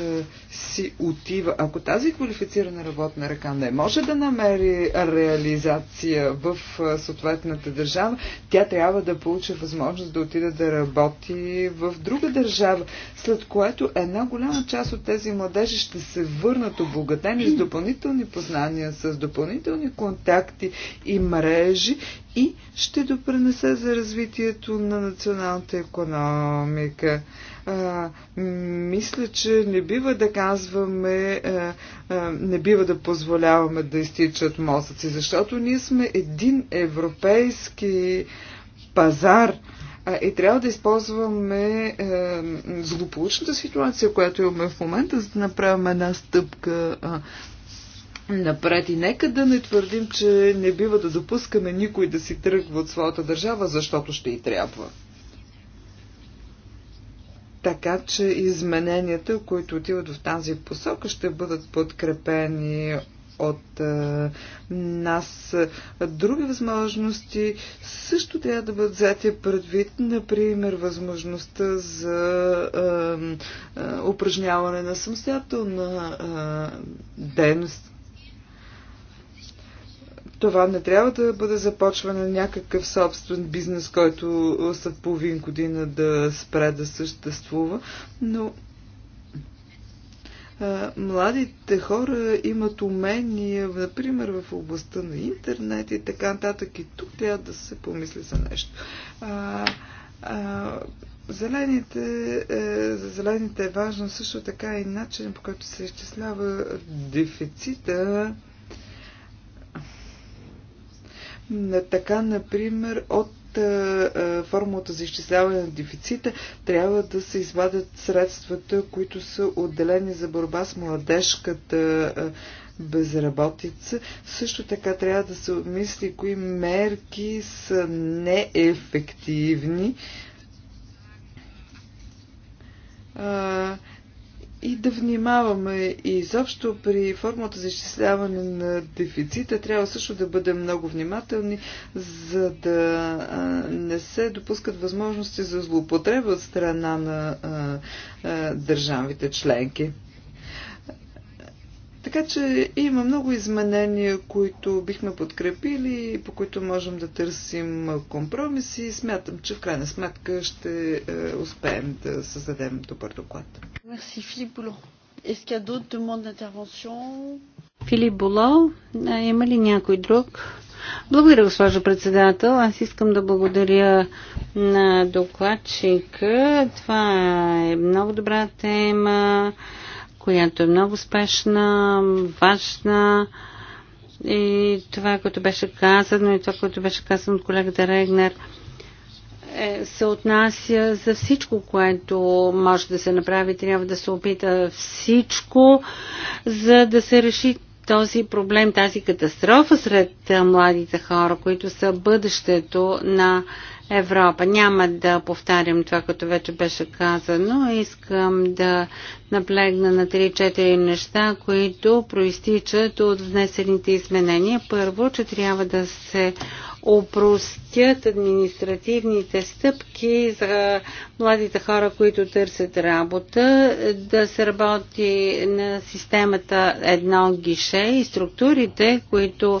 е, си отива. Ако тази квалифицирана работна ръка не може да намери реализация в е, съответната държава, тя трябва да получи възможност да отиде да работи в друга държава, след което една голяма част от тези младежи ще се върнат обогатени с допълнителни познания, с допълнителни контакти и мрежи и ще допренесе за развитието на националната економика. А, мисля, че не бива да казваме, а, а, не бива да позволяваме да изтичат мозъци, защото ние сме един европейски пазар и трябва да използваме а, злополучната ситуация, която имаме в момента, за да направим една стъпка А, напред. И нека да не твърдим, че не бива да допускаме никой да си тръгва от своята държава, защото ще и трябва. Така че измененията, които отиват в тази посока, ще бъдат подкрепени от е, нас. Други възможности също трябва да бъдат взети предвид, например, възможността за е, е, упражняване на самостоятелна е, дейност това не трябва да бъде започване на някакъв собствен бизнес, който след половин година да спре да съществува, но а, младите хора имат умения, например, в областта на интернет и така нататък. И тук трябва да се помисли за нещо. А, а, Зелените, е, за зелените е важно също така и начинът по който се изчислява дефицита така, например, от е, е, формулата за изчисляване на дефицита трябва да се извадят средствата, които са отделени за борба с младежката е, безработица. Също така трябва да се обмисли кои мерки са неефективни. А, и да внимаваме. И изобщо при формулата за изчисляване на дефицита трябва също да бъдем много внимателни, за да не се допускат възможности за злоупотреба от страна на държавите членки. Така че има много изменения, които бихме подкрепили, по които можем да търсим компромиси. Смятам, че в крайна сметка ще е, успеем да създадем добър доклад. Мерси, Филип Було. Филип Було, има ли някой друг? Благодаря, госпожо председател. Аз искам да благодаря на докладчика. Това е много добра тема която е много спешна, важна. И това, което беше казано, и това, което беше казано от колегата Регнер, е, се отнася за всичко, което може да се направи. Трябва да се опита всичко, за да се реши този проблем, тази катастрофа сред младите хора, които са бъдещето на Европа. Няма да повтарям това, като вече беше казано. Искам да наблегна на 3-4 неща, които проистичат от внесените изменения. Първо, че трябва да се упростят административните стъпки за младите хора, които търсят работа, да се работи на системата едно гише и структурите, които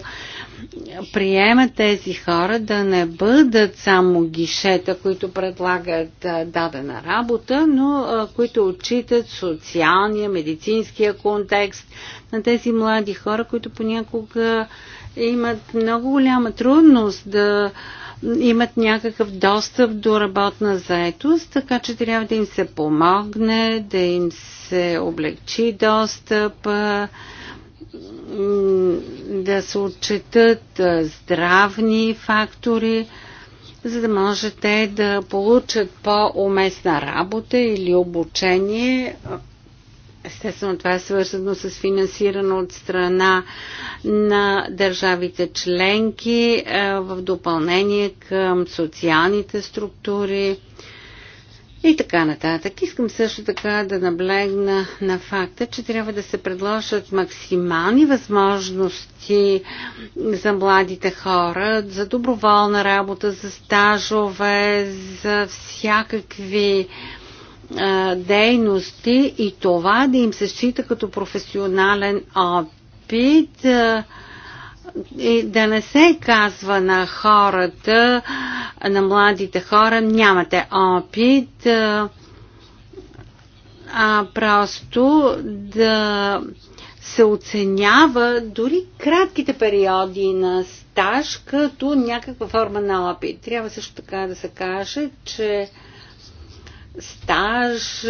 приемат тези хора да не бъдат само гишета, които предлагат дадена работа, но които отчитат социалния, медицинския контекст на тези млади хора, които понякога имат много голяма трудност да имат някакъв достъп до работна заетост, така че трябва да им се помогне, да им се облегчи достъп, да се отчетат здравни фактори, за да можете да получат по-уместна работа или обучение Естествено, това е свързано с финансиране от страна на държавите членки е, в допълнение към социалните структури и така нататък. Искам също така да наблегна на факта, че трябва да се предложат максимални възможности за младите хора, за доброволна работа, за стажове, за всякакви а, дейности и това да им се счита като професионален опит. А, и да не се казва на хората, на младите хора, нямате опит, а, а просто да се оценява дори кратките периоди на стаж като някаква форма на опит. Трябва също така да се каже, че стаж,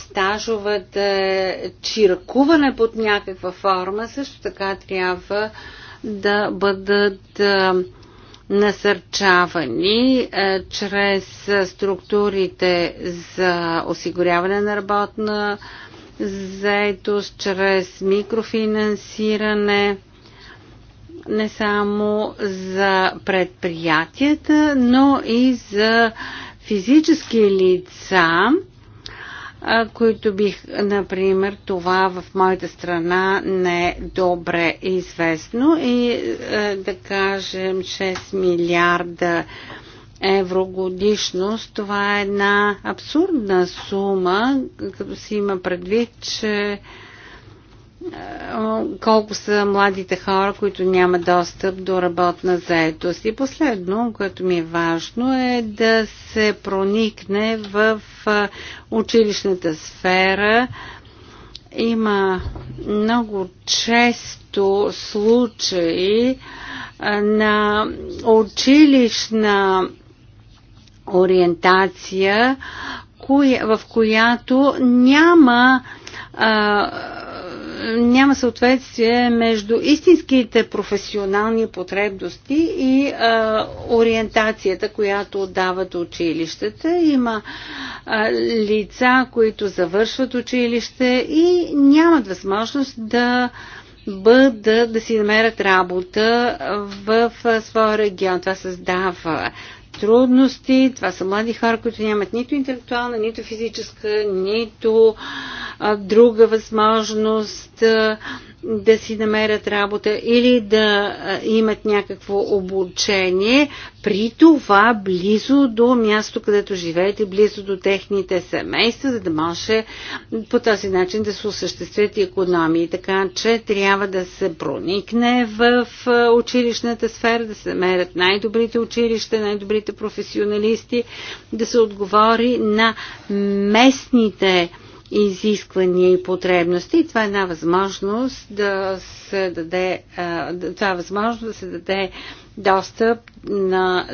стажовете, чиракуване под някаква форма също така трябва да бъдат насърчавани чрез структурите за осигуряване на работна заетост, чрез микрофинансиране не само за предприятията, но и за физически лица, които бих, например, това в моята страна не е добре известно и е, да кажем 6 милиарда евро годишно, това е една абсурдна сума, като си има предвид, че колко са младите хора, които нямат достъп до работна заетост. И последно, което ми е важно, е да се проникне в училищната сфера. Има много често случаи на училищна ориентация, в която няма няма съответствие между истинските професионални потребности и а, ориентацията, която дават училищата. Има а, лица, които завършват училище и нямат възможност да бъдат, да си намерят работа в своя регион. Това създава трудности. Това са млади хора, които нямат нито интелектуална, нито физическа, нито а, друга възможност а, да си намерят работа или да а, имат някакво обучение, при това близо до място, където живеете, близо до техните семейства, за да може по този начин да се осъществят и економии. Така че трябва да се проникне в училищната сфера, да се намерят най-добрите училища, най-добрите своите професионалисти, да се отговори на местните изисквания и потребности. И това е една възможност да се даде, това е възможност да се даде достъп на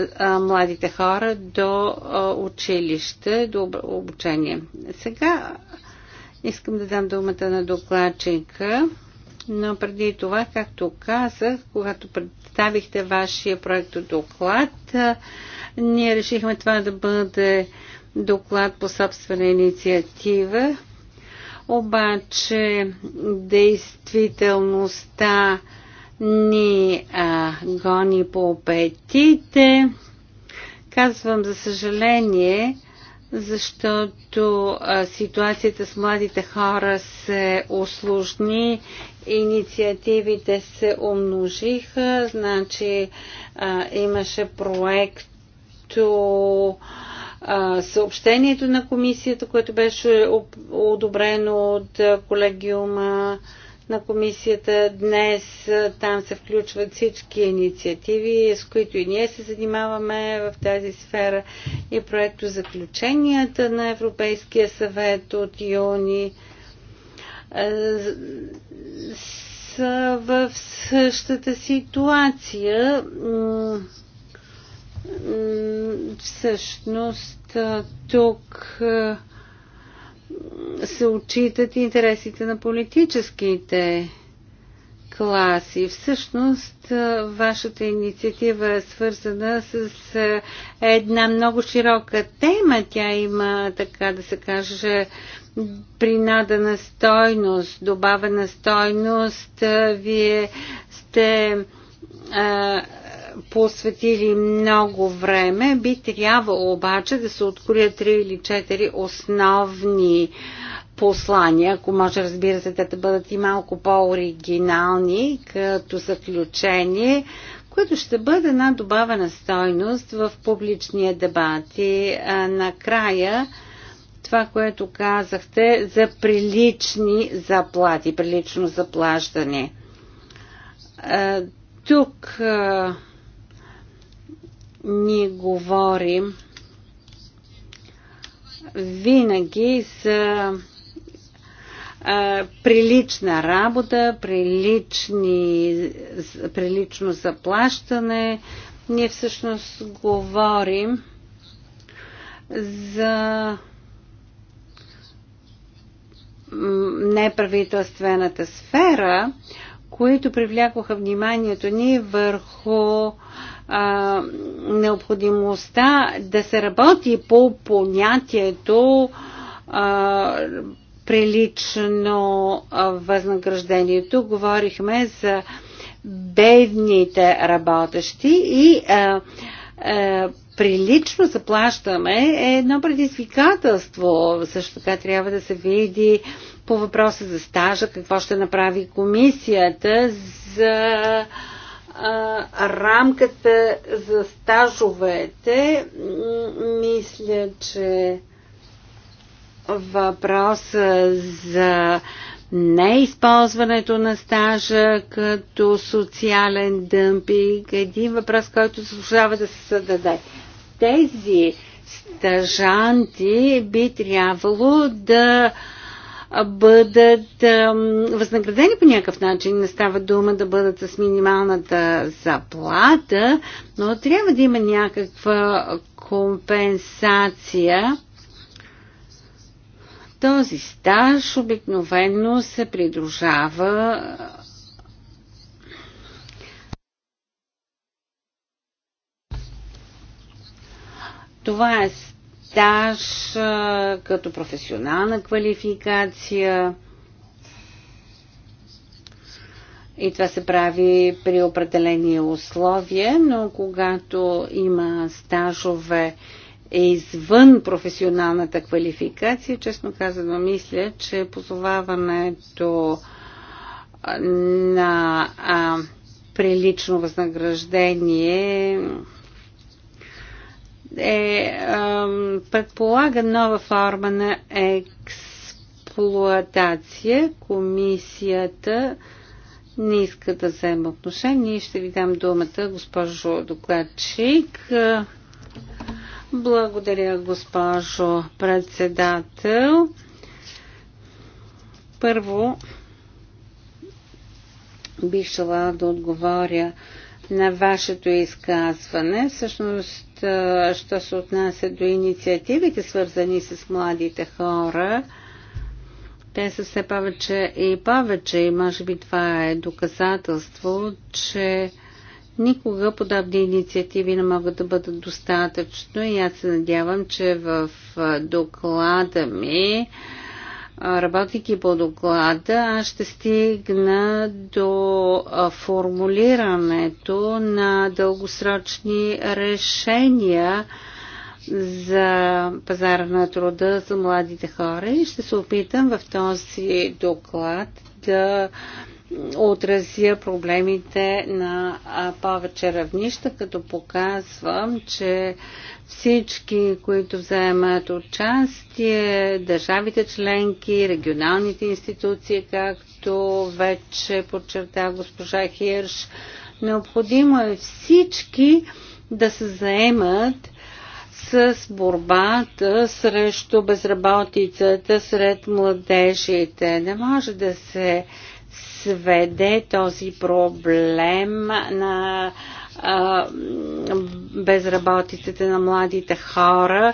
младите хора до училище, до обучение. Сега искам да дам думата на докладчика, но преди това, както казах, когато представихте вашия проект доклад, ние решихме това да бъде доклад по собствена инициатива, обаче действителността ни а, гони по петите. Казвам за съжаление, защото а, ситуацията с младите хора се осложни, инициативите се умножиха, значи а, имаше проект като съобщението на комисията, което беше одобрено от колегиума на комисията. Днес там се включват всички инициативи, с които и ние се занимаваме в тази сфера и проекто заключенията на Европейския съвет от юни са в същата ситуация всъщност тук се отчитат интересите на политическите класи. Всъщност, вашата инициатива е свързана с една много широка тема. Тя има, така да се каже, принадена стойност, добавена стойност. Вие сте посветили много време. Би трябвало обаче да се откроят три или четири основни послания, ако може разбира се те да бъдат и малко по-оригинални като заключение, което ще бъде една добавена стойност в публичния дебат. И а, накрая това, което казахте за прилични заплати, прилично заплащане. А, тук а, ние говорим винаги за прилична работа, прилични, прилично заплащане. Ние всъщност говорим за неправителствената сфера, които привлякоха вниманието ни върху а, необходимостта да се работи по понятието а, прилично възнаграждение. Тук говорихме за бедните работещи и а, а, прилично заплащаме е едно предизвикателство. Също така трябва да се види а, по въпроса за стажа, какво ще направи комисията за а, рамката за стажовете, мисля, че въпроса за неизползването на стажа като социален дъмпинг, е един въпрос, който заслужава да се създаде. Тези стажанти би трябвало да бъдат възнаградени по някакъв начин. Не става дума да бъдат с минималната заплата, но трябва да има някаква компенсация. Този стаж обикновено се придружава Това е стаж, като професионална квалификация. И това се прави при определени условия, но когато има стажове извън професионалната квалификация, честно казано, мисля, че позоваването на а, прилично възнаграждение е, предполага нова форма на експлуатация. Комисията не иска да взема отношение. Ще ви дам думата, госпожо докладчик. Благодаря, госпожо председател. Първо, бих желала да отговоря на вашето изказване. Всъщност, що се отнася до инициативите, свързани с младите хора, те са все повече и повече и може би това е доказателство, че никога подобни инициативи не могат да бъдат достатъчно и аз се надявам, че в доклада ми работейки по доклада, аз ще стигна до формулирането на дългосрочни решения за пазара на труда за младите хора и ще се опитам в този доклад да отразя проблемите на повече равнища, като показвам, че всички, които вземат участие, държавите членки, регионалните институции, както вече подчерта госпожа Хирш, необходимо е всички да се заемат с борбата срещу безработицата сред младежите. Не може да се сведе този проблем на безработицата на младите хора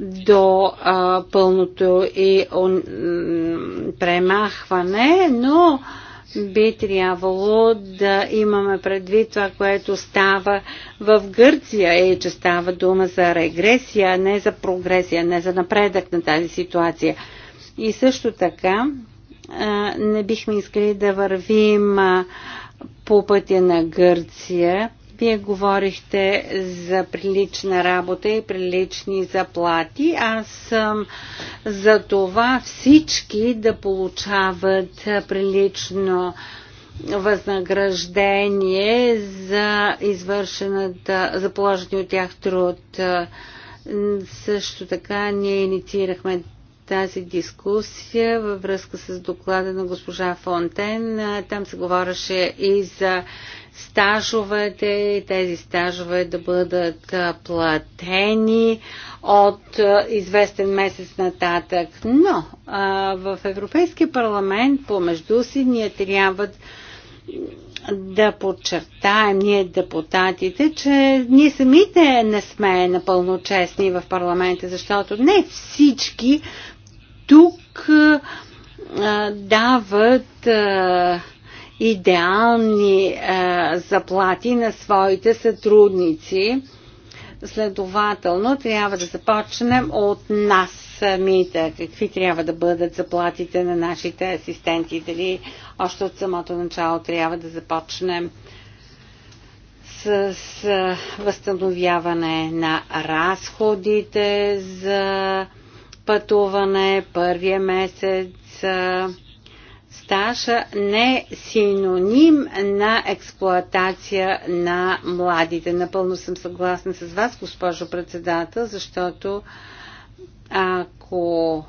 до а, пълното и он, премахване, но би трябвало да имаме предвид това, което става в Гърция, и че става дума за регресия, не за прогресия, не за напредък на тази ситуация. И също така не бихме искали да вървим по пътя на Гърция. Вие говорихте за прилична работа и прилични заплати. Аз съм за това всички да получават прилично възнаграждение за извършената, за положения от тях труд. Също така ние инициирахме тази дискусия във връзка с доклада на госпожа Фонтен. Там се говореше и за стажовете, и тези стажове да бъдат платени от известен месец нататък. Но в Европейския парламент помежду си ние трябва да подчертаем ние депутатите, че ние самите не сме напълно честни в парламента, защото не всички тук а, дават а, идеални а, заплати на своите сътрудници. Следователно, трябва да започнем от нас самите. Какви трябва да бъдат заплатите на нашите асистенти? Дали още от самото начало трябва да започнем с, с възстановяване на разходите за пътуване, първия месец стажа не е синоним на експлоатация на младите. Напълно съм съгласна с вас, госпожо председател, защото ако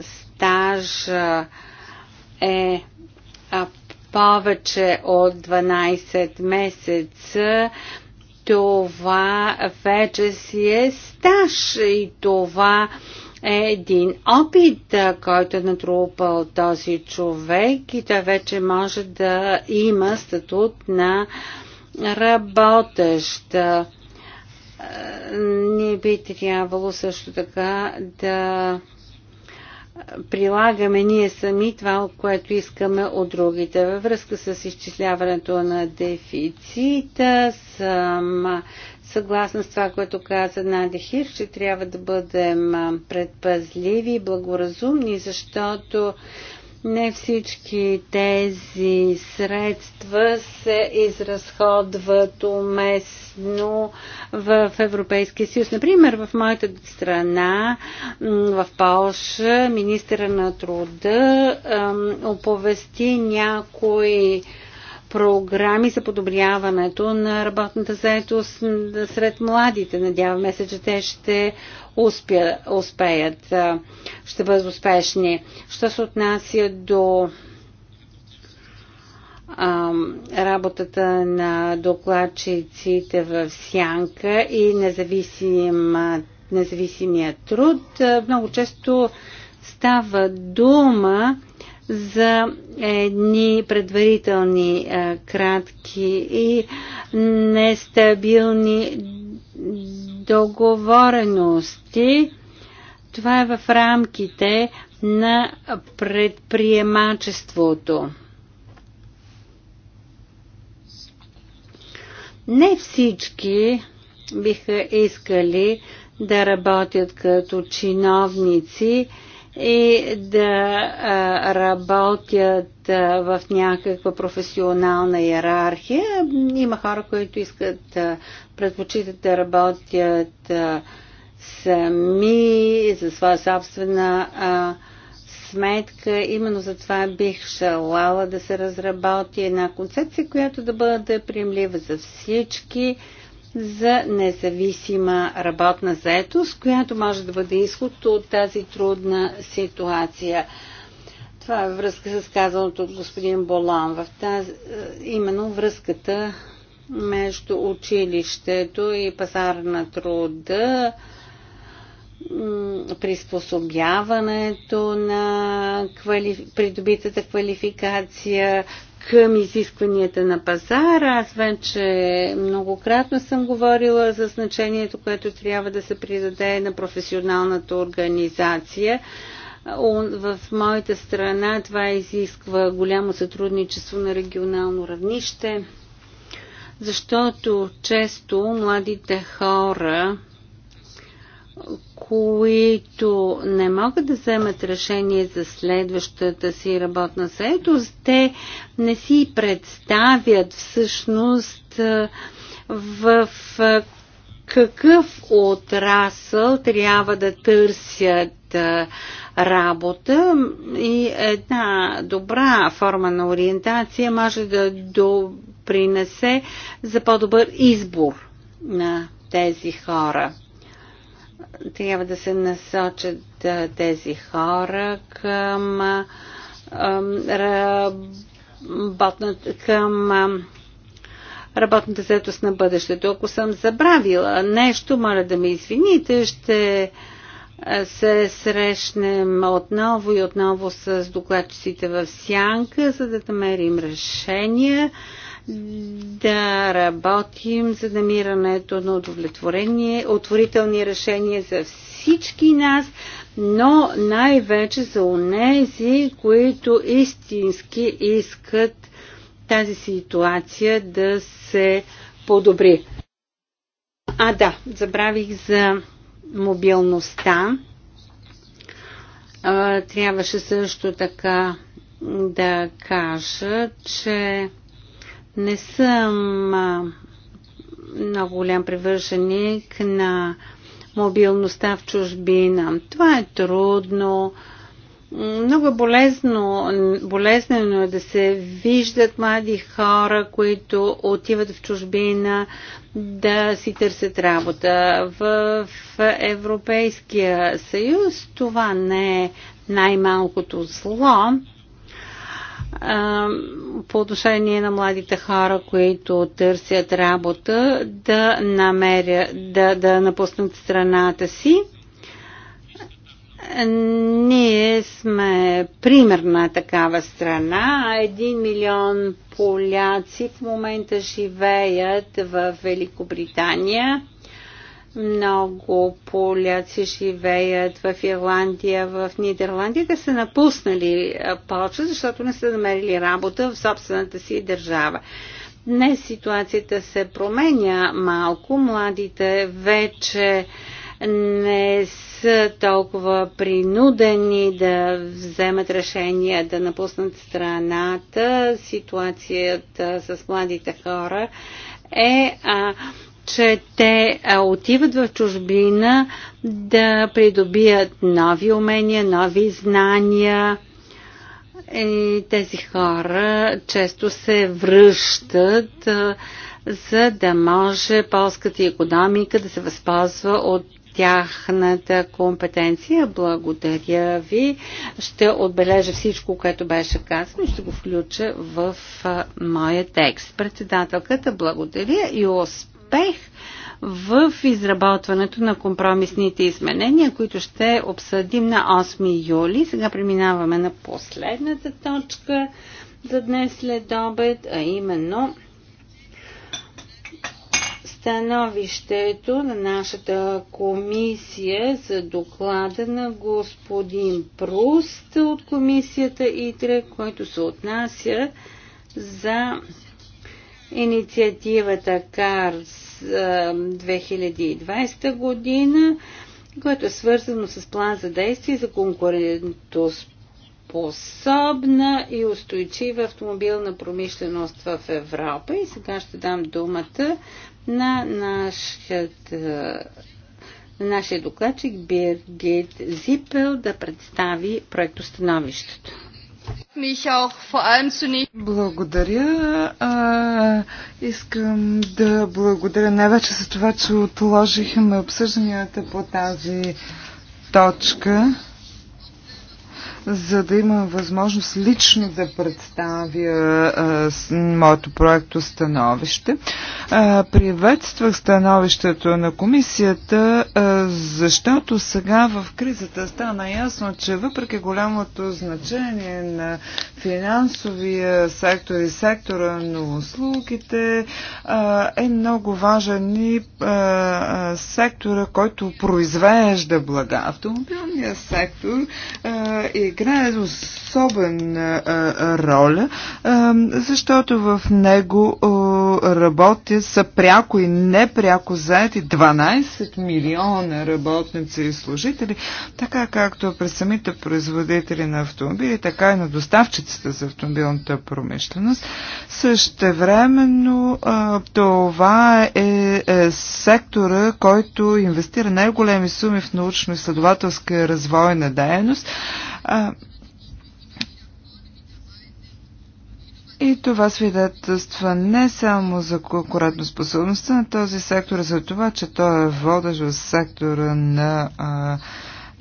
стаж е повече от 12 месеца, това вече си е стаж и това е един опит, който е натрупал този човек и той вече може да има статут на работещ. Е, Не би трябвало също така да прилагаме ние сами това, което искаме от другите. Във връзка с изчисляването на дефицита съм съгласна с това, което каза Нади Хир, че трябва да бъдем предпазливи и благоразумни, защото не всички тези средства се изразходват уместно в Европейския съюз. Например, в моята страна, в Полша, министъра на труда оповести някои програми за подобряването на работната заетост сред младите. Надяваме се, че те ще успя, успеят, ще бъдат успешни. Що се отнася до работата на докладчиците в Сянка и независим, независимия труд. Много често става дума за едни предварителни а, е, кратки и нестабилни договорености. Това е в рамките на предприемачеството. Не всички биха искали да работят като чиновници и да работят в някаква професионална иерархия. Има хора, които искат, предпочитат да работят сами за своя собствена а, сметка. Именно за това бих желала да се разработи една концепция, която да бъде приемлива за всички за независима работна заетост, която може да бъде изход от тази трудна ситуация. Това е връзка с казаното от господин Болан. В тази, е, именно връзката между училището и пазар на труда, приспособяването на квалиф... придобитата квалификация, към изискванията на пазара. Аз вече многократно съм говорила за значението, което трябва да се придаде на професионалната организация. В моята страна това изисква голямо сътрудничество на регионално равнище, защото често младите хора които не могат да вземат решение за следващата си работна заедост, те не си представят всъщност в какъв отрасъл трябва да търсят работа и една добра форма на ориентация може да допринесе за по-добър избор на тези хора. Трябва да се насочат тези хора към работната, към работната заетост на бъдещето. Ако съм забравила нещо, моля да ме извините, ще се срещнем отново и отново с докладчиците в Сянка, за да намерим решение да работим за намирането на удовлетворение, отворителни решения за всички нас, но най-вече за онези, които истински искат тази ситуация да се подобри. А да, забравих за мобилността. Трябваше също така да кажа, че не съм а, много голям привърженик на мобилността в чужбина. Това е трудно. Много болезно, болезнено е да се виждат млади хора, които отиват в чужбина да си търсят работа. В Европейския съюз това не е най-малкото зло, по отношение на младите хора, които търсят работа, да намеря, да, да напуснат страната си. Ние сме примерна такава страна. Един милион поляци в момента живеят в Великобритания много поляци живеят в Ирландия, в Нидерландия. Те са напуснали Польша, защото не са намерили работа в собствената си държава. Днес ситуацията се променя малко. Младите вече не са толкова принудени да вземат решение да напуснат страната. Ситуацията с младите хора е а, че те отиват в чужбина да придобият нови умения, нови знания. И тези хора често се връщат, за да може полската економика да се възползва от тяхната компетенция. Благодаря ви. Ще отбележа всичко, което беше казано и ще го включа в моя текст. Председателката благодаря и успех успех в изработването на компромисните изменения, които ще обсъдим на 8 юли. Сега преминаваме на последната точка за днес след обед, а именно становището на нашата комисия за доклада на господин Пруст от комисията ИТРЕ, който се отнася за инициативата КАРС 2020 година, което е свързано с план за действие за конкурентоспособна и устойчива автомобилна промишленост в Европа. И сега ще дам думата на нашата нашия докладчик Биргит Зипел да представи проектостановището. Благодаря. А, искам да благодаря най-вече за това, че отложихме обсъжданията по тази точка за да имам възможност лично да представя а, моето проекто становище. А, приветствах становището на комисията, а, защото сега в кризата стана ясно, че въпреки голямото значение на финансовия сектор и сектора на услугите, а, е много важен и а, сектора, който произвежда блага. Автомобилният сектор а, и играе особена роля, защото в него работят са пряко и непряко заети 12 милиона работници и служители, така както при самите производители на автомобили, така и на доставчиците за автомобилната промишленост. Същевременно това е, е сектора, който инвестира най-големи суми в научно-изследователска развойна дейност, и това свидетелства не само за конкурентоспособността на този сектор, а за това, че той е водещ в сектора на а,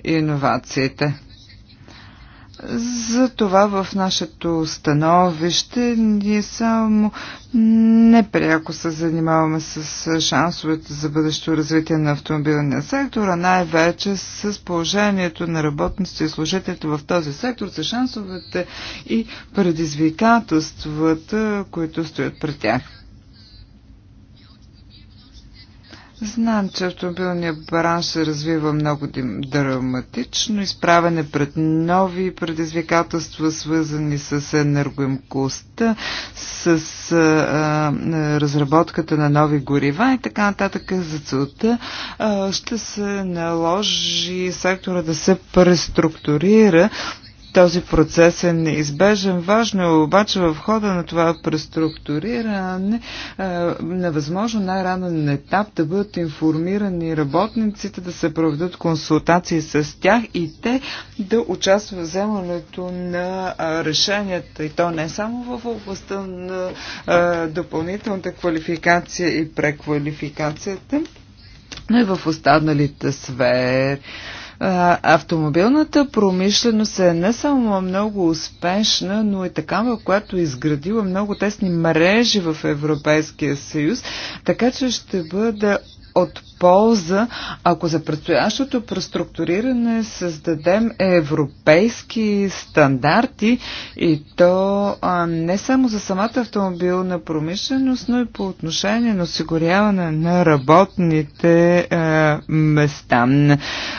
иновациите. За това в нашето становище ние само непряко се занимаваме с шансовете за бъдещо развитие на автомобилния сектор, а най-вече с положението на работниците и служителите в този сектор, с шансовете и предизвикателствата, които стоят пред тях. Знам, че автомобилният бранш се развива много драматично, изправене пред нови предизвикателства, свързани с енергоемкостта, с а, а, разработката на нови горива и така нататък. За целта а, ще се наложи сектора да се преструктурира, този процес е неизбежен. Важно е обаче в хода на това преструктуриране е, на възможно най-ранен етап да бъдат информирани работниците, да се проведат консултации с тях и те да участват в вземането на е, решенията. И то не само в областта на е, допълнителната квалификация и преквалификацията, но и в останалите сфери автомобилната промишленост е не само много успешна, но и такава, която е изградила много тесни мрежи в Европейския съюз, така че ще бъде от полза, ако за предстоящото преструктуриране създадем европейски стандарти и то а, не само за самата автомобилна промишленост, но и по отношение на осигуряване на работните а, места.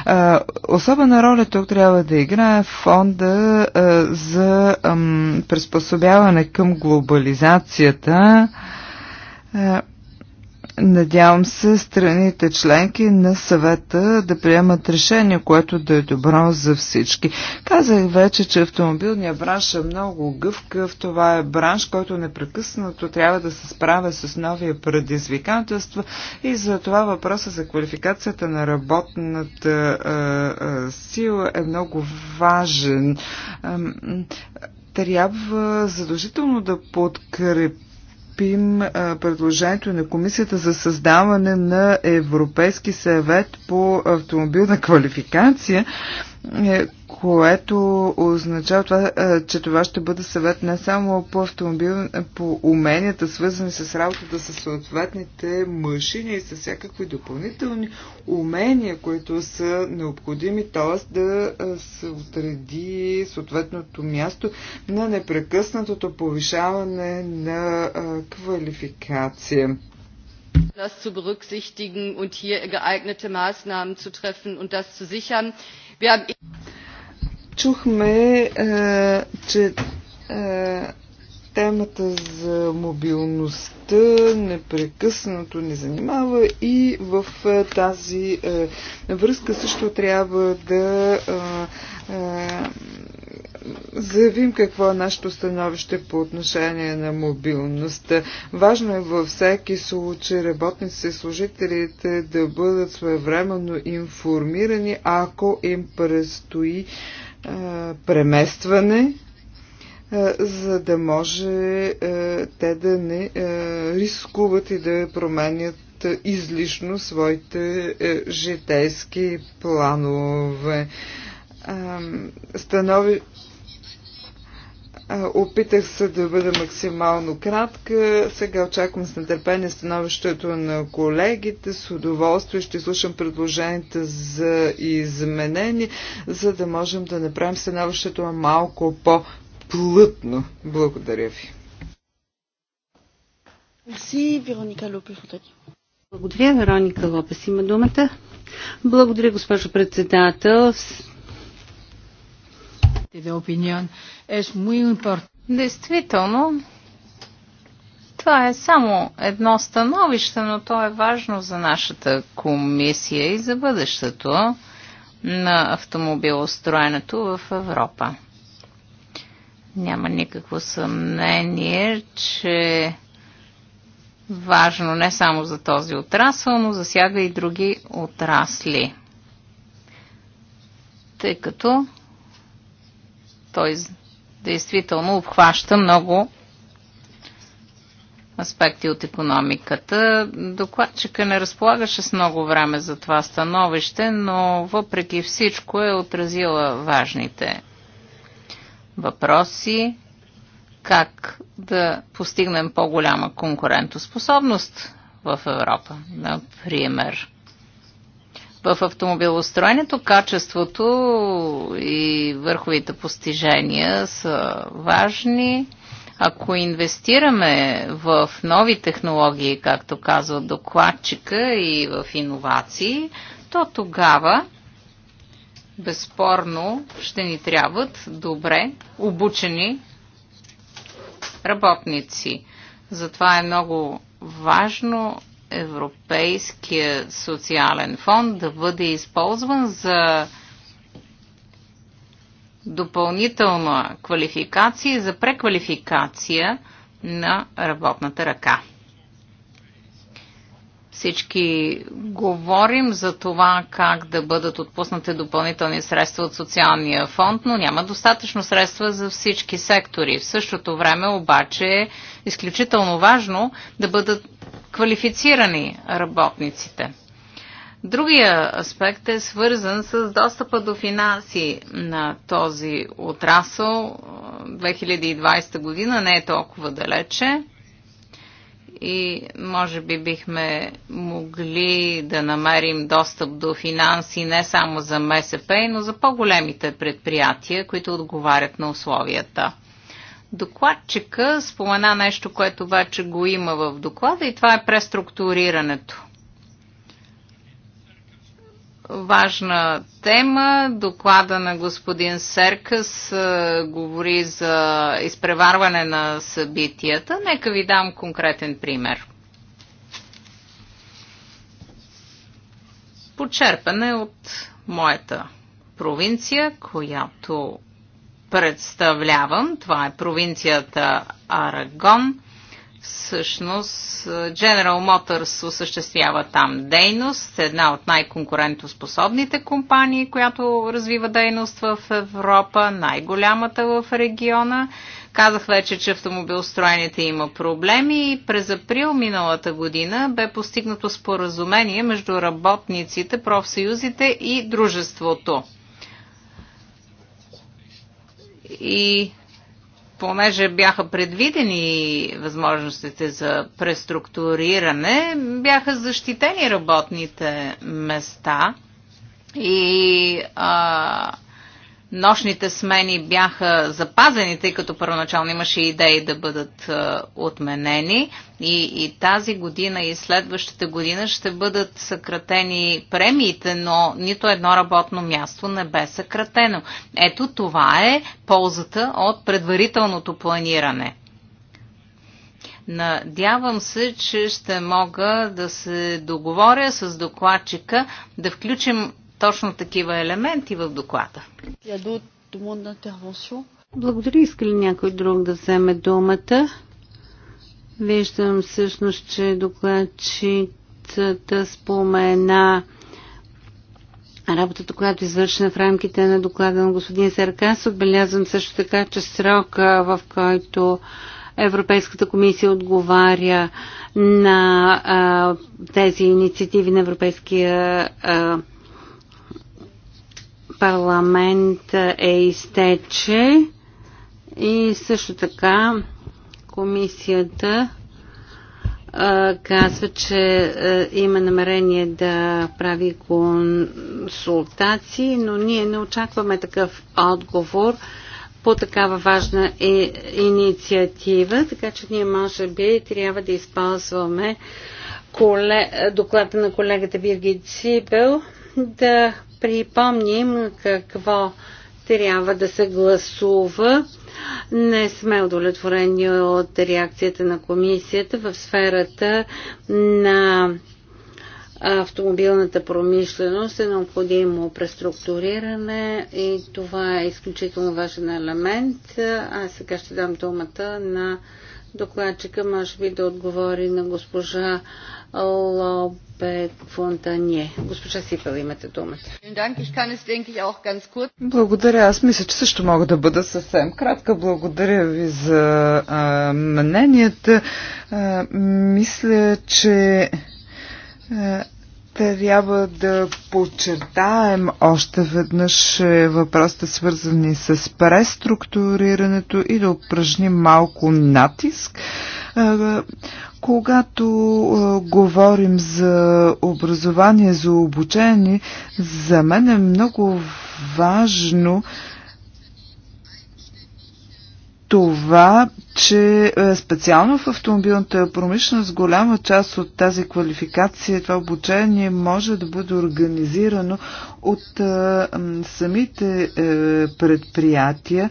А, особена роля тук трябва да играе фонда а, за а, приспособяване към глобализацията. А, Надявам се страните членки на съвета да приемат решение, което да е добро за всички. Казах вече, че автомобилния бранш е много гъвкав. Това е бранш, който непрекъснато трябва да се справя с нови предизвикателства и за това въпроса за квалификацията на работната а, а, сила е много важен. А, трябва задължително да подкрепим подкрепим предложението на Комисията за създаване на Европейски съвет по автомобилна квалификация, е, което означава, това, е, че това ще бъде съвет не само по автомобил, е, по уменията, свързани с работата с съответните машини и с всякакви допълнителни умения, които са необходими, т.е. да е, се отреди съответното място на непрекъснатото повишаване на квалификация das zu berücksichtigen und hier geeignete maßnahmen zu treffen und das zu sichern. wir haben Чухме, е, че е, темата за мобилността непрекъснато ни занимава и в е, тази връзка също трябва да заявим какво е нашето становище по отношение на мобилността. Важно е във всеки случай работниците и служителите да бъдат своевременно информирани, ако им предстои е, преместване, е, за да може е, те да не рискуват и да променят излишно своите житейски планове. Станови, Опитах се да бъда максимално кратка. Сега очаквам с нетърпение становището на колегите. С удоволствие ще слушам предложенията за изменени, за да можем да направим становището малко по-плътно. Благодаря ви. Благодаря, Вероника Лопес. Има думата. Благодаря, госпожо председател. Действително, това е само едно становище, но то е важно за нашата комисия и за бъдещето на автомобилостроенето в Европа. Няма никакво съмнение, че важно не само за този отрасъл, но засяга и други отрасли. Тъй като той действително обхваща много аспекти от економиката. Докладчика не разполагаше с много време за това становище, но въпреки всичко е отразила важните въпроси, как да постигнем по-голяма конкурентоспособност в Европа, например в автомобилостроенето качеството и върховите постижения са важни. Ако инвестираме в нови технологии, както казва докладчика, и в иновации, то тогава безспорно ще ни трябват добре обучени работници. Затова е много важно Европейския социален фонд да бъде използван за допълнителна квалификация и за преквалификация на работната ръка. Всички говорим за това как да бъдат отпуснати допълнителни средства от социалния фонд, но няма достатъчно средства за всички сектори. В същото време обаче е изключително важно да бъдат квалифицирани работниците. Другия аспект е свързан с достъпа до финанси на този отрасъл. 2020 година не е толкова далече и може би бихме могли да намерим достъп до финанси не само за МСП, но за по-големите предприятия, които отговарят на условията. Докладчика спомена нещо, което обаче го има в доклада и това е преструктурирането. Важна тема. Доклада на господин Серкас говори за изпреварване на събитията. Нека ви дам конкретен пример. Почерпане от моята провинция, която представлявам. Това е провинцията Арагон. Всъщност General Motors осъществява там дейност, една от най-конкурентоспособните компании, която развива дейност в Европа, най-голямата в региона. Казах вече, че автомобилстроените има проблеми и през април миналата година бе постигнато споразумение между работниците, профсъюзите и дружеството. И понеже бяха предвидени възможностите за преструктуриране, бяха защитени работните места и а, нощните смени бяха запазени, тъй като първоначално имаше идеи да бъдат е, отменени и, и тази година и следващата година ще бъдат съкратени премиите, но нито едно работно място не бе съкратено. Ето това е ползата от предварителното планиране. Надявам се, че ще мога да се договоря с докладчика да включим точно такива елементи в доклада. Благодаря. Иска ли някой друг да вземе думата? Виждам всъщност, че докладчицата спомена работата, която е извършена в рамките на доклада на господин Саркас. Отбелязвам също така, че срока, в който Европейската комисия отговаря на а, тези инициативи на Европейския а, парламент е изтече и също така комисията казва, че има намерение да прави консултации, но ние не очакваме такъв отговор по такава важна и, инициатива, така че ние може би трябва да използваме коле, доклада на колегата Виргит Сибел да припомним какво трябва да се гласува. Не сме удовлетворени от реакцията на комисията в сферата на автомобилната промишленост е необходимо преструктуриране и това е изключително важен елемент. А сега ще дам думата на докладчика може би да отговори на госпожа Лопе Фонтанье. Госпожа Сипел, имате думата. Благодаря. Аз мисля, че също мога да бъда съвсем кратка. Благодаря ви за а, мненията. А, мисля, че а, трябва да подчертаем още веднъж е, въпросите свързани с преструктурирането и да упражним малко натиск. Е, когато е, говорим за образование, за обучение, за мен е много важно това, че е, специално в автомобилната промишленост голяма част от тази квалификация, това обучение може да бъде организирано от е, самите е, предприятия,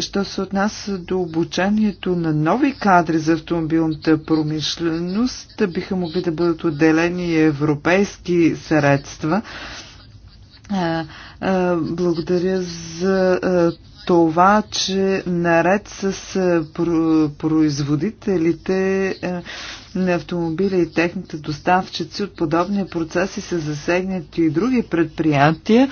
що се отнася до обучението на нови кадри за автомобилната промишленост, биха могли да бъдат отделени европейски средства. Благодаря за това, че наред с е, производителите е, на автомобили и техните доставчици от подобни процеси са засегнати и други предприятия.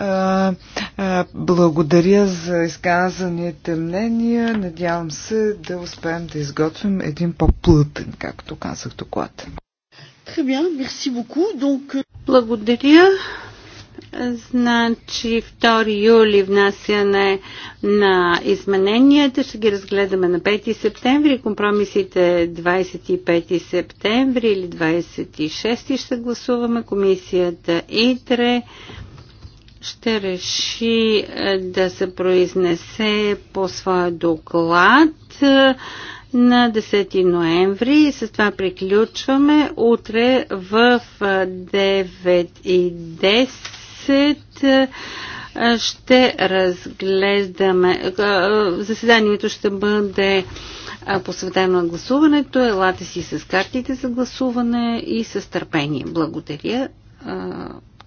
Е, благодаря за изказаните мнения. Надявам се да успеем да изготвим един по-плътен, както казах, доклад. Благодаря. Значи 2 юли внасяне на измененията. Ще ги разгледаме на 5 септември. Компромисите 25 септември или 26 ще гласуваме. Комисията ИТРЕ ще реши е, да се произнесе по своя доклад е, на 10 ноември. с това приключваме. Утре в 9 е, и 10 ще разглеждаме. Заседанието ще бъде посветено на гласуването. Елате си с картите за гласуване и с търпение. Благодаря.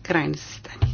Край на заседание.